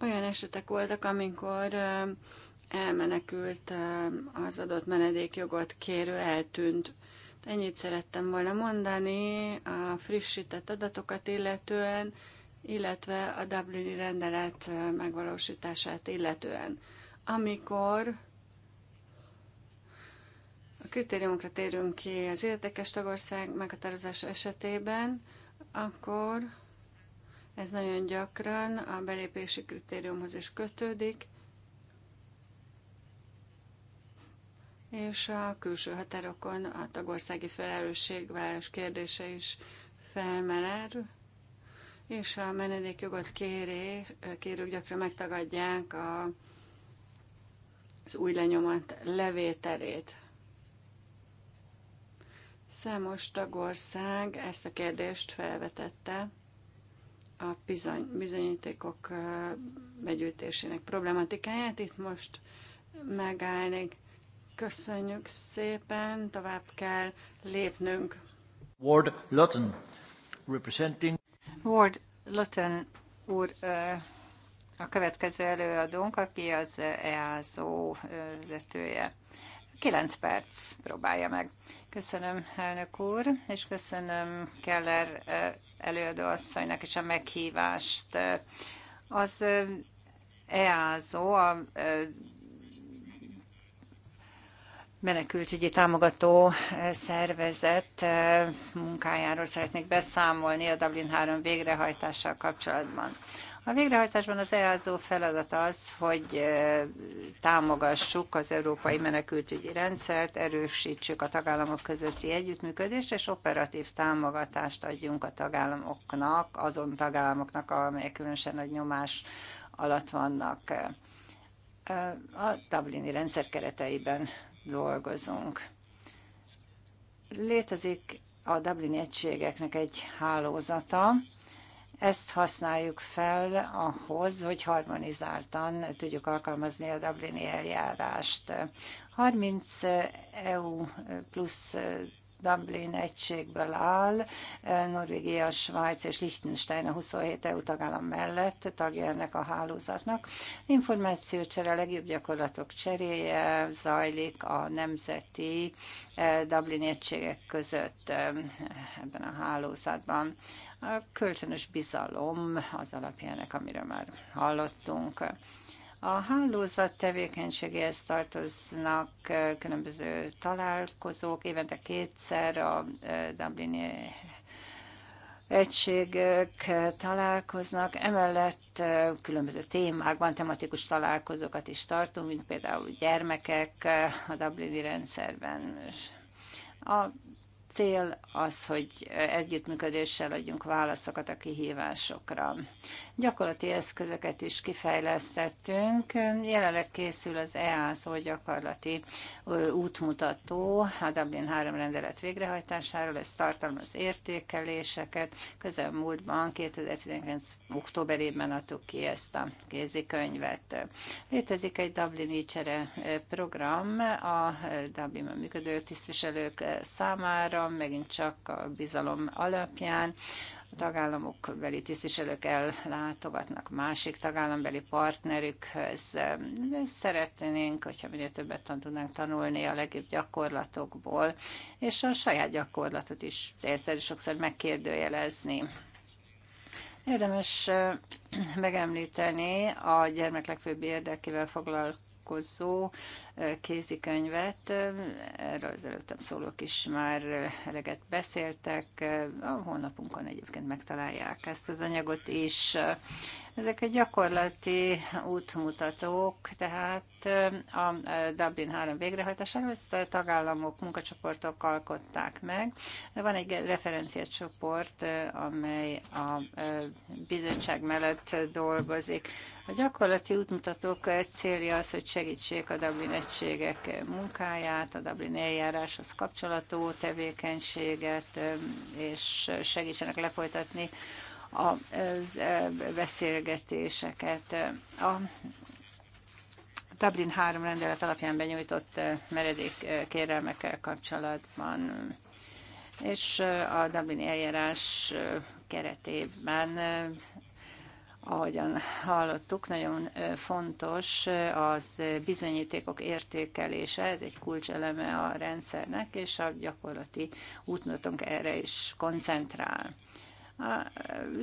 olyan esetek voltak, amikor elmenekült az adott menedékjogot kérő eltűnt. Ennyit szerettem volna mondani a frissített adatokat illetően, illetve a Dublini rendelet megvalósítását illetően. Amikor a kritériumokra térünk ki az érdekes tagország meghatározása esetében, akkor ez nagyon gyakran a belépési kritériumhoz is kötődik, és a külső határokon a tagországi felelősségvállalás kérdése is felmerül, és a menedékjogot kérés, kérők gyakran megtagadják a, az új lenyomat levételét. Számos tagország ezt a kérdést felvetette a bizony, bizonyítékok begyűjtésének problematikáját. Itt most megállnék. Köszönjük szépen, tovább kell lépnünk. Ward Lutton, representing... Ward Lutton úr, a következő előadónk, aki az EASO vezetője. Kilenc perc, próbálja meg. Köszönöm, elnök úr, és köszönöm Keller előadóasszonynak is a meghívást. Az EASO a menekültügyi támogató eh, szervezet eh, munkájáról szeretnék beszámolni a Dublin 3 végrehajtással kapcsolatban. A végrehajtásban az EASO feladat az, hogy eh, támogassuk az európai menekültügyi rendszert, erősítsük a tagállamok közötti együttműködést, és operatív támogatást adjunk a tagállamoknak, azon tagállamoknak, amelyek különösen nagy nyomás alatt vannak a Dublini rendszer kereteiben dolgozunk. Létezik a Dublini egységeknek egy hálózata, ezt használjuk fel ahhoz, hogy harmonizáltan tudjuk alkalmazni a Dublini eljárást. 30 EU plusz Dublin egységből áll, eh, Norvégia, Svájc és Liechtenstein a 27 EU tagállam mellett tagja ennek a hálózatnak. Információcsere, legjobb gyakorlatok cseréje zajlik a nemzeti eh, Dublin egységek között eh, ebben a hálózatban. A kölcsönös bizalom az alapjának, amiről már hallottunk. A hálózat tevékenységéhez tartoznak különböző találkozók, évente kétszer a Dublini egységek találkoznak, emellett különböző témákban tematikus találkozókat is tartunk, mint például gyermekek a Dublini rendszerben. A cél az, hogy együttműködéssel adjunk válaszokat a kihívásokra. Gyakorlati eszközöket is kifejlesztettünk. Jelenleg készül az EASO gyakorlati útmutató a Dublin 3 rendelet végrehajtásáról. Ez tartalmaz értékeléseket. Közelmúltban, 2019. októberében adtuk ki ezt a kézikönyvet. Létezik egy Dublini ícsere program a Dublin működő tisztviselők számára, megint csak a bizalom alapján. A tagállamok beli tisztviselők ellátogatnak másik tagállambeli partnerükhöz. Szeretnénk, hogyha minél többet tudnánk tanulni a legjobb gyakorlatokból, és a saját gyakorlatot is egyszerű sokszor megkérdőjelezni. Érdemes eh, megemlíteni a gyermek legfőbb érdekével foglalkozó kézikönyvet. Erről az előttem szólók is már eleget beszéltek. A honlapunkon egyébként megtalálják ezt az anyagot is. Ezek a gyakorlati útmutatók, tehát a Dublin 3 végrehajtására ezt a tagállamok, munkacsoportok alkották meg. De van egy referenciacsoport, amely a bizottság mellett dolgozik. A gyakorlati útmutatók célja az, hogy segítsék a Dublin szövetségek munkáját, a Dublin eljáráshoz kapcsolatú tevékenységet, és segítsenek lefolytatni a beszélgetéseket. A Dublin 3 rendelet alapján benyújtott meredék kérelmekkel kapcsolatban és a Dublin eljárás keretében ahogyan hallottuk, nagyon fontos az bizonyítékok értékelése, ez egy kulcseleme a rendszernek, és a gyakorlati útnotunk erre is koncentrál.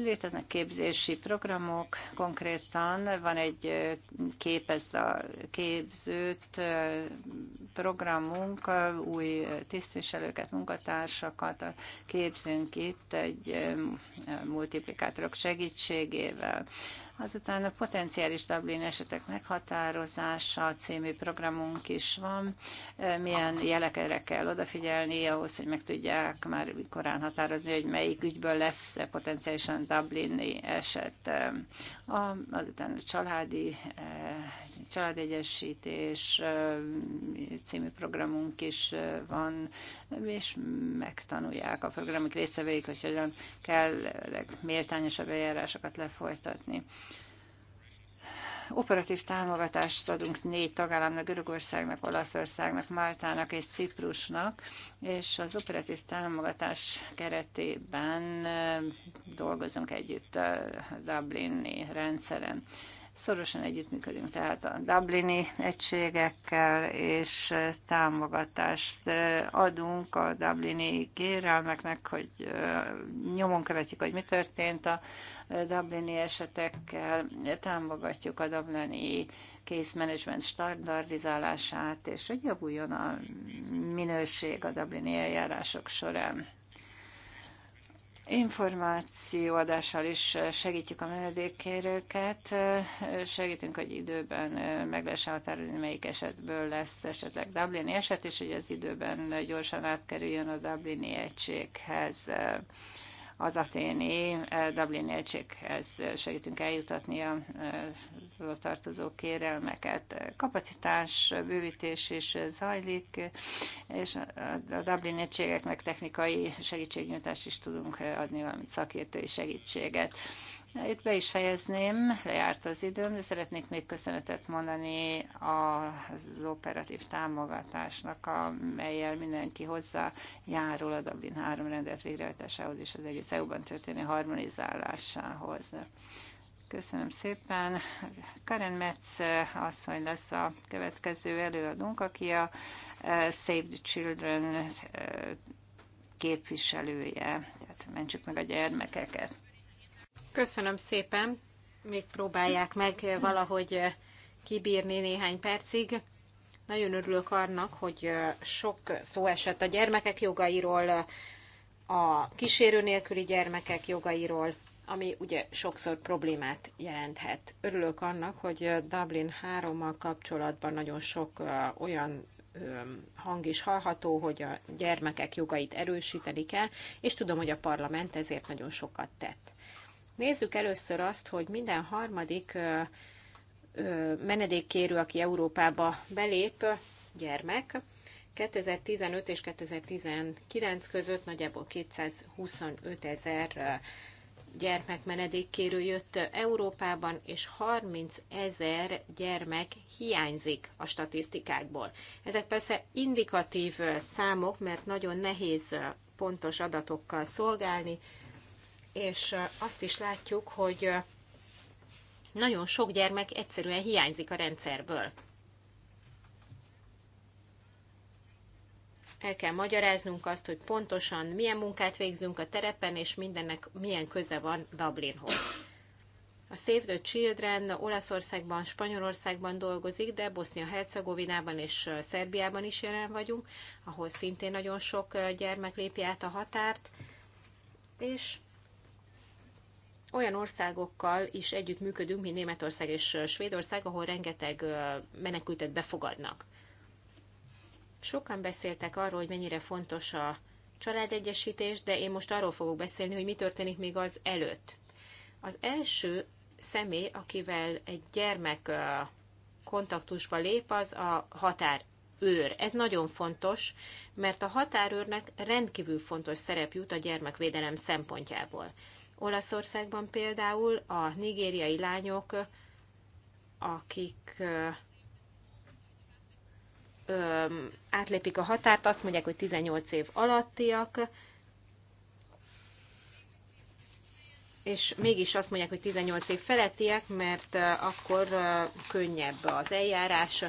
Léteznek képzési programok, konkrétan van egy képezd a képzőt programunk, új tisztviselőket, munkatársakat képzünk itt egy multiplikátorok segítségével. Azután a potenciális Dublin esetek meghatározása című programunk is van. Milyen jelekre kell odafigyelni ahhoz, hogy meg tudják már korán határozni, hogy melyik ügyből lesz -e potenciálisan Dublini eset. azután a családi, családegyesítés című programunk is van, és megtanulják a programok részevőik, hogy hogyan kell méltányosabb eljárásokat lefolytatni operatív támogatást adunk négy tagállamnak, Görögországnak, Olaszországnak, Máltának és Ciprusnak, és az operatív támogatás keretében eh, dolgozunk együtt a Dublini rendszeren. Szorosan együttműködünk tehát a Dublini egységekkel, és támogatást adunk a Dublini kérelmeknek, hogy nyomon követjük, hogy mi történt a Dublini esetekkel, támogatjuk a Dublini case management standardizálását, és hogy javuljon a minőség a Dublini eljárások során. Információadással is segítjük a menedékkérőket, segítünk, hogy időben meg lehessen határozni, melyik esetből lesz esetleg Dublini eset, és hogy az időben gyorsan átkerüljön a Dublini egységhez az aténi eh, Dublin egységhez segítünk eljutatni eh, a tartozó kérelmeket. Kapacitás bővítés is zajlik, és a Dublin egységeknek technikai segítségnyújtást is tudunk adni, valamint szakértői segítséget. Itt be is fejezném, lejárt az időm, de szeretnék még köszönetet mondani az operatív támogatásnak, amelyel mindenki hozzá járul a Dublin 3 rendelet végrehajtásához és az egész EU-ban történő harmonizálásához. Köszönöm szépen. Karen Metz asszony lesz a következő előadónk, aki a eh, Save the Children eh, képviselője, tehát mentsük meg a gyermekeket. Köszönöm szépen. Még próbálják meg valahogy eh, kibírni néhány percig. Nagyon örülök annak, hogy eh, sok szó esett a gyermekek jogairól, eh, a kísérő nélküli gyermekek jogairól, ami ugye sokszor problémát jelenthet. Örülök annak, hogy Dublin 3-mal kapcsolatban nagyon sok olyan hang is hallható, hogy a gyermekek jogait erősíteni kell, és tudom, hogy a parlament ezért nagyon sokat tett. Nézzük először azt, hogy minden harmadik menedékkérő, aki Európába belép, gyermek. 2015 és 2019 között nagyjából 225 ezer menedékkérő jött Európában, és 30 ezer gyermek hiányzik a statisztikákból. Ezek persze indikatív számok, mert nagyon nehéz pontos adatokkal szolgálni, és azt is látjuk, hogy nagyon sok gyermek egyszerűen hiányzik a rendszerből. El kell magyaráznunk azt, hogy pontosan milyen munkát végzünk a terepen, és mindennek milyen köze van Dublinhoz. A Save the Children Olaszországban, Spanyolországban dolgozik, de Bosznia-Hercegovinában és Szerbiában is jelen vagyunk, ahol szintén nagyon sok gyermek lépi át a határt, és olyan országokkal is együttműködünk, mint Németország és Svédország, ahol rengeteg menekültet befogadnak. Sokan beszéltek arról, hogy mennyire fontos a családegyesítés, de én most arról fogok beszélni, hogy mi történik még az előtt. Az első személy, akivel egy gyermek kontaktusba lép, az a határőr. Ez nagyon fontos, mert a határőrnek rendkívül fontos szerep jut a gyermekvédelem szempontjából. Olaszországban például a nigériai lányok, akik ö, átlépik a határt, azt mondják, hogy 18 év alattiak, és mégis azt mondják, hogy 18 év felettiek, mert akkor könnyebb az eljárás,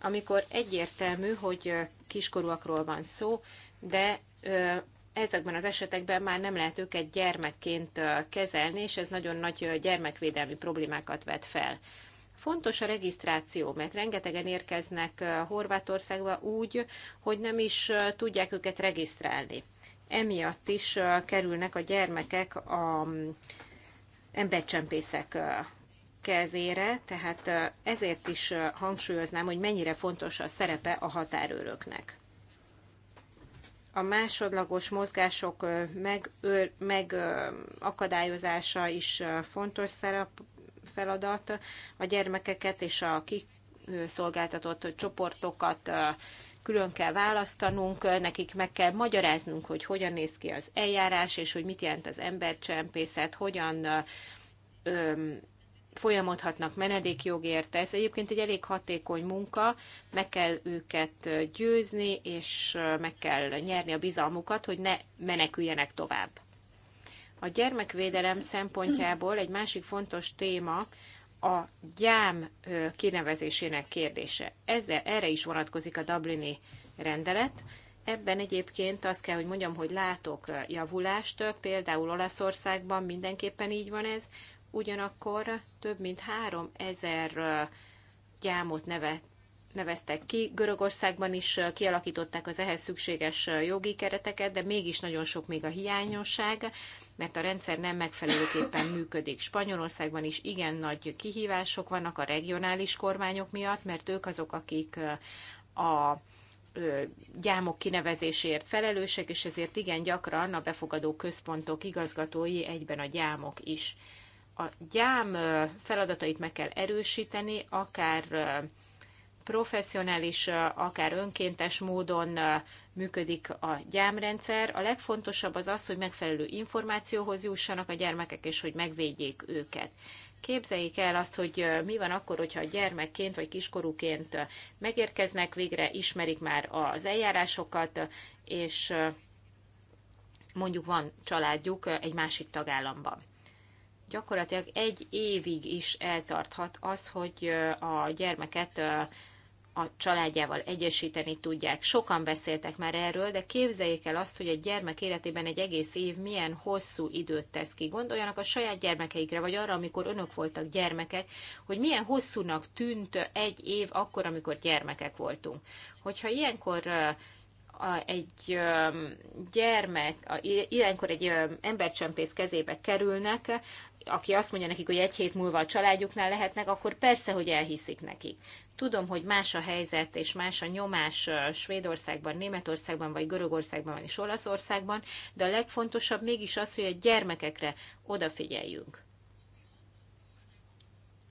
amikor egyértelmű, hogy kiskorúakról van szó, de ezekben az esetekben már nem lehet őket gyermekként kezelni, és ez nagyon nagy gyermekvédelmi problémákat vet fel. Fontos a regisztráció, mert rengetegen érkeznek Horvátországba úgy, hogy nem is tudják őket regisztrálni. Emiatt is kerülnek a gyermekek a embercsempészek kezére, tehát ezért is hangsúlyoznám, hogy mennyire fontos a szerepe a határőröknek a másodlagos mozgások megakadályozása meg, is fontos szerep, feladat. A gyermekeket és a kiszolgáltatott csoportokat külön kell választanunk, nekik meg kell magyaráznunk, hogy hogyan néz ki az eljárás, és hogy mit jelent az embercsempészet, hogyan folyamodhatnak menedékjogért. Ez egyébként egy elég hatékony munka, meg kell őket győzni, és meg kell nyerni a bizalmukat, hogy ne meneküljenek tovább. A gyermekvédelem szempontjából egy másik fontos téma a gyám kinevezésének kérdése. Ezzel, erre is vonatkozik a Dublini rendelet. Ebben egyébként azt kell, hogy mondjam, hogy látok javulást, például Olaszországban mindenképpen így van ez, ugyanakkor több mint három ezer gyámot nevet neveztek ki. Görögországban is kialakították az ehhez szükséges jogi kereteket, de mégis nagyon sok még a hiányosság, mert a rendszer nem megfelelőképpen működik. Spanyolországban is igen nagy kihívások vannak a regionális kormányok miatt, mert ők azok, akik a gyámok kinevezéséért felelősek, és ezért igen gyakran a befogadó központok igazgatói egyben a gyámok is a gyám feladatait meg kell erősíteni, akár professzionális, akár önkéntes módon működik a gyámrendszer. A legfontosabb az az, hogy megfelelő információhoz jussanak a gyermekek, és hogy megvédjék őket. Képzeljék el azt, hogy mi van akkor, hogyha gyermekként vagy kiskorúként megérkeznek, végre ismerik már az eljárásokat, és mondjuk van családjuk egy másik tagállamban gyakorlatilag egy évig is eltarthat az, hogy a gyermeket a családjával egyesíteni tudják. Sokan beszéltek már erről, de képzeljék el azt, hogy egy gyermek életében egy egész év milyen hosszú időt tesz ki. Gondoljanak a saját gyermekeikre, vagy arra, amikor önök voltak gyermekek, hogy milyen hosszúnak tűnt egy év akkor, amikor gyermekek voltunk. Hogyha ilyenkor egy gyermek, ilyenkor egy embercsempész kezébe kerülnek, aki azt mondja nekik, hogy egy hét múlva a családjuknál lehetnek, akkor persze, hogy elhiszik nekik. Tudom, hogy más a helyzet és más a nyomás Svédországban, Németországban, vagy Görögországban, vagy Olaszországban, de a legfontosabb mégis az, hogy a gyermekekre odafigyeljünk.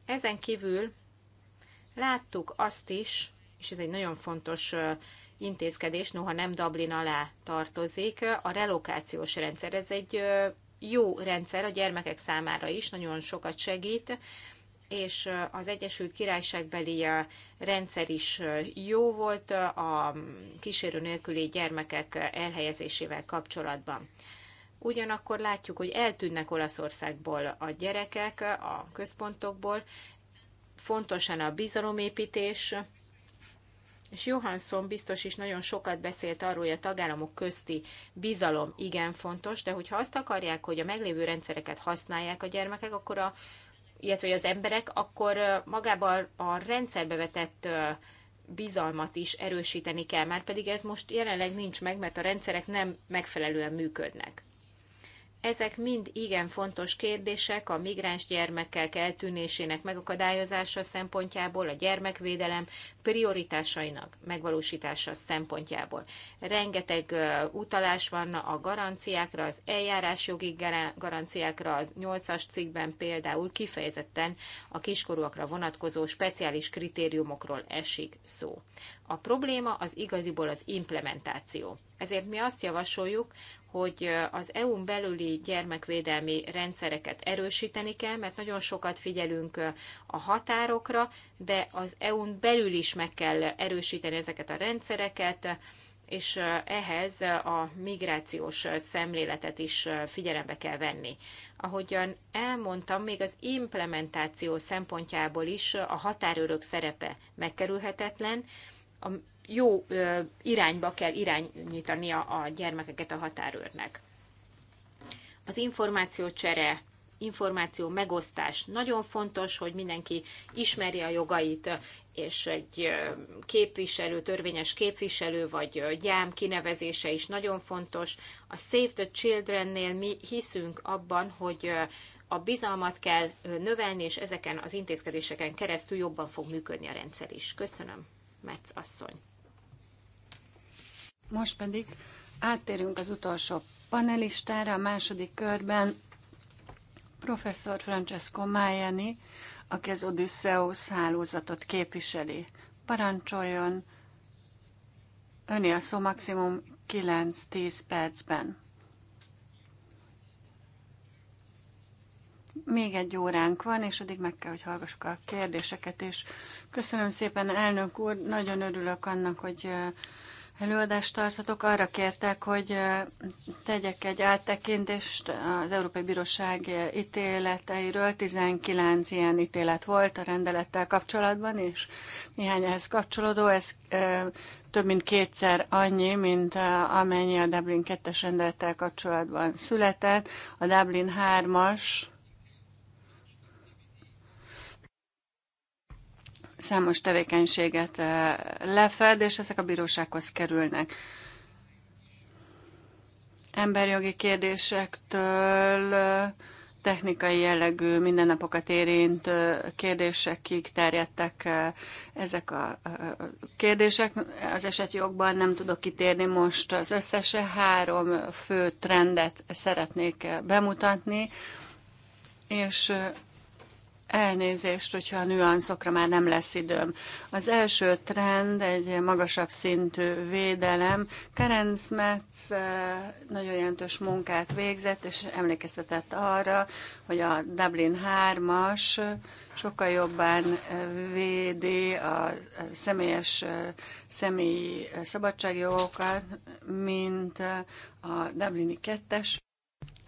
Ezen kívül láttuk azt is, és ez egy nagyon fontos intézkedés, noha nem Dublin alá tartozik, a relokációs rendszer. Ez egy jó rendszer a gyermekek számára is, nagyon sokat segít, és az Egyesült Királyságbeli rendszer is jó volt a kísérő nélküli gyermekek elhelyezésével kapcsolatban. Ugyanakkor látjuk, hogy eltűnnek Olaszországból a gyerekek a központokból, fontosan a bizalomépítés, és Johansson biztos is nagyon sokat beszélt arról, hogy a tagállamok közti bizalom igen fontos, de hogyha azt akarják, hogy a meglévő rendszereket használják a gyermekek, akkor a, illetve az emberek, akkor magában a rendszerbe vetett bizalmat is erősíteni kell, már pedig ez most jelenleg nincs meg, mert a rendszerek nem megfelelően működnek. Ezek mind igen fontos kérdések a migráns gyermekek eltűnésének megakadályozása szempontjából, a gyermekvédelem prioritásainak megvalósítása szempontjából. Rengeteg utalás van a garanciákra, az eljárásjogi garanciákra, az 8-as cikkben például kifejezetten a kiskorúakra vonatkozó speciális kritériumokról esik szó. A probléma az igaziból az implementáció. Ezért mi azt javasoljuk, hogy az EU-n belüli gyermekvédelmi rendszereket erősíteni kell, mert nagyon sokat figyelünk a határokra, de az EU-n belül is meg kell erősíteni ezeket a rendszereket, és ehhez a migrációs szemléletet is figyelembe kell venni. Ahogyan elmondtam, még az implementáció szempontjából is a határőrök szerepe megkerülhetetlen, a jó irányba kell irányítani a gyermekeket a határőrnek. Az információcsere, információ megosztás nagyon fontos, hogy mindenki ismerje a jogait, és egy képviselő, törvényes képviselő vagy gyám kinevezése is nagyon fontos. A Save the Children-nél mi hiszünk abban, hogy a bizalmat kell növelni, és ezeken az intézkedéseken keresztül jobban fog működni a rendszer is. Köszönöm, Metz asszony. Most pedig áttérünk az utolsó panelistára a második körben, professzor Francesco Májani, aki az Odysseus hálózatot képviseli. Parancsoljon, öné a szó maximum 9-10 percben. Még egy óránk van, és addig meg kell, hogy hallgassuk a kérdéseket, és köszönöm szépen, elnök úr, nagyon örülök annak, hogy előadást tarthatok. Arra kértek, hogy tegyek egy áttekintést az Európai Bíróság ítéleteiről. 19 ilyen ítélet volt a rendelettel kapcsolatban, és néhány ehhez kapcsolódó. Ez több mint kétszer annyi, mint amennyi a Dublin 2-es rendelettel kapcsolatban született. A Dublin 3-as számos tevékenységet eh, lefed, és ezek a bírósághoz kerülnek. Emberjogi kérdésektől eh, technikai jellegű, mindennapokat érint eh, kérdésekig terjedtek ezek a kérdések. Az esetjogban nem tudok kitérni most az összesen három fő trendet szeretnék bemutatni, és Elnézést, hogyha a nüanszokra már nem lesz időm. Az első trend egy magasabb szintű védelem. Kerenc Metz eh, nagyon jelentős munkát végzett, és emlékeztetett arra, hogy a Dublin 3-as sokkal jobban eh, védi a személyes eh, személyi szabadságjogokat, mint a Dublini 2-es.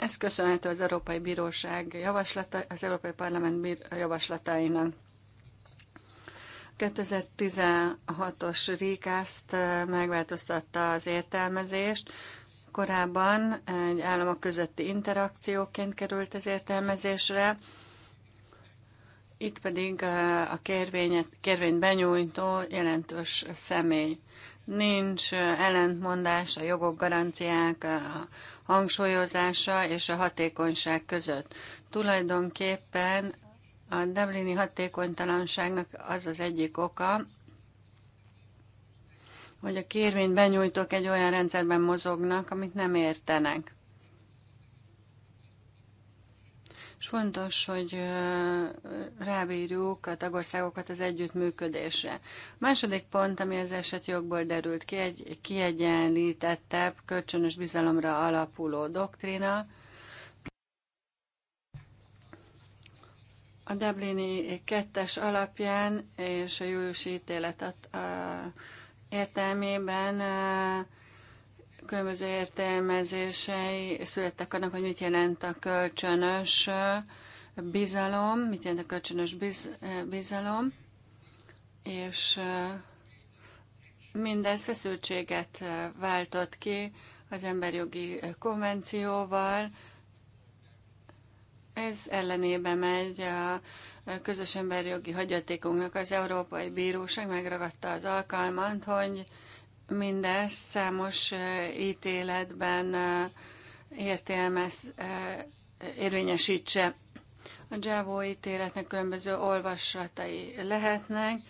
Ez köszönhető az Európai Bíróság javaslata, az Európai Parlament javaslatainak. 2016-os Rikászt megváltoztatta az értelmezést. Korábban egy államok közötti interakcióként került az értelmezésre, itt pedig a kérvényet, kérvényt benyújtó jelentős személy nincs ellentmondás a jogok garanciák a hangsúlyozása és a hatékonyság között. Tulajdonképpen a dublini hatékonytalanságnak az az egyik oka, hogy a kérvényt benyújtók egy olyan rendszerben mozognak, amit nem értenek. és fontos, hogy rábírjuk a tagországokat az együttműködésre. A második pont, ami az jogból derült ki, egy kiegyenlítettebb, kölcsönös bizalomra alapuló doktrína, a Dublini kettes alapján és a júliusi ítélet értelmében különböző értelmezései születtek annak, hogy mit jelent a kölcsönös bizalom, mit jelent a kölcsönös biz, bizalom, és mindez feszültséget váltott ki az emberjogi konvencióval. Ez ellenébe megy a közös emberjogi hagyatékunknak. Az Európai Bíróság megragadta az alkalmat, hogy Mindez számos ítéletben értelmez, érvényesítse. A Javó ítéletnek különböző olvasatai lehetnek.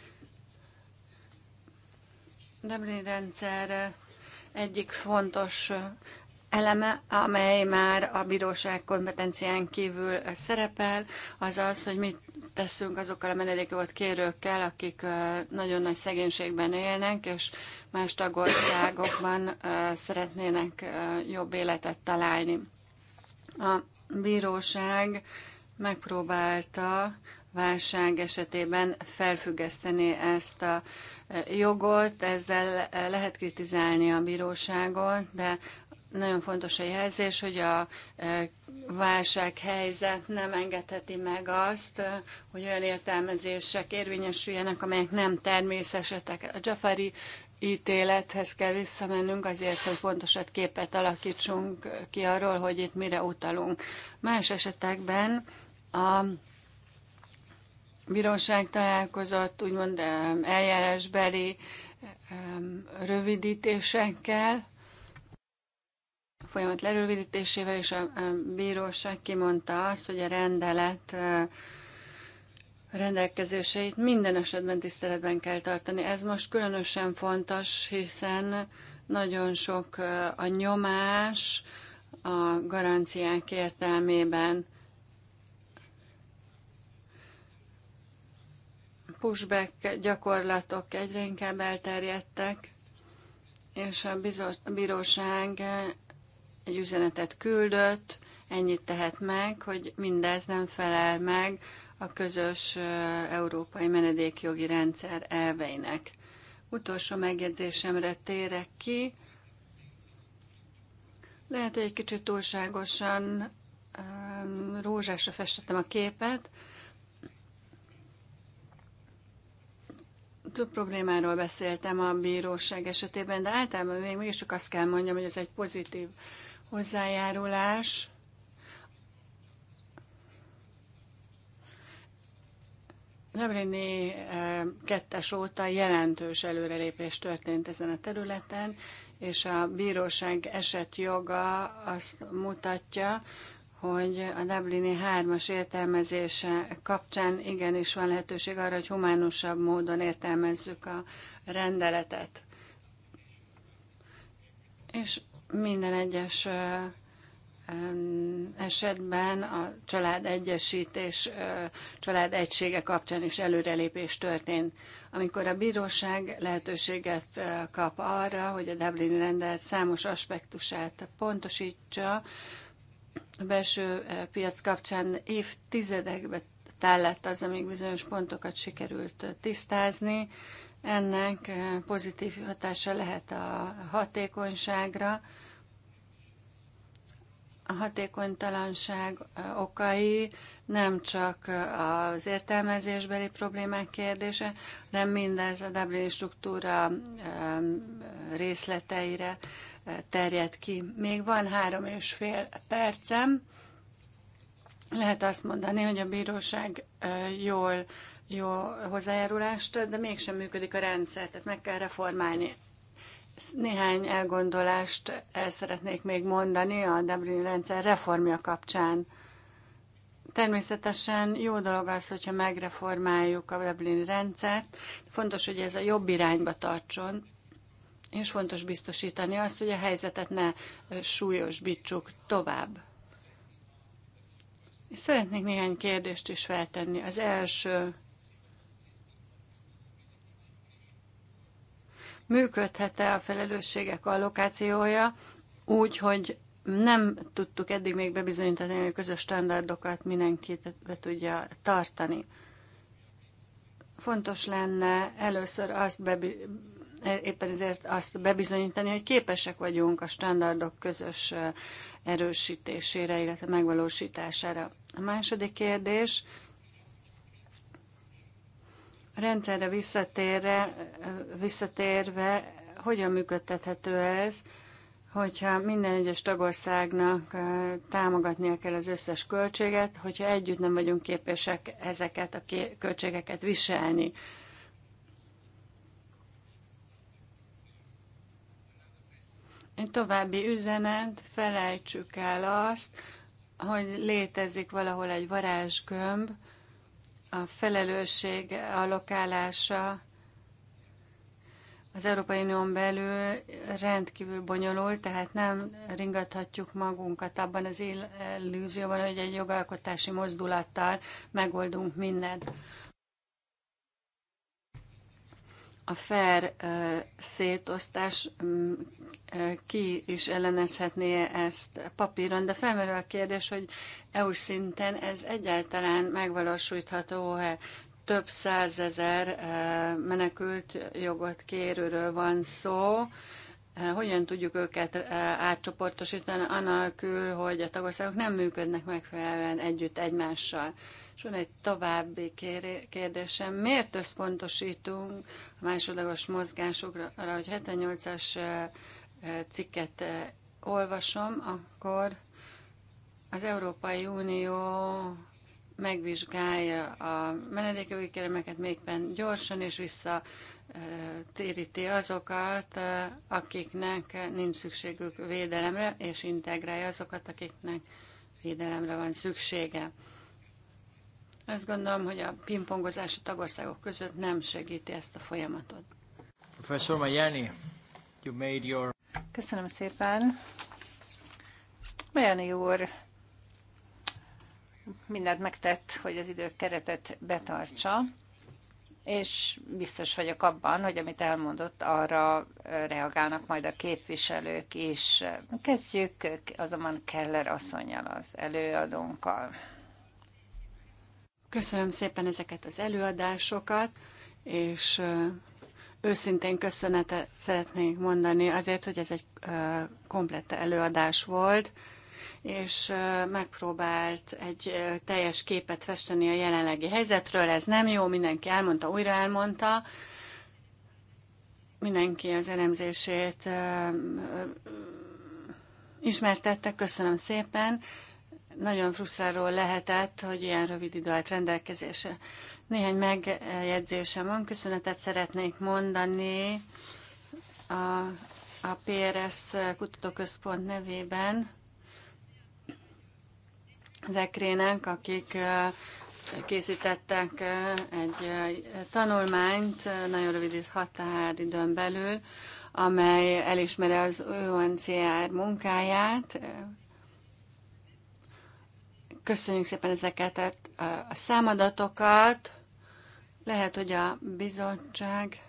Dublin rendszer egyik fontos eleme, amely már a bíróság kompetencián kívül szerepel, az az, hogy mit teszünk azokkal a menedékjogot kérőkkel, akik nagyon nagy szegénységben élnek, és más tagországokban szeretnének jobb életet találni. A bíróság megpróbálta válság esetében felfüggeszteni ezt a jogot, ezzel lehet kritizálni a bíróságot, de nagyon fontos a jelzés, hogy a e, válsághelyzet nem engedheti meg azt, e, hogy olyan értelmezések érvényesüljenek, amelyek nem természetesek. A Jafari ítélethez kell visszamennünk azért, hogy pontosat képet alakítsunk ki arról, hogy itt mire utalunk. Más esetekben a bíróság találkozott úgymond e, eljárásbeli rövidítésekkel, folyamat lerövidítésével, és a bíróság kimondta azt, hogy a rendelet rendelkezéseit minden esetben tiszteletben kell tartani. Ez most különösen fontos, hiszen nagyon sok a nyomás a garanciák értelmében. Pushback gyakorlatok egyre inkább elterjedtek, és a, bizot, a bíróság egy üzenetet küldött, ennyit tehet meg, hogy mindez nem felel meg a közös európai menedékjogi rendszer elveinek. Utolsó megjegyzésemre térek ki. Lehet, hogy egy kicsit túlságosan rózsásra festettem a képet. Több problémáról beszéltem a bíróság esetében, de általában még mégiscsak azt kell mondjam, hogy ez egy pozitív uh, hozzájárulás Lebrini eh, kettes óta jelentős előrelépés történt ezen a területen, és a bíróság esetjoga azt mutatja, hogy a Dublini hármas értelmezése kapcsán igenis van lehetőség arra, hogy humánusabb módon értelmezzük a rendeletet. És minden egyes esetben a család egyesítés, család egysége kapcsán is előrelépés történt. Amikor a bíróság lehetőséget kap arra, hogy a Dublin rendelet számos aspektusát pontosítsa, a belső piac kapcsán évtizedekbe tellett az, amíg bizonyos pontokat sikerült tisztázni. Ennek pozitív hatása lehet a hatékonyságra, a hatékonytalanság okai nem csak az értelmezésbeli problémák kérdése, hanem mindez a Dublin struktúra részleteire terjed ki. Még van három és fél percem. Lehet azt mondani, hogy a bíróság jól jó hozzájárulást, de mégsem működik a rendszer, tehát meg kell reformálni néhány elgondolást el szeretnék még mondani a Dublin rendszer reformja kapcsán. Természetesen jó dolog az, hogyha megreformáljuk a Dublin rendszert. Fontos, hogy ez a jobb irányba tartson, és fontos biztosítani azt, hogy a helyzetet ne súlyosbítsuk tovább. És szeretnék néhány kérdést is feltenni. Az első, működhet-e a felelősségek allokációja úgy, hogy nem tudtuk eddig még bebizonyítani, hogy a közös standardokat mindenkit be tudja tartani. Fontos lenne először azt be, éppen ezért azt bebizonyítani, hogy képesek vagyunk a standardok közös erősítésére, illetve megvalósítására. A második kérdés, rendszerre visszatérve, visszatérve, hogyan működtethető ez, hogyha minden egyes tagországnak támogatnia kell az összes költséget, hogyha együtt nem vagyunk képesek ezeket a költségeket viselni. Egy további üzenet, felejtsük el azt, hogy létezik valahol egy varázsgömb, a felelősség alokálása az Európai Unión belül rendkívül bonyolult, tehát nem ringathatjuk magunkat abban az illúzióban, hogy egy jogalkotási mozdulattal megoldunk mindent. A fair szétosztás ki is ellenezhetné ezt papíron, de felmerül a kérdés, hogy EU szinten ez egyáltalán megvalósítható-e. Több százezer eh, menekült jogot kérőről van szó, eh, hogyan tudjuk őket eh, átcsoportosítani, anélkül, hogy a tagországok nem működnek megfelelően együtt egymással. És van egy további kérdésem, miért összpontosítunk a másodlagos mozgásokra, hogy 78-as cikket eh, olvasom, akkor az Európai Unió megvizsgálja a menedékjogi keremeket mégben gyorsan, és vissza eh, téríti azokat, eh, akiknek nincs szükségük védelemre, és integrálja azokat, akiknek védelemre van szüksége. Azt gondolom, hogy a pingpongozás a tagországok között nem segíti ezt a folyamatot. Professor Majani, you made your... Köszönöm szépen. Bajani úr mindent megtett, hogy az időkeretet betartsa, és biztos vagyok abban, hogy amit elmondott, arra reagálnak majd a képviselők is. Kezdjük azonban Keller asszonyjal, az előadónkkal. Köszönöm szépen ezeket az előadásokat, és Őszintén köszönetet szeretnék mondani azért, hogy ez egy komplette előadás volt, és megpróbált egy teljes képet festeni a jelenlegi helyzetről. Ez nem jó, mindenki elmondta, újra elmondta. Mindenki az elemzését ismertette, köszönöm szépen. Nagyon frusztráló lehetett, hogy ilyen rövid idő állt rendelkezése. Néhány megjegyzésem van. Köszönetet szeretnék mondani a, a PRS Kutatóközpont nevében az ekrének, akik készítettek egy tanulmányt nagyon rövid határidőn belül, amely elismeri az UNCR munkáját. Köszönjük szépen ezeket a számadatokat. Lehet, hogy a bizottság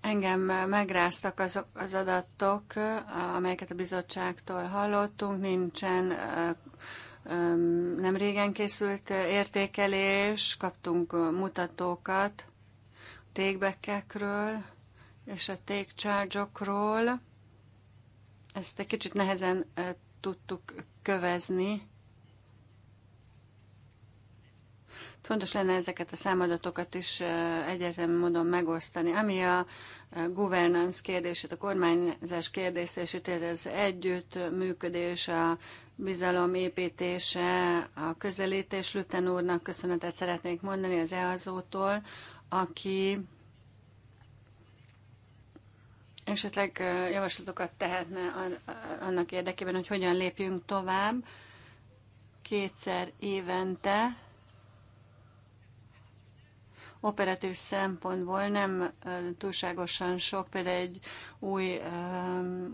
engem megráztak azok az adatok, amelyeket a bizottságtól hallottunk, nincsen nem régen készült értékelés, kaptunk mutatókat tégbekekről és a tékcsárgyokról. Ezt egy kicsit nehezen tudtuk kövezni. Fontos lenne ezeket a számadatokat is egyetem módon megosztani. Ami a governance kérdését, a kormányzás kérdését, ez együttműködés, a bizalom építése, a közelítés. Lüten úrnak köszönetet szeretnék mondani az EAZO-tól, aki esetleg javaslatokat tehetne annak érdekében, hogy hogyan lépjünk tovább. Kétszer évente operatív szempontból nem túlságosan sok, például egy új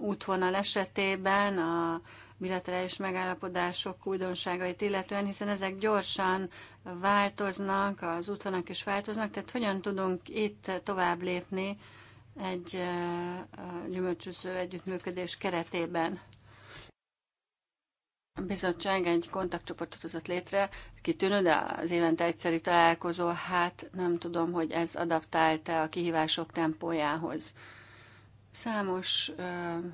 útvonal esetében a bilaterális megállapodások újdonságait illetően, hiszen ezek gyorsan változnak, az útvonak is változnak, tehát hogyan tudunk itt tovább lépni egy gyümölcsöző együttműködés keretében. A bizottság egy kontaktcsoportot hozott létre, kitűnő, de az évente egyszeri találkozó, hát nem tudom, hogy ez adaptálta a kihívások tempójához. Számos uh,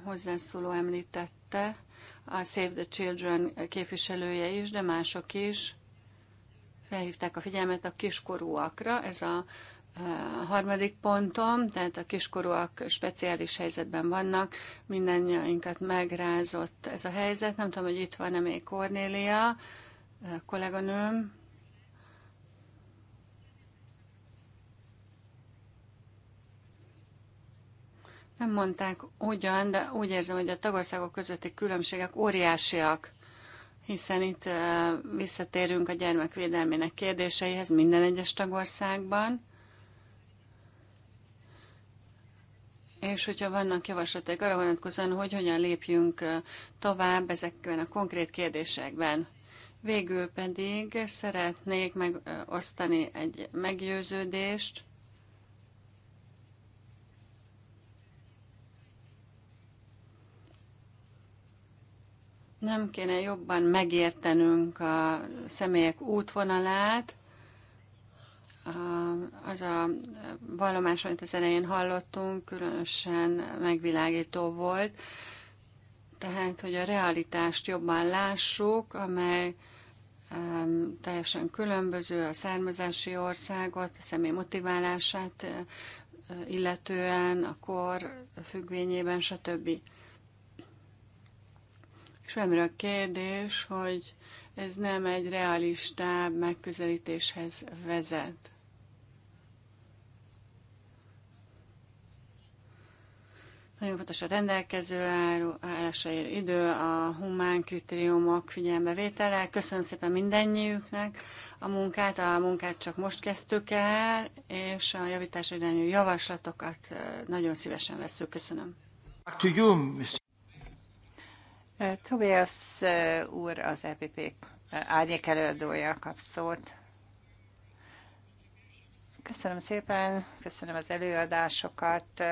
hozzászóló említette, a Save the Children képviselője is, de mások is felhívták a figyelmet a kiskorúakra. Ez a a harmadik pontom, tehát a kiskorúak speciális helyzetben vannak, mindannyiunkat megrázott ez a helyzet. Nem tudom, hogy itt van-e még Kornélia, kolléganőm. Nem mondták ugyan, de úgy érzem, hogy a tagországok közötti különbségek óriásiak hiszen itt visszatérünk a gyermekvédelmének kérdéseihez minden egyes tagországban. És hogyha vannak javaslatok arra vonatkozóan, hogy hogyan lépjünk tovább ezekben a konkrét kérdésekben. Végül pedig szeretnék megosztani egy meggyőződést, Nem kéne jobban megértenünk a személyek útvonalát, az a vallomás, amit az elején hallottunk, különösen megvilágító volt. Tehát, hogy a realitást jobban lássuk, amely um, teljesen különböző a származási országot, a személy motiválását eh, illetően, a kor függvényében, stb. És felmerül a kérdés, hogy ez nem egy realistább megközelítéshez vezet. Nagyon fontos a rendelkező állása ér idő, a humán kritériumok figyelembevétele. Köszönöm szépen mindennyiüknek a munkát, a munkát csak most kezdtük el, és a javítás irányú javaslatokat nagyon szívesen veszük. Köszönöm. To you, Tobias úr, az EPP árnyék előadója kap szót. Köszönöm szépen, köszönöm az előadásokat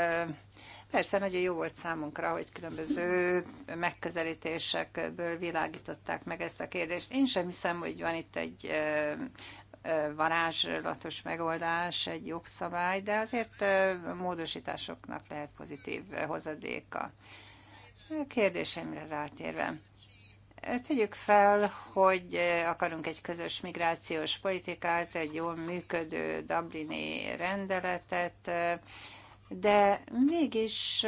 Persze nagyon jó volt számunkra, hogy különböző megközelítésekből világították meg ezt a kérdést. Én sem hiszem, hogy van itt egy varázslatos megoldás, egy jogszabály, de azért módosításoknak lehet pozitív hozadéka. Kérdésemre rátérve. Tegyük fel, hogy akarunk egy közös migrációs politikát, egy jól működő Dublini rendeletet, de mégis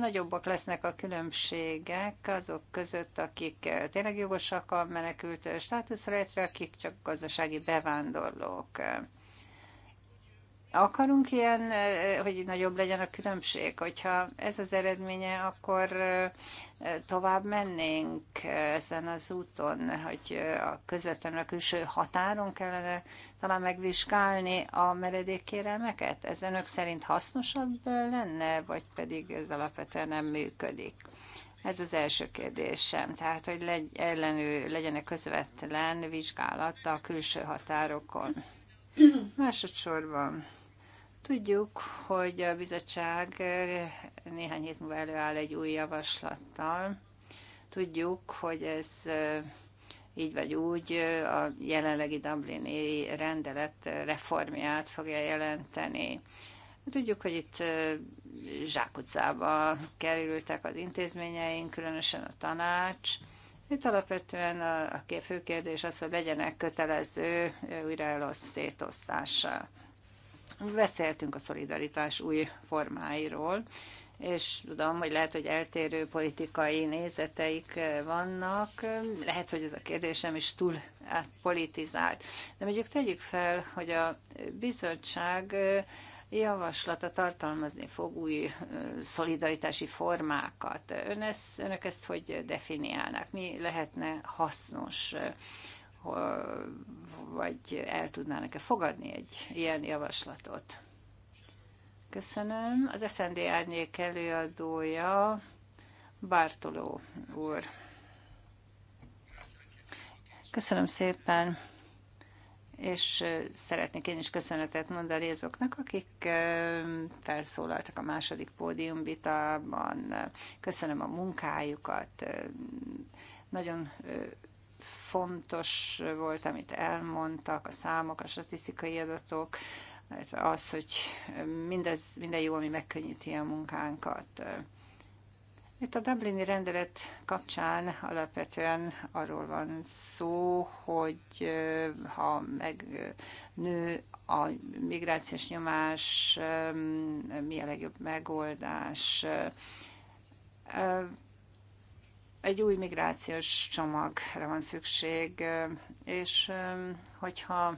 nagyobbak lesznek a különbségek azok között, akik tényleg jogosak a menekült státuszra, illetve akik csak gazdasági bevándorlók akarunk ilyen, hogy nagyobb legyen a különbség? Hogyha ez az eredménye, akkor tovább mennénk ezen az úton, hogy a közvetlenül a külső határon kellene talán megvizsgálni a meredékkérelmeket? Ez önök szerint hasznosabb lenne, vagy pedig ez alapvetően nem működik? Ez az első kérdésem, tehát hogy legy, ellenő, legyen közvetlen vizsgálat a külső határokon. Másodszorban Tudjuk, hogy a bizottság eh, néhány hét múlva előáll egy új javaslattal. Tudjuk, hogy ez eh, így vagy úgy eh, a jelenlegi Dublini rendelet reformját fogja jelenteni. Tudjuk, hogy itt zsákutcába kerültek az intézményeink, különösen a tanács. Itt alapvetően a, a fő kérdés az, hogy legyenek kötelező újraeloszétosztása Beszéltünk a szolidaritás új formáiról, és tudom, hogy lehet, hogy eltérő politikai nézeteik vannak, lehet, hogy ez a kérdésem is túl politizált. De mondjuk tegyük fel, hogy a bizottság javaslata tartalmazni fog új szolidaritási formákat. Ön ezt, önök ezt hogy definiálnák? Mi lehetne hasznos? vagy el tudnának-e fogadni egy ilyen javaslatot. Köszönöm. Az SND árnyék előadója Bartoló úr. Köszönöm szépen, és szeretnék én is köszönetet mondani azoknak, akik felszólaltak a második pódiumvitában. Köszönöm a munkájukat, nagyon fontos volt, amit elmondtak, a számok, a statisztikai adatok, az, hogy mindez, minden jó, ami megkönnyíti a munkánkat. Itt a Dublini rendelet kapcsán alapvetően arról van szó, hogy ha megnő a migrációs nyomás, mi a legjobb megoldás egy új migrációs csomagra van szükség, és um, hogyha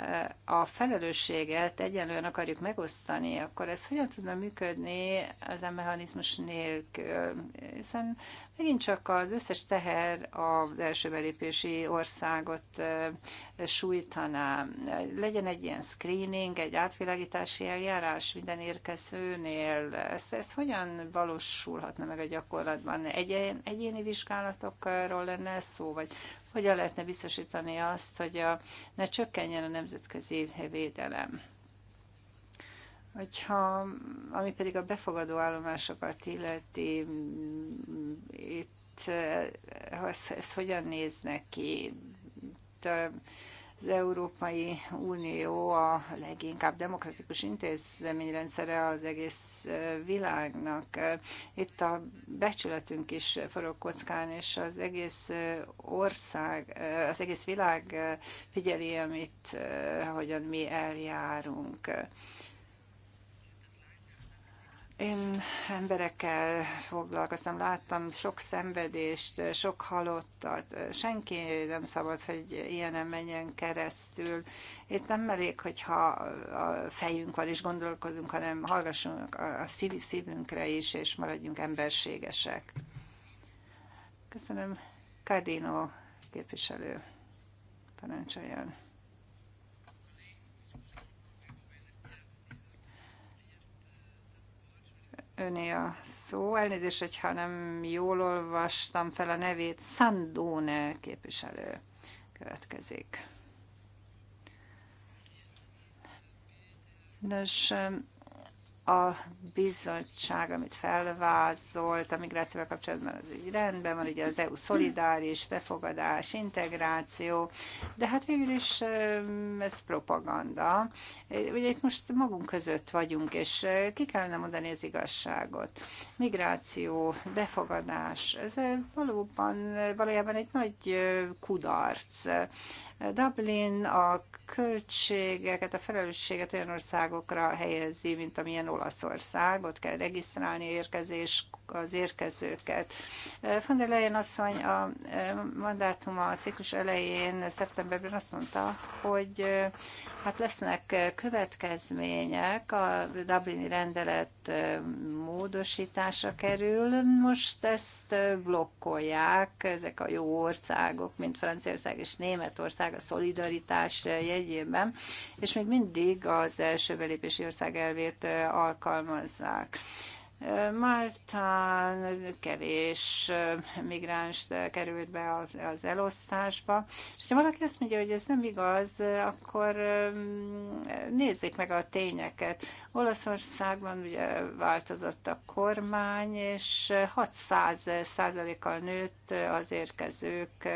uh, a felelősséget egyenlően akarjuk megosztani, akkor ez hogyan tudna működni ezen mechanizmus nélkül? Hiszen Megint csak az összes teher az első belépési országot sújtaná. Legyen egy ilyen screening, egy átvilágítási eljárás minden érkezőnél. Ez, ez hogyan valósulhatna meg a gyakorlatban? Egy, egyéni vizsgálatokról lenne szó, vagy hogyan lehetne biztosítani azt, hogy a, ne csökkenjen a nemzetközi védelem? Hogyha, ami pedig a befogadó állomásokat illeti, itt eh, ez, ez hogyan néznek ki? Itt, az Európai Unió a leginkább demokratikus intézményrendszere az egész eh, világnak. Itt a becsületünk is forog kockán, és az egész eh, ország, az egész világ figyeli, amit, hogyan mi eljárunk. Én emberekkel foglalkoztam, láttam sok szenvedést, sok halottat. Senki nem szabad, hogy ilyenem menjen keresztül. Itt nem elég, hogyha a fejünk van és gondolkodunk, hanem hallgassunk a szív, szívünkre is, és maradjunk emberségesek. Köszönöm. Cardino képviselő parancsoljon. Öné a szó. Elnézést, hogyha nem jól olvastam fel a nevét. Sandone képviselő következik. Nos, a bizottság, amit felvázolt a migrációval kapcsolatban, az így rendben van, ugye az EU szolidáris, befogadás, integráció, de hát végül is ez propaganda. Ugye itt most magunk között vagyunk, és ki kellene mondani az igazságot. Migráció, befogadás, ez valóban, valójában egy nagy kudarc Dublin a költségeket, a felelősséget olyan országokra helyezi, mint amilyen Olaszország, ott kell regisztrálni érkezés az érkezőket. Van der Leyen asszony a mandátuma a ciklus elején, szeptemberben azt mondta, hogy hát lesznek következmények, a Dublini rendelet módosításra kerül. Most ezt blokkolják ezek a jó országok, mint Franciaország és Németország a szolidaritás jegyében, és még mindig az első belépési ország elvét alkalmazzák. Máltán kevés migráns került be az elosztásba, és ha valaki azt mondja, hogy ez nem igaz, akkor nézzék meg a tényeket. Olaszországban ugye változott a kormány, és 600 százalékkal nőtt az érkezők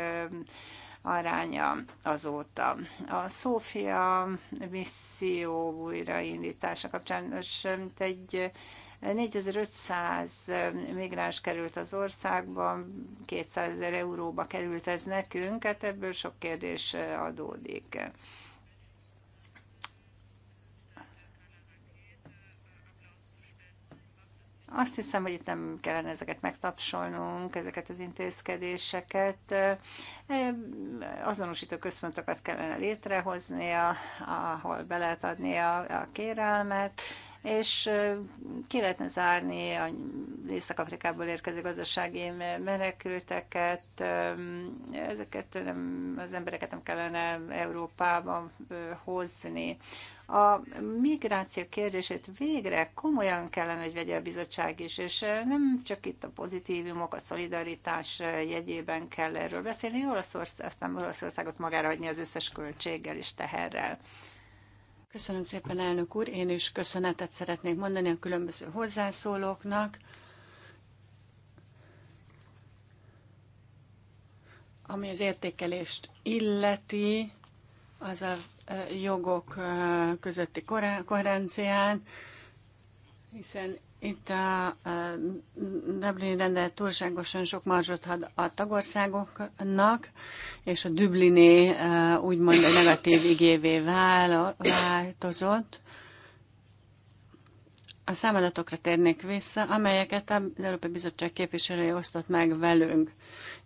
aránya azóta. A Szófia misszió újraindítása kapcsán most egy 4500 migráns került az országba, 200 ezer euróba került ez nekünk, hát ebből sok kérdés adódik. Azt hiszem, hogy itt nem kellene ezeket megtapsolnunk, ezeket az intézkedéseket. Azonosító központokat kellene létrehoznia, ahol be lehet adni a, a kérelmet, és ki lehetne zárni az Észak-Afrikából érkező gazdasági menekülteket, ezeket nem, az embereket nem kellene Európában hozni. A migráció kérdését végre komolyan kellene, hogy vegye a bizottság is, és nem csak itt a pozitívumok, a szolidaritás jegyében kell erről beszélni, Olaszország, aztán Olaszországot magára hagyni az összes költséggel és teherrel. Köszönöm szépen, elnök úr. Én is köszönetet szeretnék mondani a különböző hozzászólóknak. Ami az értékelést illeti, az a jogok közötti koherencián, hiszen itt a Dublin rendelet túlságosan sok marzsot ad a tagországoknak, és a Dubliné e, úgymond a negatív igévé vál, változott. A számadatokra térnék vissza, amelyeket az Európai Bizottság képviselője osztott meg velünk.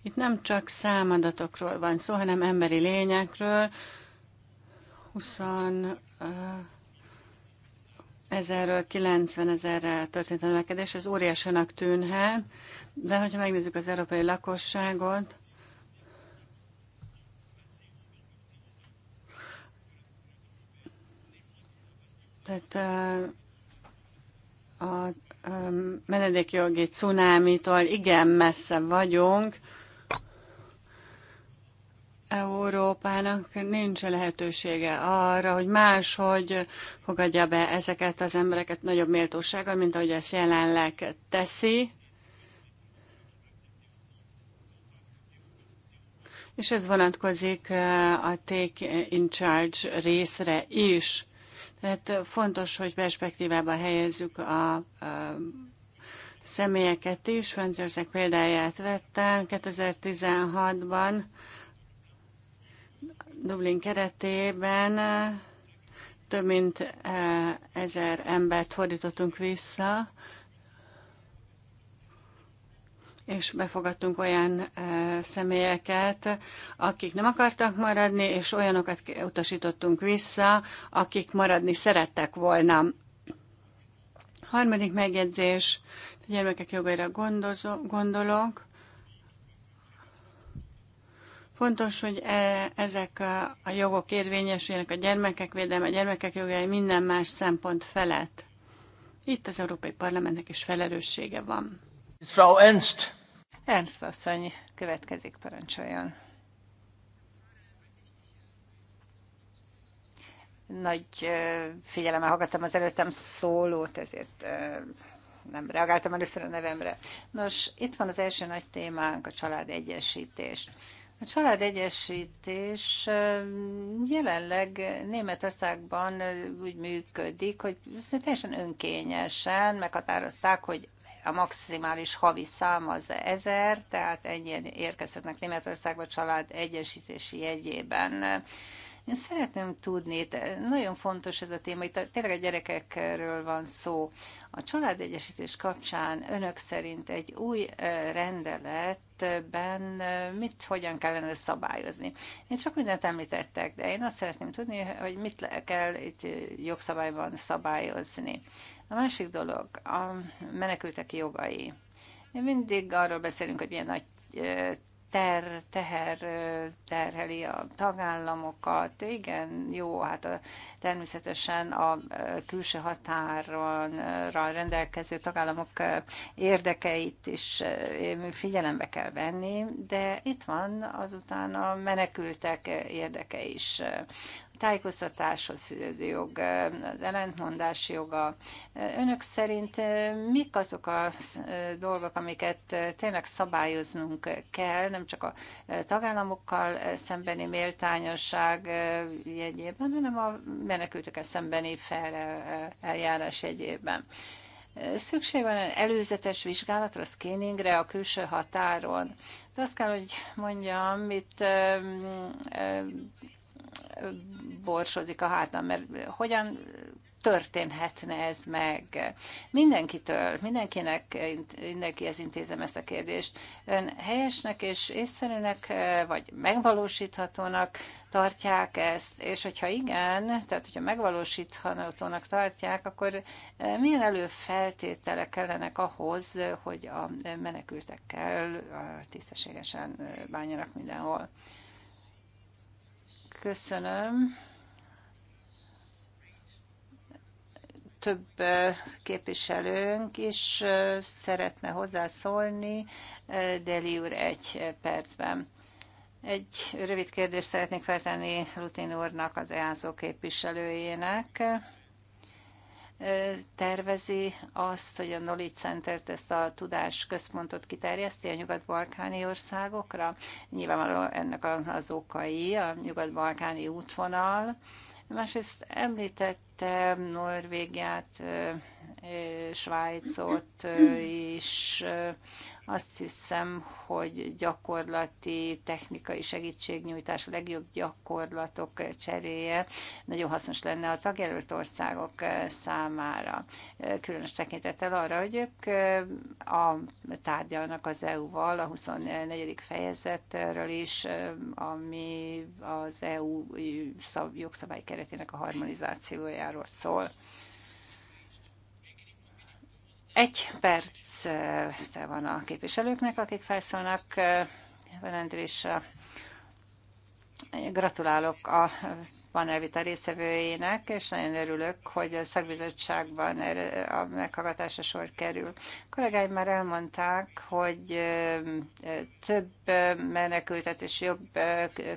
Itt nem csak számadatokról van szó, hanem emberi lényekről. 20 ezerről 90 ezerre történt a növekedés, ez óriásanak tűnhet, de hogyha megnézzük az európai lakosságot, tehát a menedékjogi cunámitól igen messze vagyunk, Európának nincs lehetősége arra, hogy máshogy fogadja be ezeket az embereket nagyobb méltósággal, mint ahogy ezt jelenleg teszi. És ez vonatkozik eh, a Take in Charge részre is. Tehát fontos, hogy perspektívába helyezzük a, a eh, személyeket is. Franciaország példáját vette 2016-ban Dublin keretében eh, több mint eh, ezer embert fordítottunk vissza, és befogadtunk olyan eh, személyeket, akik nem akartak maradni, és olyanokat utasítottunk vissza, akik maradni szerettek volna. Harmadik megjegyzés, a gyermekek jogaira gondozó, gondolok. Fontos, hogy e, ezek a jogok érvényesüljenek a gyermekek védelme, a gyermekek jogai minden más szempont felett. Itt az Európai Parlamentnek is felelőssége van. Frau Ernst. Ernst asszony következik, parancsoljon. Nagy figyelemmel hallgattam az előttem szólót, ezért nem reagáltam először a nevemre. Nos, itt van az első nagy témánk, a család egyesítés. A családegyesítés jelenleg Németországban úgy működik, hogy teljesen önkényesen meghatározták, hogy a maximális havi szám az ezer, tehát ennyien érkezhetnek Németországba család egyesítési jegyében. Én szeretném tudni, eh, nagyon fontos ez a téma, itt tényleg a gyerekekről van szó. A családegyesítés kapcsán önök szerint egy új eh, rendeletben eh, mit, hogyan kellene szabályozni? Én csak mindent említettek, de én azt szeretném tudni, hogy mit le kell itt jogszabályban szabályozni. A másik dolog, a menekültek jogai. Mindig arról beszélünk, hogy milyen nagy ter, teher terheli a tagállamokat. Igen, jó, hát a, természetesen a külső határon rendelkező tagállamok érdekeit is figyelembe kell venni, de itt van azután a menekültek érdeke is tájékoztatáshoz fűződő jog, az ellentmondás joga. Önök szerint mik azok a dolgok, amiket tényleg szabályoznunk kell, nem csak a tagállamokkal szembeni méltányosság jegyében, hanem a menekültekkel szembeni fel eljárás jegyében. Szükség van előzetes vizsgálatra, screeningre a külső határon. De azt kell, hogy mondjam, itt borsozik a hátam, mert hogyan történhetne ez meg? Mindenkitől, mindenkinek, mindenkihez intézem ezt a kérdést. Ön helyesnek és észszerűnek, vagy megvalósíthatónak tartják ezt? És hogyha igen, tehát hogyha megvalósíthatónak tartják, akkor milyen előfeltételek kellenek ahhoz, hogy a menekültekkel tisztességesen bánjanak mindenhol? Köszönöm. Több képviselőnk is szeretne hozzászólni. Deli úr egy percben. Egy rövid kérdést szeretnék feltenni Lutin úrnak, az EASZO képviselőjének tervezi azt, hogy a Knowledge Center-t, ezt a tudásközpontot kiterjeszti a nyugat-balkáni országokra. Nyilvánvalóan ennek az okai a nyugat-balkáni útvonal. Másrészt említett említettem, Norvégiát, Svájcot is. Azt hiszem, hogy gyakorlati, technikai segítségnyújtás, a legjobb gyakorlatok cseréje nagyon hasznos lenne a tagjelölt országok számára. Különös tekintettel arra, hogy ők a, tárgyalnak az EU-val a 24. fejezetről is, ami az EU jogszabály keretének a harmonizációja politikáról szól. Egy perc van a képviselőknek, akik felszólnak. Velendrés Gratulálok a panelvita részevőjének, és nagyon örülök, hogy a szakbizottságban a meghallgatásra sor kerül. A kollégáim már elmondták, hogy több menekültet és jobb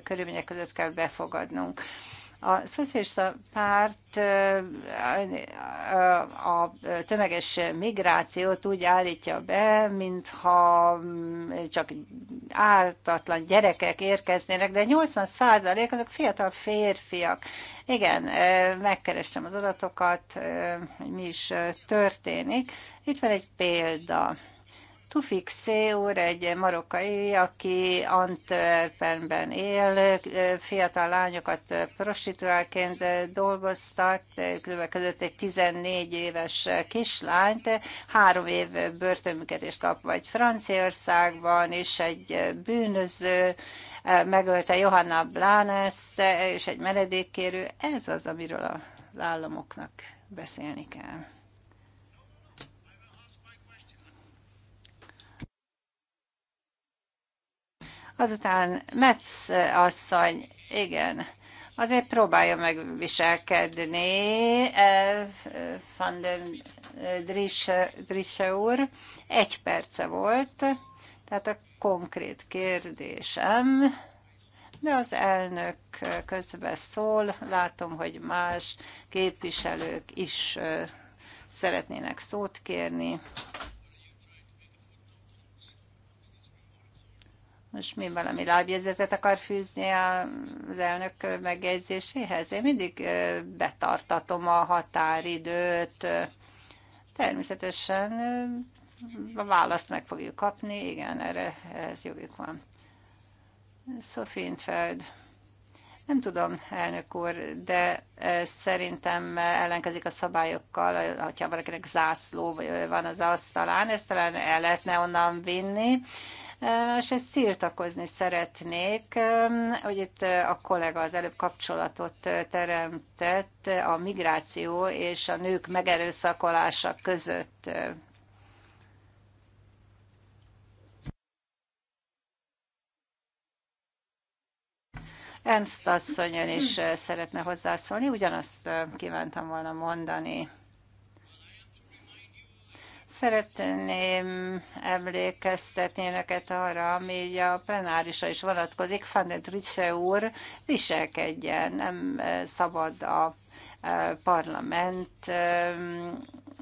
körülmények között kell befogadnunk. A szocialista párt a tömeges migrációt úgy állítja be, mintha mm, csak ártatlan gyerekek érkeznének, de 80% azok fiatal férfiak. Igen, megkerestem az adatokat, hogy mi is történik. Itt van egy példa. Tufik Szé úr egy marokkai, aki Antwerpenben él, fiatal lányokat prostituálként dolgoztak, többek között egy 14 éves kislányt, három év börtönműködést kap, vagy Franciaországban is egy bűnöző, megölte Johanna Blánest, és egy menedékkérő. Ez az, amiről az államoknak beszélni kell. Azután Metz asszony, igen, azért próbálja meg viselkedni eh, van der Drisse úr. Egy perce volt, tehát a konkrét kérdésem, de az elnök közben szól, látom, hogy más képviselők is eh, szeretnének szót kérni. Most mi valami lábjegyzetet akar fűzni az elnök megjegyzéséhez? Én mindig betartatom a határidőt. Természetesen a választ meg fogjuk kapni, igen, erre ez jogjuk van. Szofintfeld. Nem tudom, elnök úr, de szerintem ellenkezik a szabályokkal, hogyha valakinek zászló van az asztalán, ezt talán el lehetne onnan vinni, és ezt tiltakozni szeretnék, hogy itt a kollega az előbb kapcsolatot teremtett a migráció és a nők megerőszakolása között. Ernst asszony is szeretne hozzászólni, ugyanazt kívántam volna mondani. Szeretném emlékeztetni önöket arra, ami a plenárisra is vonatkozik, Fanet Ricse úr viselkedjen, nem eh, szabad a eh, parlament eh,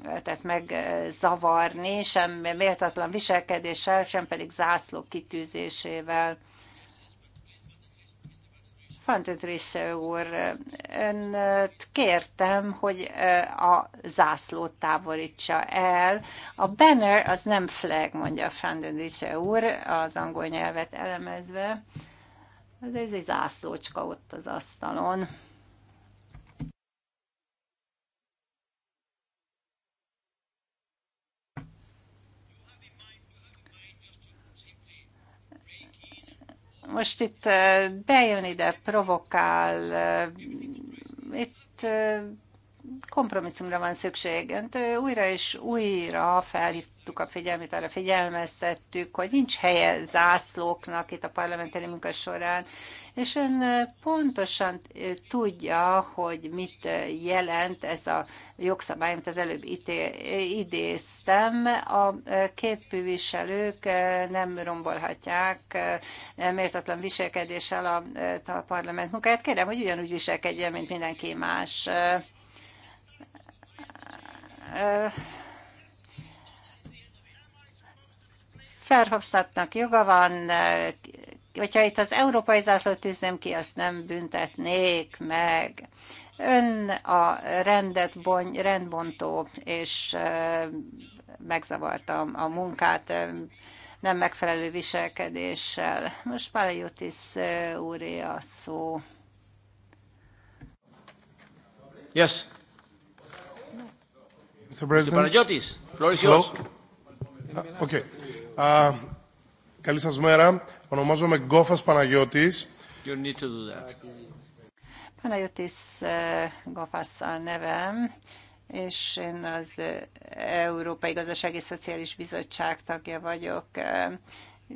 tehát megzavarni, sem méltatlan viselkedéssel, sem pedig zászló kitűzésével. Fantetrisse úr, önt kértem, hogy a zászlót távolítsa el. A banner az nem flag, mondja Fantetrisse úr, az angol nyelvet elemezve. Hát ez egy zászlócska ott az asztalon. most itt eh, bejön ide, provokál, eh, itt eh, kompromisszumra van szükség. Önt újra és újra felhívtuk a figyelmet, arra figyelmeztettük, hogy nincs helye zászlóknak itt a parlamenti munka során, és ön pontosan tudja, hogy mit jelent ez a jogszabály, amit az előbb idéztem. A képviselők nem rombolhatják méltatlan viselkedéssel a, a parlament munkáját. Kérem, hogy ugyanúgy viselkedjen, mint mindenki más. Verhofstadtnak joga van, hogyha itt az európai zászlót tűzném ki, azt nem büntetnék meg. Ön a rendet bony, rendbontó, és megzavartam a munkát nem megfelelő viselkedéssel. Most már a Jutis úré a szó. Yes. Mr. President. Mr. Panagiotis, floor is yours. Uh, okay. Uh, καλή σας μέρα. Ονομάζομαι Γκόφας Παναγιώτης. You need to do that. Panagiotis uh, Gofasz a nevem, és én az Európai Gazdasági Szociális Bizottság tagja vagyok. Uh,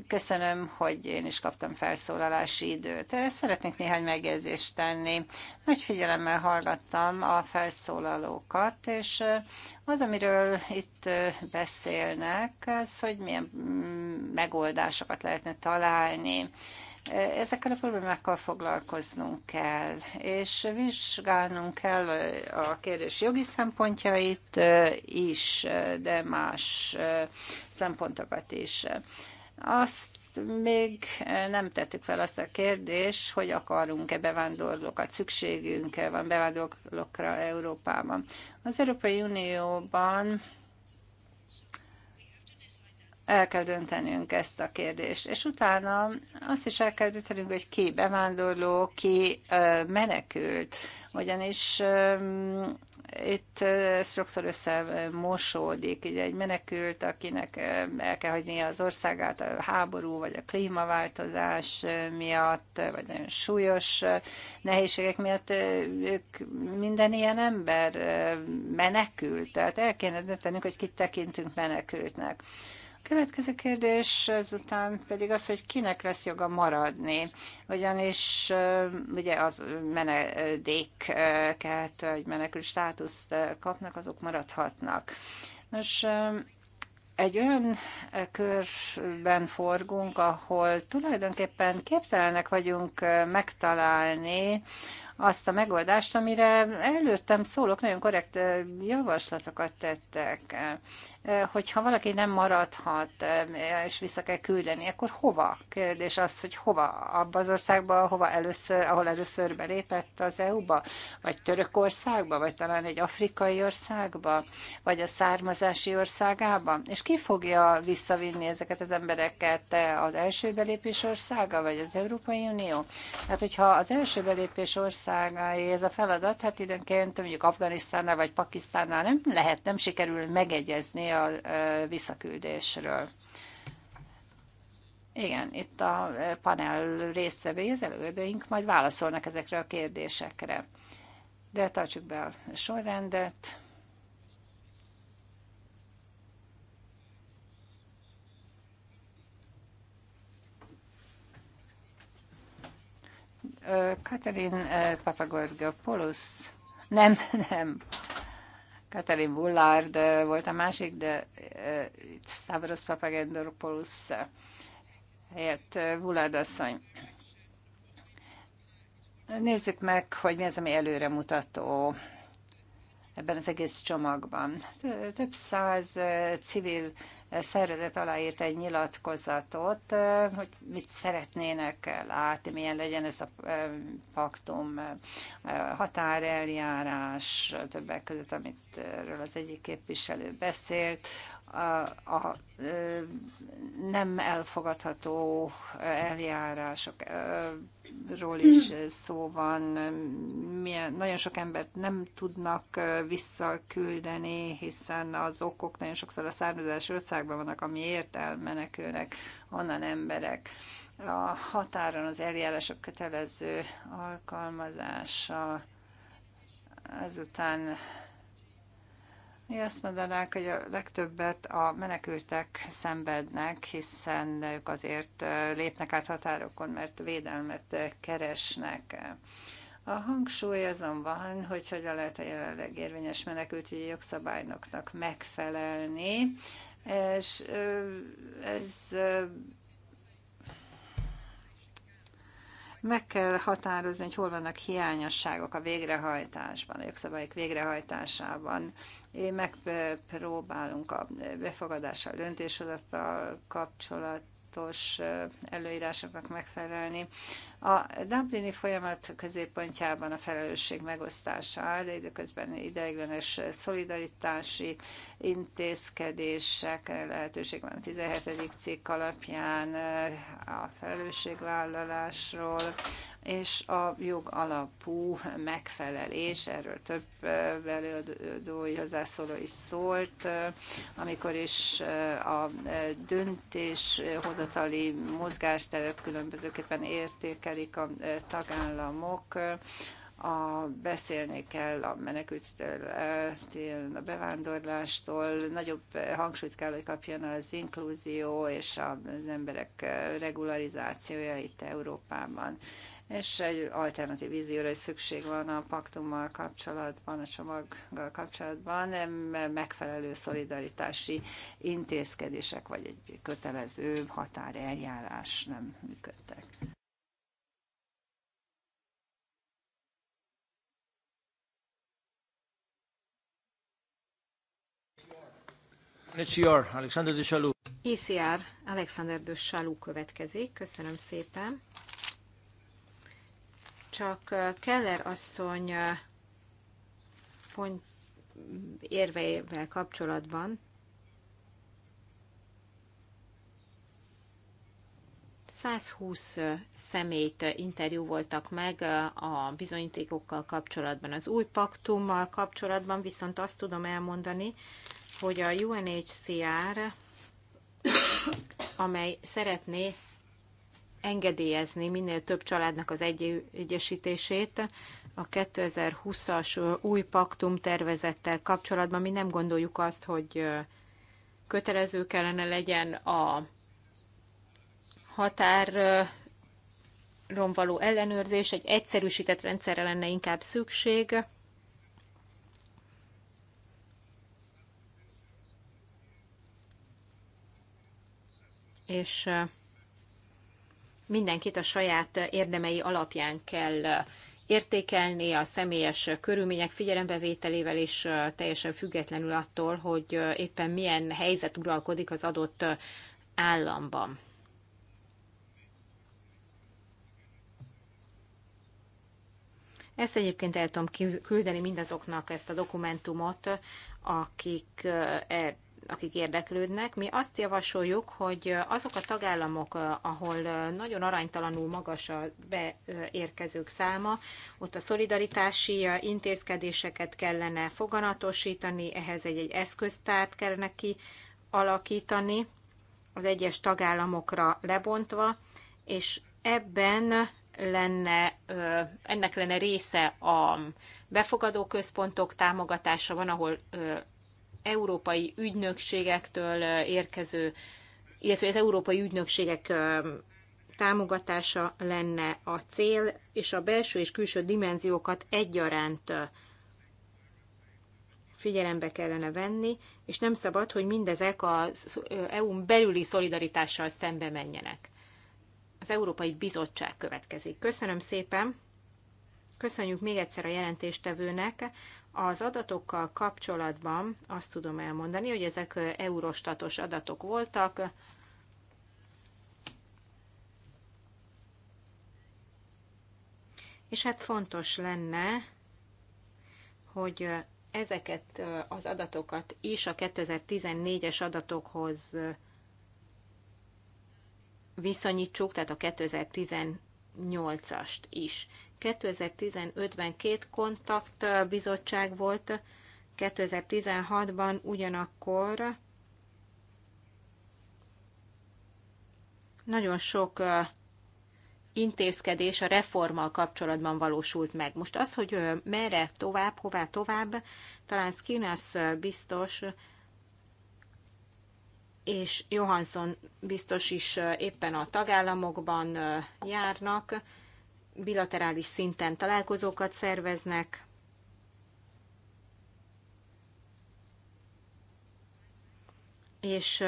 Köszönöm, hogy én is kaptam felszólalási időt. Szeretnék néhány megjegyzést tenni. Nagy figyelemmel hallgattam a felszólalókat, és eh, az, amiről itt eh, beszélnek, az, hogy milyen mm, megoldásokat lehetne találni. Eh, ezekkel a problémákkal foglalkoznunk kell, és vizsgálnunk kell a kérdés jogi szempontjait is, de más szempontokat is. Azt még eh, nem tettük fel azt a kérdést, hogy akarunk-e bevándorlókat, szükségünk-e van bevándorlókra Európában. Az Európai Unióban el kell döntenünk ezt a kérdést. És utána azt is el kell döntenünk, hogy ki bevándorló, ki menekült. Ugyanis itt ez sokszor összemosódik. Így egy menekült, akinek el kell hagynia az országát a háború vagy a klímaváltozás miatt, vagy nagyon súlyos nehézségek miatt, ők minden ilyen ember menekült. Tehát el kéne döntenünk, hogy kit tekintünk menekültnek. Következő kérdés ezután pedig az, hogy kinek lesz joga maradni, ugyanis ugye az menedéket, vagy menekül státuszt kapnak, azok maradhatnak. Nos, egy olyan körben forgunk, ahol tulajdonképpen képtelenek vagyunk megtalálni azt a megoldást, amire előttem szólok, nagyon korrekt javaslatokat tettek hogyha valaki nem maradhat, és vissza kell küldeni, akkor hova? Kérdés az, hogy hova? Abba az országba, hova először, ahol először belépett az EU-ba? Vagy Törökországba? Vagy talán egy afrikai országba? Vagy a származási országába? És ki fogja visszavinni ezeket az embereket? Az első belépés országa? Vagy az Európai Unió? Hát, hogyha az első belépés országa ez a feladat, hát időnként mondjuk Afganisztánnál vagy Pakisztánnál nem lehet, nem sikerül megegyezni a visszaküldésről. Igen, itt a panel résztvevői, az előadóink majd válaszolnak ezekre a kérdésekre. De tartsuk be a sorrendet. Katerin Papagorgopoulos. Nem, nem, Katalin Bullard volt a másik, de Stavros Papagendopoulos helyett Bullard asszony. Nézzük meg, hogy mi az, ami előremutató ebben az egész csomagban. Több száz civil szervezet aláírt egy nyilatkozatot, hogy mit szeretnének látni, milyen legyen ez a paktum határeljárás, többek között, amit az egyik képviselő beszélt, a, a nem elfogadható eljárások ról is szó van, milyen, nagyon sok embert nem tudnak visszaküldeni, hiszen az okok nagyon sokszor a származási országban vannak, ami elmenekülnek onnan emberek. A határon az eljárások kötelező alkalmazása, azután mi azt mondanák, hogy a legtöbbet a menekültek szenvednek, hiszen ők azért lépnek át határokon, mert védelmet keresnek. A hangsúly azonban, hogy hogyan lehet a jelenleg érvényes menekültügyi jogszabályoknak megfelelni, és ez meg kell határozni, hogy hol vannak hiányosságok a végrehajtásban, a jogszabályok végrehajtásában. Én megpróbálunk a befogadással, döntéshozattal kapcsolatos előírásoknak megfelelni. A Dublini folyamat középpontjában a felelősség megosztása áll, de időközben ideiglenes szolidaritási intézkedésekre lehetőség van a 17. cikk alapján a felelősségvállalásról, és a jogalapú megfelelés, erről több belőadói hozzászóló is szólt, amikor is a döntéshozatali mozgásteret különbözőképpen érték értékelik a e, tagállamok, e, a, beszélni kell a menekültől, a bevándorlástól, nagyobb e, hangsúlyt kell, hogy kapjon az inkluzió és az emberek regularizációja itt Európában. És egy alternatív vízióra is szükség van a paktummal kapcsolatban, a csomaggal kapcsolatban, megfelelő szolidaritási intézkedések vagy egy kötelező határeljárás nem működtek. ECR, Alexander de Chalou. ECR, Alexander de Chalou következik. Köszönöm szépen. Csak Keller asszony pont mm, érveivel kapcsolatban ...120 személyt interjú voltak meg a bizonyítékokkal kapcsolatban. Az új paktummal kapcsolatban viszont azt tudom elmondani, hogy a UNHCR, amely szeretné engedélyezni minél több családnak az egyesítését, a 2020-as új paktum tervezettel kapcsolatban mi nem gondoljuk azt, hogy kötelező kellene legyen a határon való ellenőrzés, egy egyszerűsített rendszerre lenne inkább szükség, és mindenkit a saját érdemei alapján kell értékelni a személyes körülmények figyelembevételével is teljesen függetlenül attól, hogy éppen milyen helyzet uralkodik az adott államban. Ezt egyébként el tudom küldeni mindazoknak ezt a dokumentumot, akik e- akik érdeklődnek. Mi azt javasoljuk, hogy azok a tagállamok, ahol nagyon aránytalanul magas a beérkezők száma, ott a szolidaritási intézkedéseket kellene foganatosítani, ehhez egy, egy eszköztárt kellene ki alakítani az egyes tagállamokra lebontva, és ebben lenne, ennek lenne része a befogadó központok támogatása van, ahol európai ügynökségektől érkező, illetve az európai ügynökségek támogatása lenne a cél, és a belső és külső dimenziókat egyaránt figyelembe kellene venni, és nem szabad, hogy mindezek az EU-n belüli szolidaritással szembe menjenek. Az Európai Bizottság következik. Köszönöm szépen! Köszönjük még egyszer a jelentéstevőnek az adatokkal kapcsolatban azt tudom elmondani, hogy ezek eurostatos adatok voltak, és hát fontos lenne, hogy ezeket az adatokat is a 2014-es adatokhoz viszonyítsuk, tehát a 2018-ast is. 2015-ben két kontaktbizottság volt, 2016-ban ugyanakkor nagyon sok intézkedés a reformmal kapcsolatban valósult meg. Most az, hogy merre tovább, hová tovább, talán Skinas biztos, és Johansson biztos is éppen a tagállamokban járnak, bilaterális szinten találkozókat szerveznek, és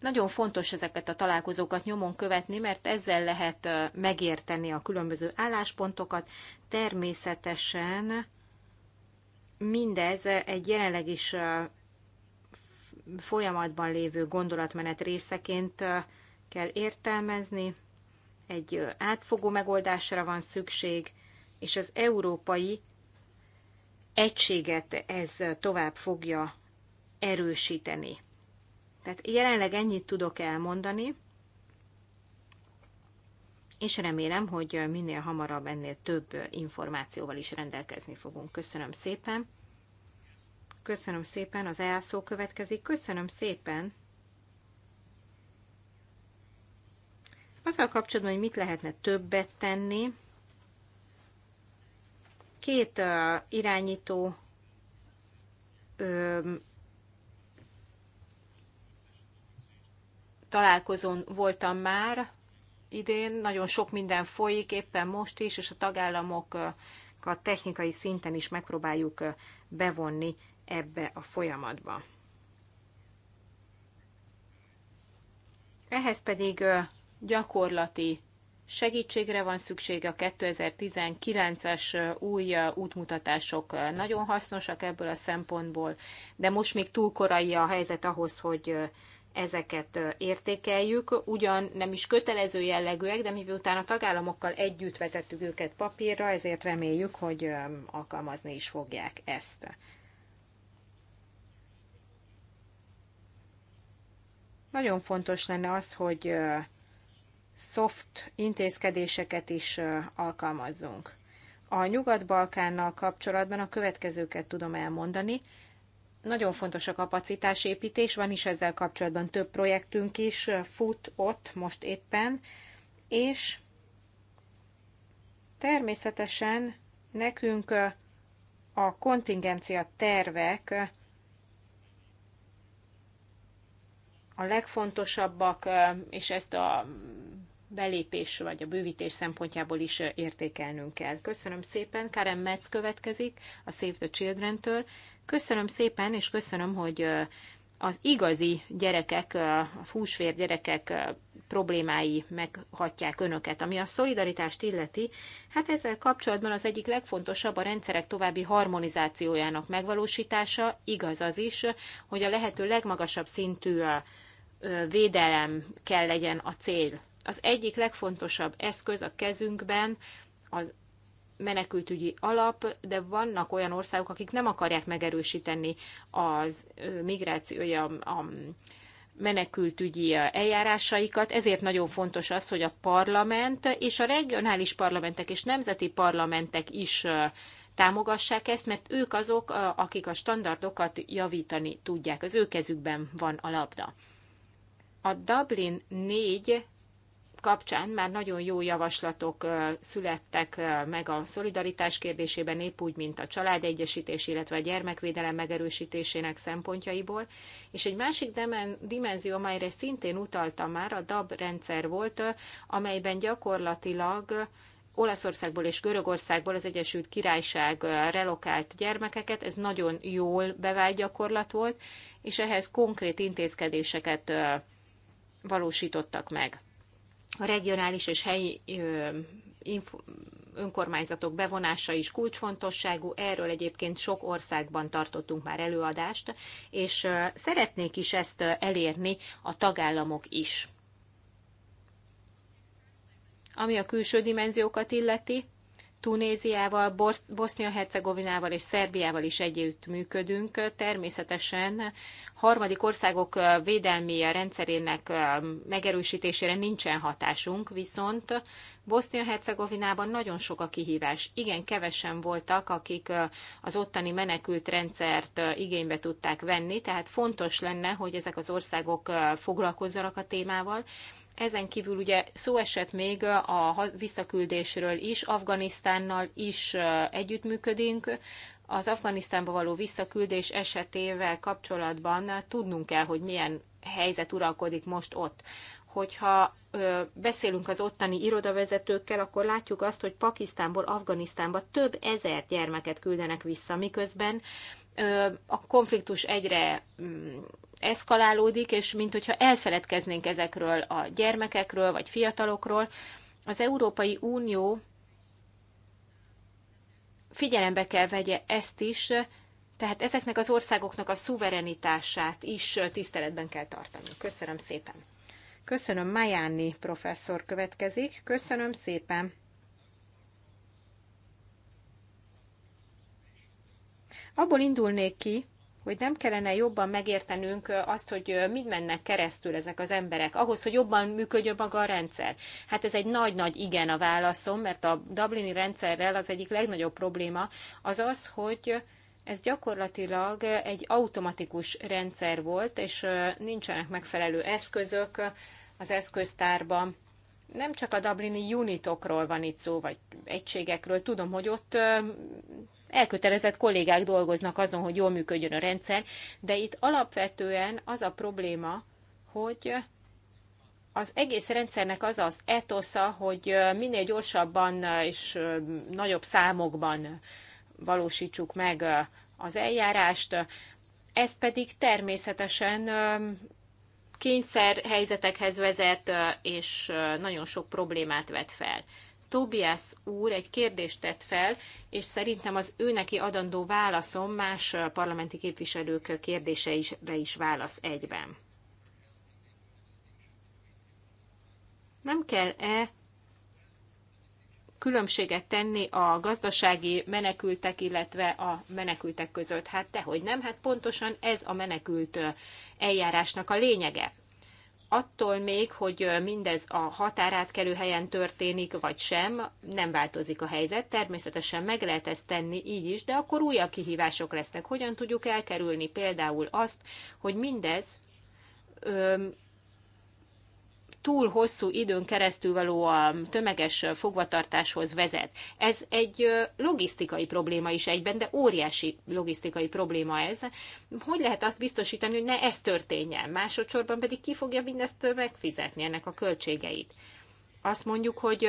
nagyon fontos ezeket a találkozókat nyomon követni, mert ezzel lehet megérteni a különböző álláspontokat. Természetesen mindez egy jelenleg is folyamatban lévő gondolatmenet részeként kell értelmezni egy átfogó megoldásra van szükség, és az európai egységet ez tovább fogja erősíteni. Tehát jelenleg ennyit tudok elmondani, és remélem, hogy minél hamarabb ennél több információval is rendelkezni fogunk. Köszönöm szépen! Köszönöm szépen, az elszó következik. Köszönöm szépen! Azzal kapcsolatban, hogy mit lehetne többet tenni, két irányító találkozón voltam már idén, nagyon sok minden folyik éppen most is, és a tagállamokat technikai szinten is megpróbáljuk bevonni ebbe a folyamatba. Ehhez pedig gyakorlati segítségre van szükség, a 2019-es új útmutatások nagyon hasznosak ebből a szempontból, de most még túl korai a helyzet ahhoz, hogy ezeket értékeljük, ugyan nem is kötelező jellegűek, de miután a tagállamokkal együtt vetettük őket papírra, ezért reméljük, hogy alkalmazni is fogják ezt. Nagyon fontos lenne az, hogy soft intézkedéseket is alkalmazzunk. A Nyugat-Balkánnal kapcsolatban a következőket tudom elmondani. Nagyon fontos a kapacitásépítés, van is ezzel kapcsolatban több projektünk is, fut ott most éppen, és természetesen nekünk a kontingencia tervek a legfontosabbak, és ezt a belépés vagy a bővítés szempontjából is értékelnünk kell. Köszönöm szépen, Karen Metz következik a Save the Children-től. Köszönöm szépen, és köszönöm, hogy az igazi gyerekek, a húsvér gyerekek problémái meghatják önöket. Ami a szolidaritást illeti, hát ezzel kapcsolatban az egyik legfontosabb a rendszerek további harmonizációjának megvalósítása. Igaz az is, hogy a lehető legmagasabb szintű védelem kell legyen a cél. Az egyik legfontosabb eszköz a kezünkben az menekültügyi alap, de vannak olyan országok, akik nem akarják megerősíteni az migrációja, a menekültügyi eljárásaikat, ezért nagyon fontos az, hogy a parlament és a regionális parlamentek és nemzeti parlamentek is támogassák ezt, mert ők azok, akik a standardokat javítani tudják. Az ő kezükben van a labda. A Dublin 4 kapcsán már nagyon jó javaslatok születtek meg a szolidaritás kérdésében, épp úgy, mint a családegyesítés, illetve a gyermekvédelem megerősítésének szempontjaiból. És egy másik dimenzió, amelyre szintén utaltam már, a DAB rendszer volt, amelyben gyakorlatilag Olaszországból és Görögországból az Egyesült Királyság relokált gyermekeket, ez nagyon jól bevált gyakorlat volt, és ehhez konkrét intézkedéseket valósítottak meg. A regionális és helyi önkormányzatok bevonása is kulcsfontosságú, erről egyébként sok országban tartottunk már előadást, és szeretnék is ezt elérni a tagállamok is. Ami a külső dimenziókat illeti, Tunéziával, Bosznia-Hercegovinával és Szerbiával is együtt működünk. Természetesen harmadik országok védelmi rendszerének megerősítésére nincsen hatásunk, viszont Bosznia-Hercegovinában nagyon sok a kihívás. Igen, kevesen voltak, akik az ottani menekült rendszert igénybe tudták venni, tehát fontos lenne, hogy ezek az országok foglalkozzanak a témával, ezen kívül ugye szó esett még a visszaküldésről is, Afganisztánnal is együttműködünk. Az Afganisztánba való visszaküldés esetével kapcsolatban tudnunk kell, hogy milyen helyzet uralkodik most ott. Hogyha ö, beszélünk az ottani irodavezetőkkel, akkor látjuk azt, hogy Pakisztánból Afganisztánba több ezer gyermeket küldenek vissza, miközben a konfliktus egyre mm, eszkalálódik, és mint hogyha elfeledkeznénk ezekről a gyermekekről, vagy fiatalokról, az Európai Unió figyelembe kell vegye ezt is, tehát ezeknek az országoknak a szuverenitását is tiszteletben kell tartani. Köszönöm szépen. Köszönöm, Majáni professzor következik. Köszönöm szépen. Abból indulnék ki, hogy nem kellene jobban megértenünk azt, hogy mit mennek keresztül ezek az emberek, ahhoz, hogy jobban működjön maga a rendszer. Hát ez egy nagy-nagy igen a válaszom, mert a Dublini rendszerrel az egyik legnagyobb probléma az az, hogy ez gyakorlatilag egy automatikus rendszer volt, és nincsenek megfelelő eszközök az eszköztárban. Nem csak a Dublini unitokról van itt szó, vagy egységekről, tudom, hogy ott elkötelezett kollégák dolgoznak azon, hogy jól működjön a rendszer, de itt alapvetően az a probléma, hogy az egész rendszernek az az etosza, hogy minél gyorsabban és nagyobb számokban valósítsuk meg az eljárást, ez pedig természetesen kényszerhelyzetekhez vezet, és nagyon sok problémát vet fel. Tobias úr egy kérdést tett fel, és szerintem az ő neki adandó válaszom más parlamenti képviselők kérdéseire is válasz egyben. Nem kell-e különbséget tenni a gazdasági menekültek, illetve a menekültek között. Hát tehogy nem, hát pontosan ez a menekült eljárásnak a lényege attól még, hogy mindez a határátkelő helyen történik, vagy sem, nem változik a helyzet. Természetesen meg lehet ezt tenni így is, de akkor újabb kihívások lesznek. Hogyan tudjuk elkerülni például azt, hogy mindez öm, túl hosszú időn keresztül való a tömeges fogvatartáshoz vezet. Ez egy logisztikai probléma is egyben, de óriási logisztikai probléma ez. Hogy lehet azt biztosítani, hogy ne ez történjen? Másodszorban pedig ki fogja mindezt megfizetni ennek a költségeit? Azt mondjuk, hogy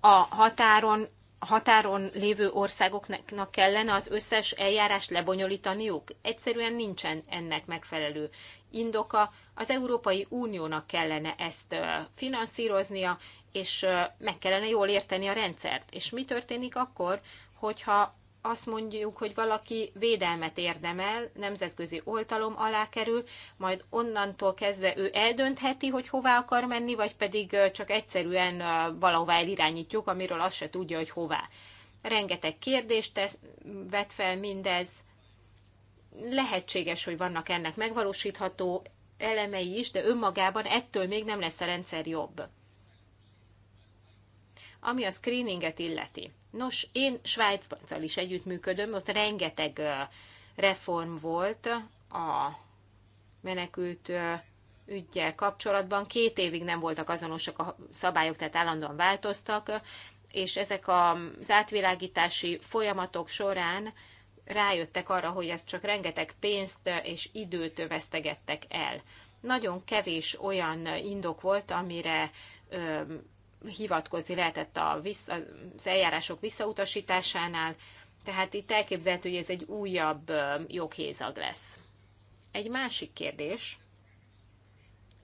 a határon határon lévő országoknak kellene az összes eljárást lebonyolítaniuk? Egyszerűen nincsen ennek megfelelő indoka, az Európai Uniónak kellene ezt finanszíroznia, és meg kellene jól érteni a rendszert. És mi történik akkor, hogyha azt mondjuk, hogy valaki védelmet érdemel, nemzetközi oltalom alá kerül, majd onnantól kezdve ő eldöntheti, hogy hová akar menni, vagy pedig csak egyszerűen valahová elirányítjuk, amiről azt se tudja, hogy hová. Rengeteg kérdést tesz, vet fel mindez. Lehetséges, hogy vannak ennek megvalósítható elemei is, de önmagában ettől még nem lesz a rendszer jobb. Ami a screeninget illeti. Nos, én Svájcban is együttműködöm, ott rengeteg reform volt a menekült ügyjel kapcsolatban. Két évig nem voltak azonosak a szabályok, tehát állandóan változtak, és ezek az átvilágítási folyamatok során rájöttek arra, hogy ez csak rengeteg pénzt és időt vesztegettek el. Nagyon kevés olyan indok volt, amire ö, hivatkozni lehetett a vissza, az eljárások visszautasításánál, tehát itt elképzelhető, hogy ez egy újabb joghézag lesz. Egy másik kérdés,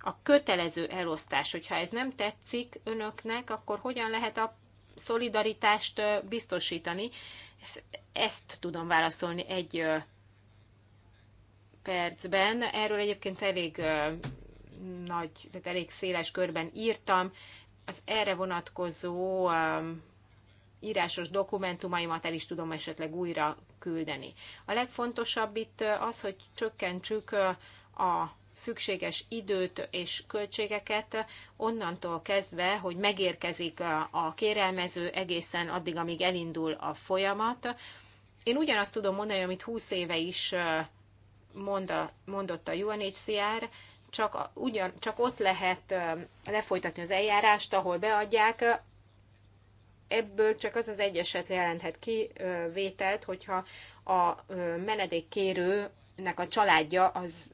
a kötelező elosztás, hogyha ez nem tetszik önöknek, akkor hogyan lehet a szolidaritást biztosítani, ezt tudom válaszolni egy percben. Erről egyébként elég nagy, tehát elég széles körben írtam. Az erre vonatkozó írásos dokumentumaimat el is tudom esetleg újra küldeni. A legfontosabb itt az, hogy csökkentsük a szükséges időt és költségeket onnantól kezdve, hogy megérkezik a kérelmező egészen addig, amíg elindul a folyamat. Én ugyanazt tudom mondani, amit 20 éve is mondott a UNHCR, csak, ugyan, csak ott lehet lefolytatni az eljárást, ahol beadják, ebből csak az az egy eset jelenthet ki vételt, hogyha a menedékkérőnek a családja az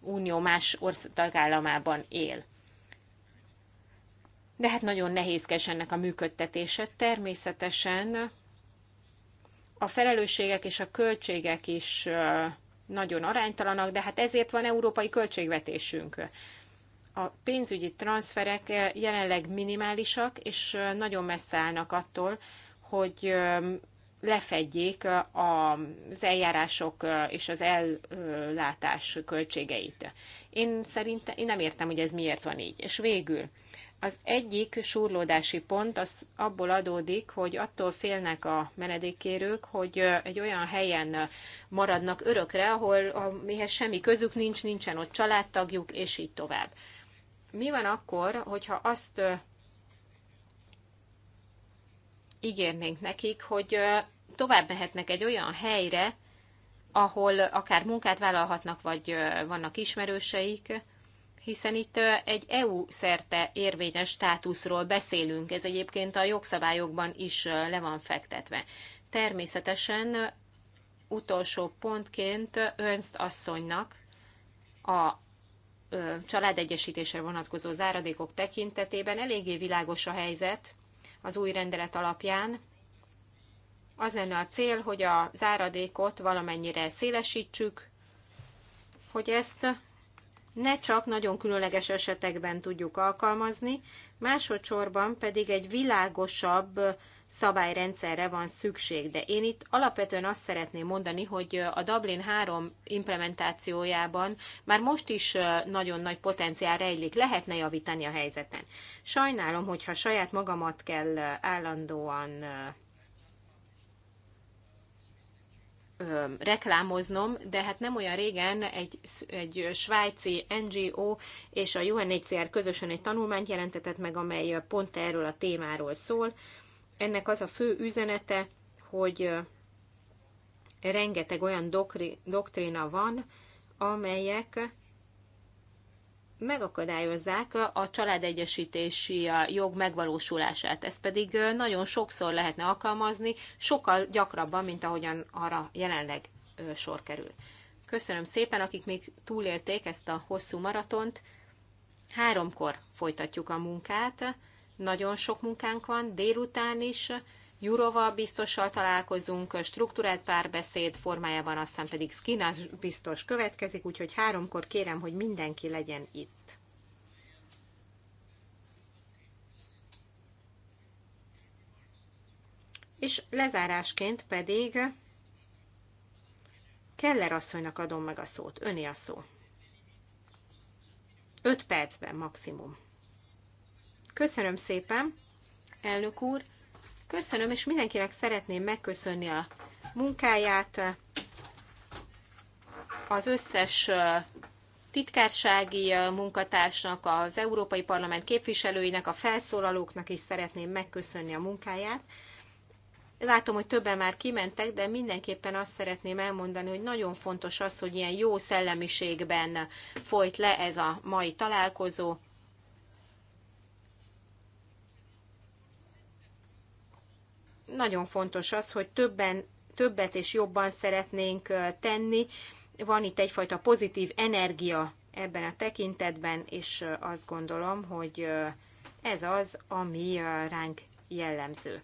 Unió más tagállamában él. De hát nagyon nehézkes ennek a működtetése. Természetesen a felelősségek és a költségek is nagyon aránytalanak, de hát ezért van európai költségvetésünk. A pénzügyi transferek jelenleg minimálisak, és nagyon messze állnak attól, hogy lefedjék az eljárások és az ellátás költségeit. Én szerintem, én nem értem, hogy ez miért van így. És végül, az egyik súrlódási pont az abból adódik, hogy attól félnek a menedékkérők, hogy egy olyan helyen maradnak örökre, ahol mihez semmi közük nincs, nincsen ott családtagjuk, és így tovább. Mi van akkor, hogyha azt ígérnénk nekik, hogy tovább mehetnek egy olyan helyre, ahol akár munkát vállalhatnak, vagy vannak ismerőseik, hiszen itt egy EU szerte érvényes státuszról beszélünk, ez egyébként a jogszabályokban is le van fektetve. Természetesen utolsó pontként Ernst asszonynak a családegyesítésre vonatkozó záradékok tekintetében eléggé világos a helyzet, az új rendelet alapján. Az lenne a cél, hogy a záradékot valamennyire szélesítsük, hogy ezt ne csak nagyon különleges esetekben tudjuk alkalmazni, másodszorban pedig egy világosabb szabályrendszerre van szükség, de én itt alapvetően azt szeretném mondani, hogy a Dublin 3 implementációjában már most is nagyon nagy potenciál rejlik, lehetne javítani a helyzeten. Sajnálom, hogyha saját magamat kell állandóan reklámoznom, de hát nem olyan régen egy, egy svájci NGO és a UNHCR közösen egy tanulmányt jelentetett meg, amely pont erről a témáról szól. Ennek az a fő üzenete, hogy rengeteg olyan doktrína van, amelyek megakadályozzák a családegyesítési jog megvalósulását. Ezt pedig nagyon sokszor lehetne alkalmazni, sokkal gyakrabban, mint ahogyan arra jelenleg sor kerül. Köszönöm szépen, akik még túlélték ezt a hosszú maratont. Háromkor folytatjuk a munkát nagyon sok munkánk van, délután is, Jurova biztossal találkozunk, struktúrált párbeszéd formájában, aztán pedig Skinas biztos következik, úgyhogy háromkor kérem, hogy mindenki legyen itt. És lezárásként pedig Keller asszonynak adom meg a szót, öné a szó. 5 percben maximum. Köszönöm szépen, elnök úr. Köszönöm, és mindenkinek szeretném megköszönni a munkáját, az összes titkársági munkatársnak, az Európai Parlament képviselőinek, a felszólalóknak is szeretném megköszönni a munkáját. Látom, hogy többen már kimentek, de mindenképpen azt szeretném elmondani, hogy nagyon fontos az, hogy ilyen jó szellemiségben folyt le ez a mai találkozó. nagyon fontos az, hogy többen, többet és jobban szeretnénk tenni. Van itt egyfajta pozitív energia ebben a tekintetben, és azt gondolom, hogy ez az, ami ránk jellemző.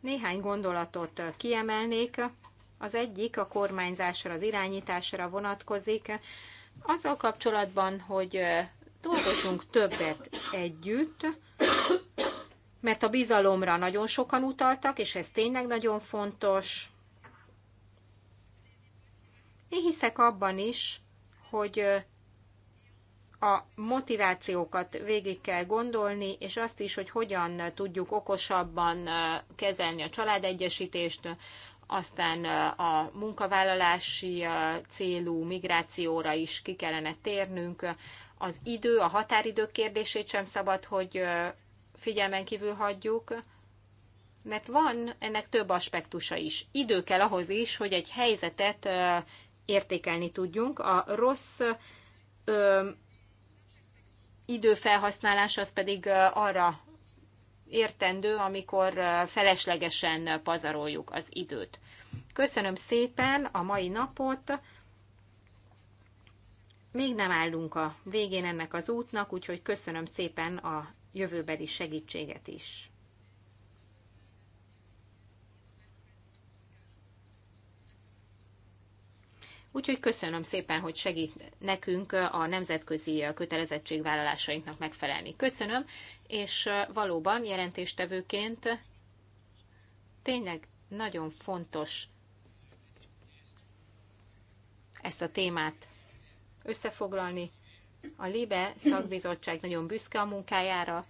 Néhány gondolatot kiemelnék. Az egyik a kormányzásra, az irányításra vonatkozik. Azzal kapcsolatban, hogy dolgozunk többet együtt, mert a bizalomra nagyon sokan utaltak, és ez tényleg nagyon fontos. Én hiszek abban is, hogy a motivációkat végig kell gondolni, és azt is, hogy hogyan tudjuk okosabban kezelni a családegyesítést, aztán a munkavállalási célú migrációra is ki kellene térnünk. Az idő, a határidő kérdését sem szabad, hogy figyelmen kívül hagyjuk, mert van ennek több aspektusa is. Idő kell ahhoz is, hogy egy helyzetet értékelni tudjunk. A rossz ö, időfelhasználás az pedig arra értendő, amikor feleslegesen pazaroljuk az időt. Köszönöm szépen a mai napot. Még nem állunk a végén ennek az útnak, úgyhogy köszönöm szépen a jövőbeli segítséget is. Úgyhogy köszönöm szépen, hogy segít nekünk a nemzetközi kötelezettségvállalásainknak megfelelni. Köszönöm, és valóban jelentéstevőként tényleg nagyon fontos ezt a témát összefoglalni, a LIBE szakbizottság nagyon büszke a munkájára.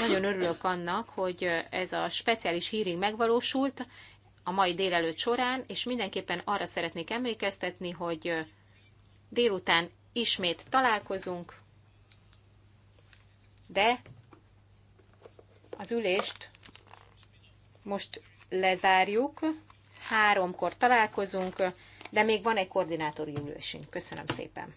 Nagyon örülök annak, hogy ez a speciális híring megvalósult a mai délelőtt során, és mindenképpen arra szeretnék emlékeztetni, hogy délután ismét találkozunk, de az ülést most lezárjuk, háromkor találkozunk, de még van egy koordinátori ülésünk. Köszönöm szépen!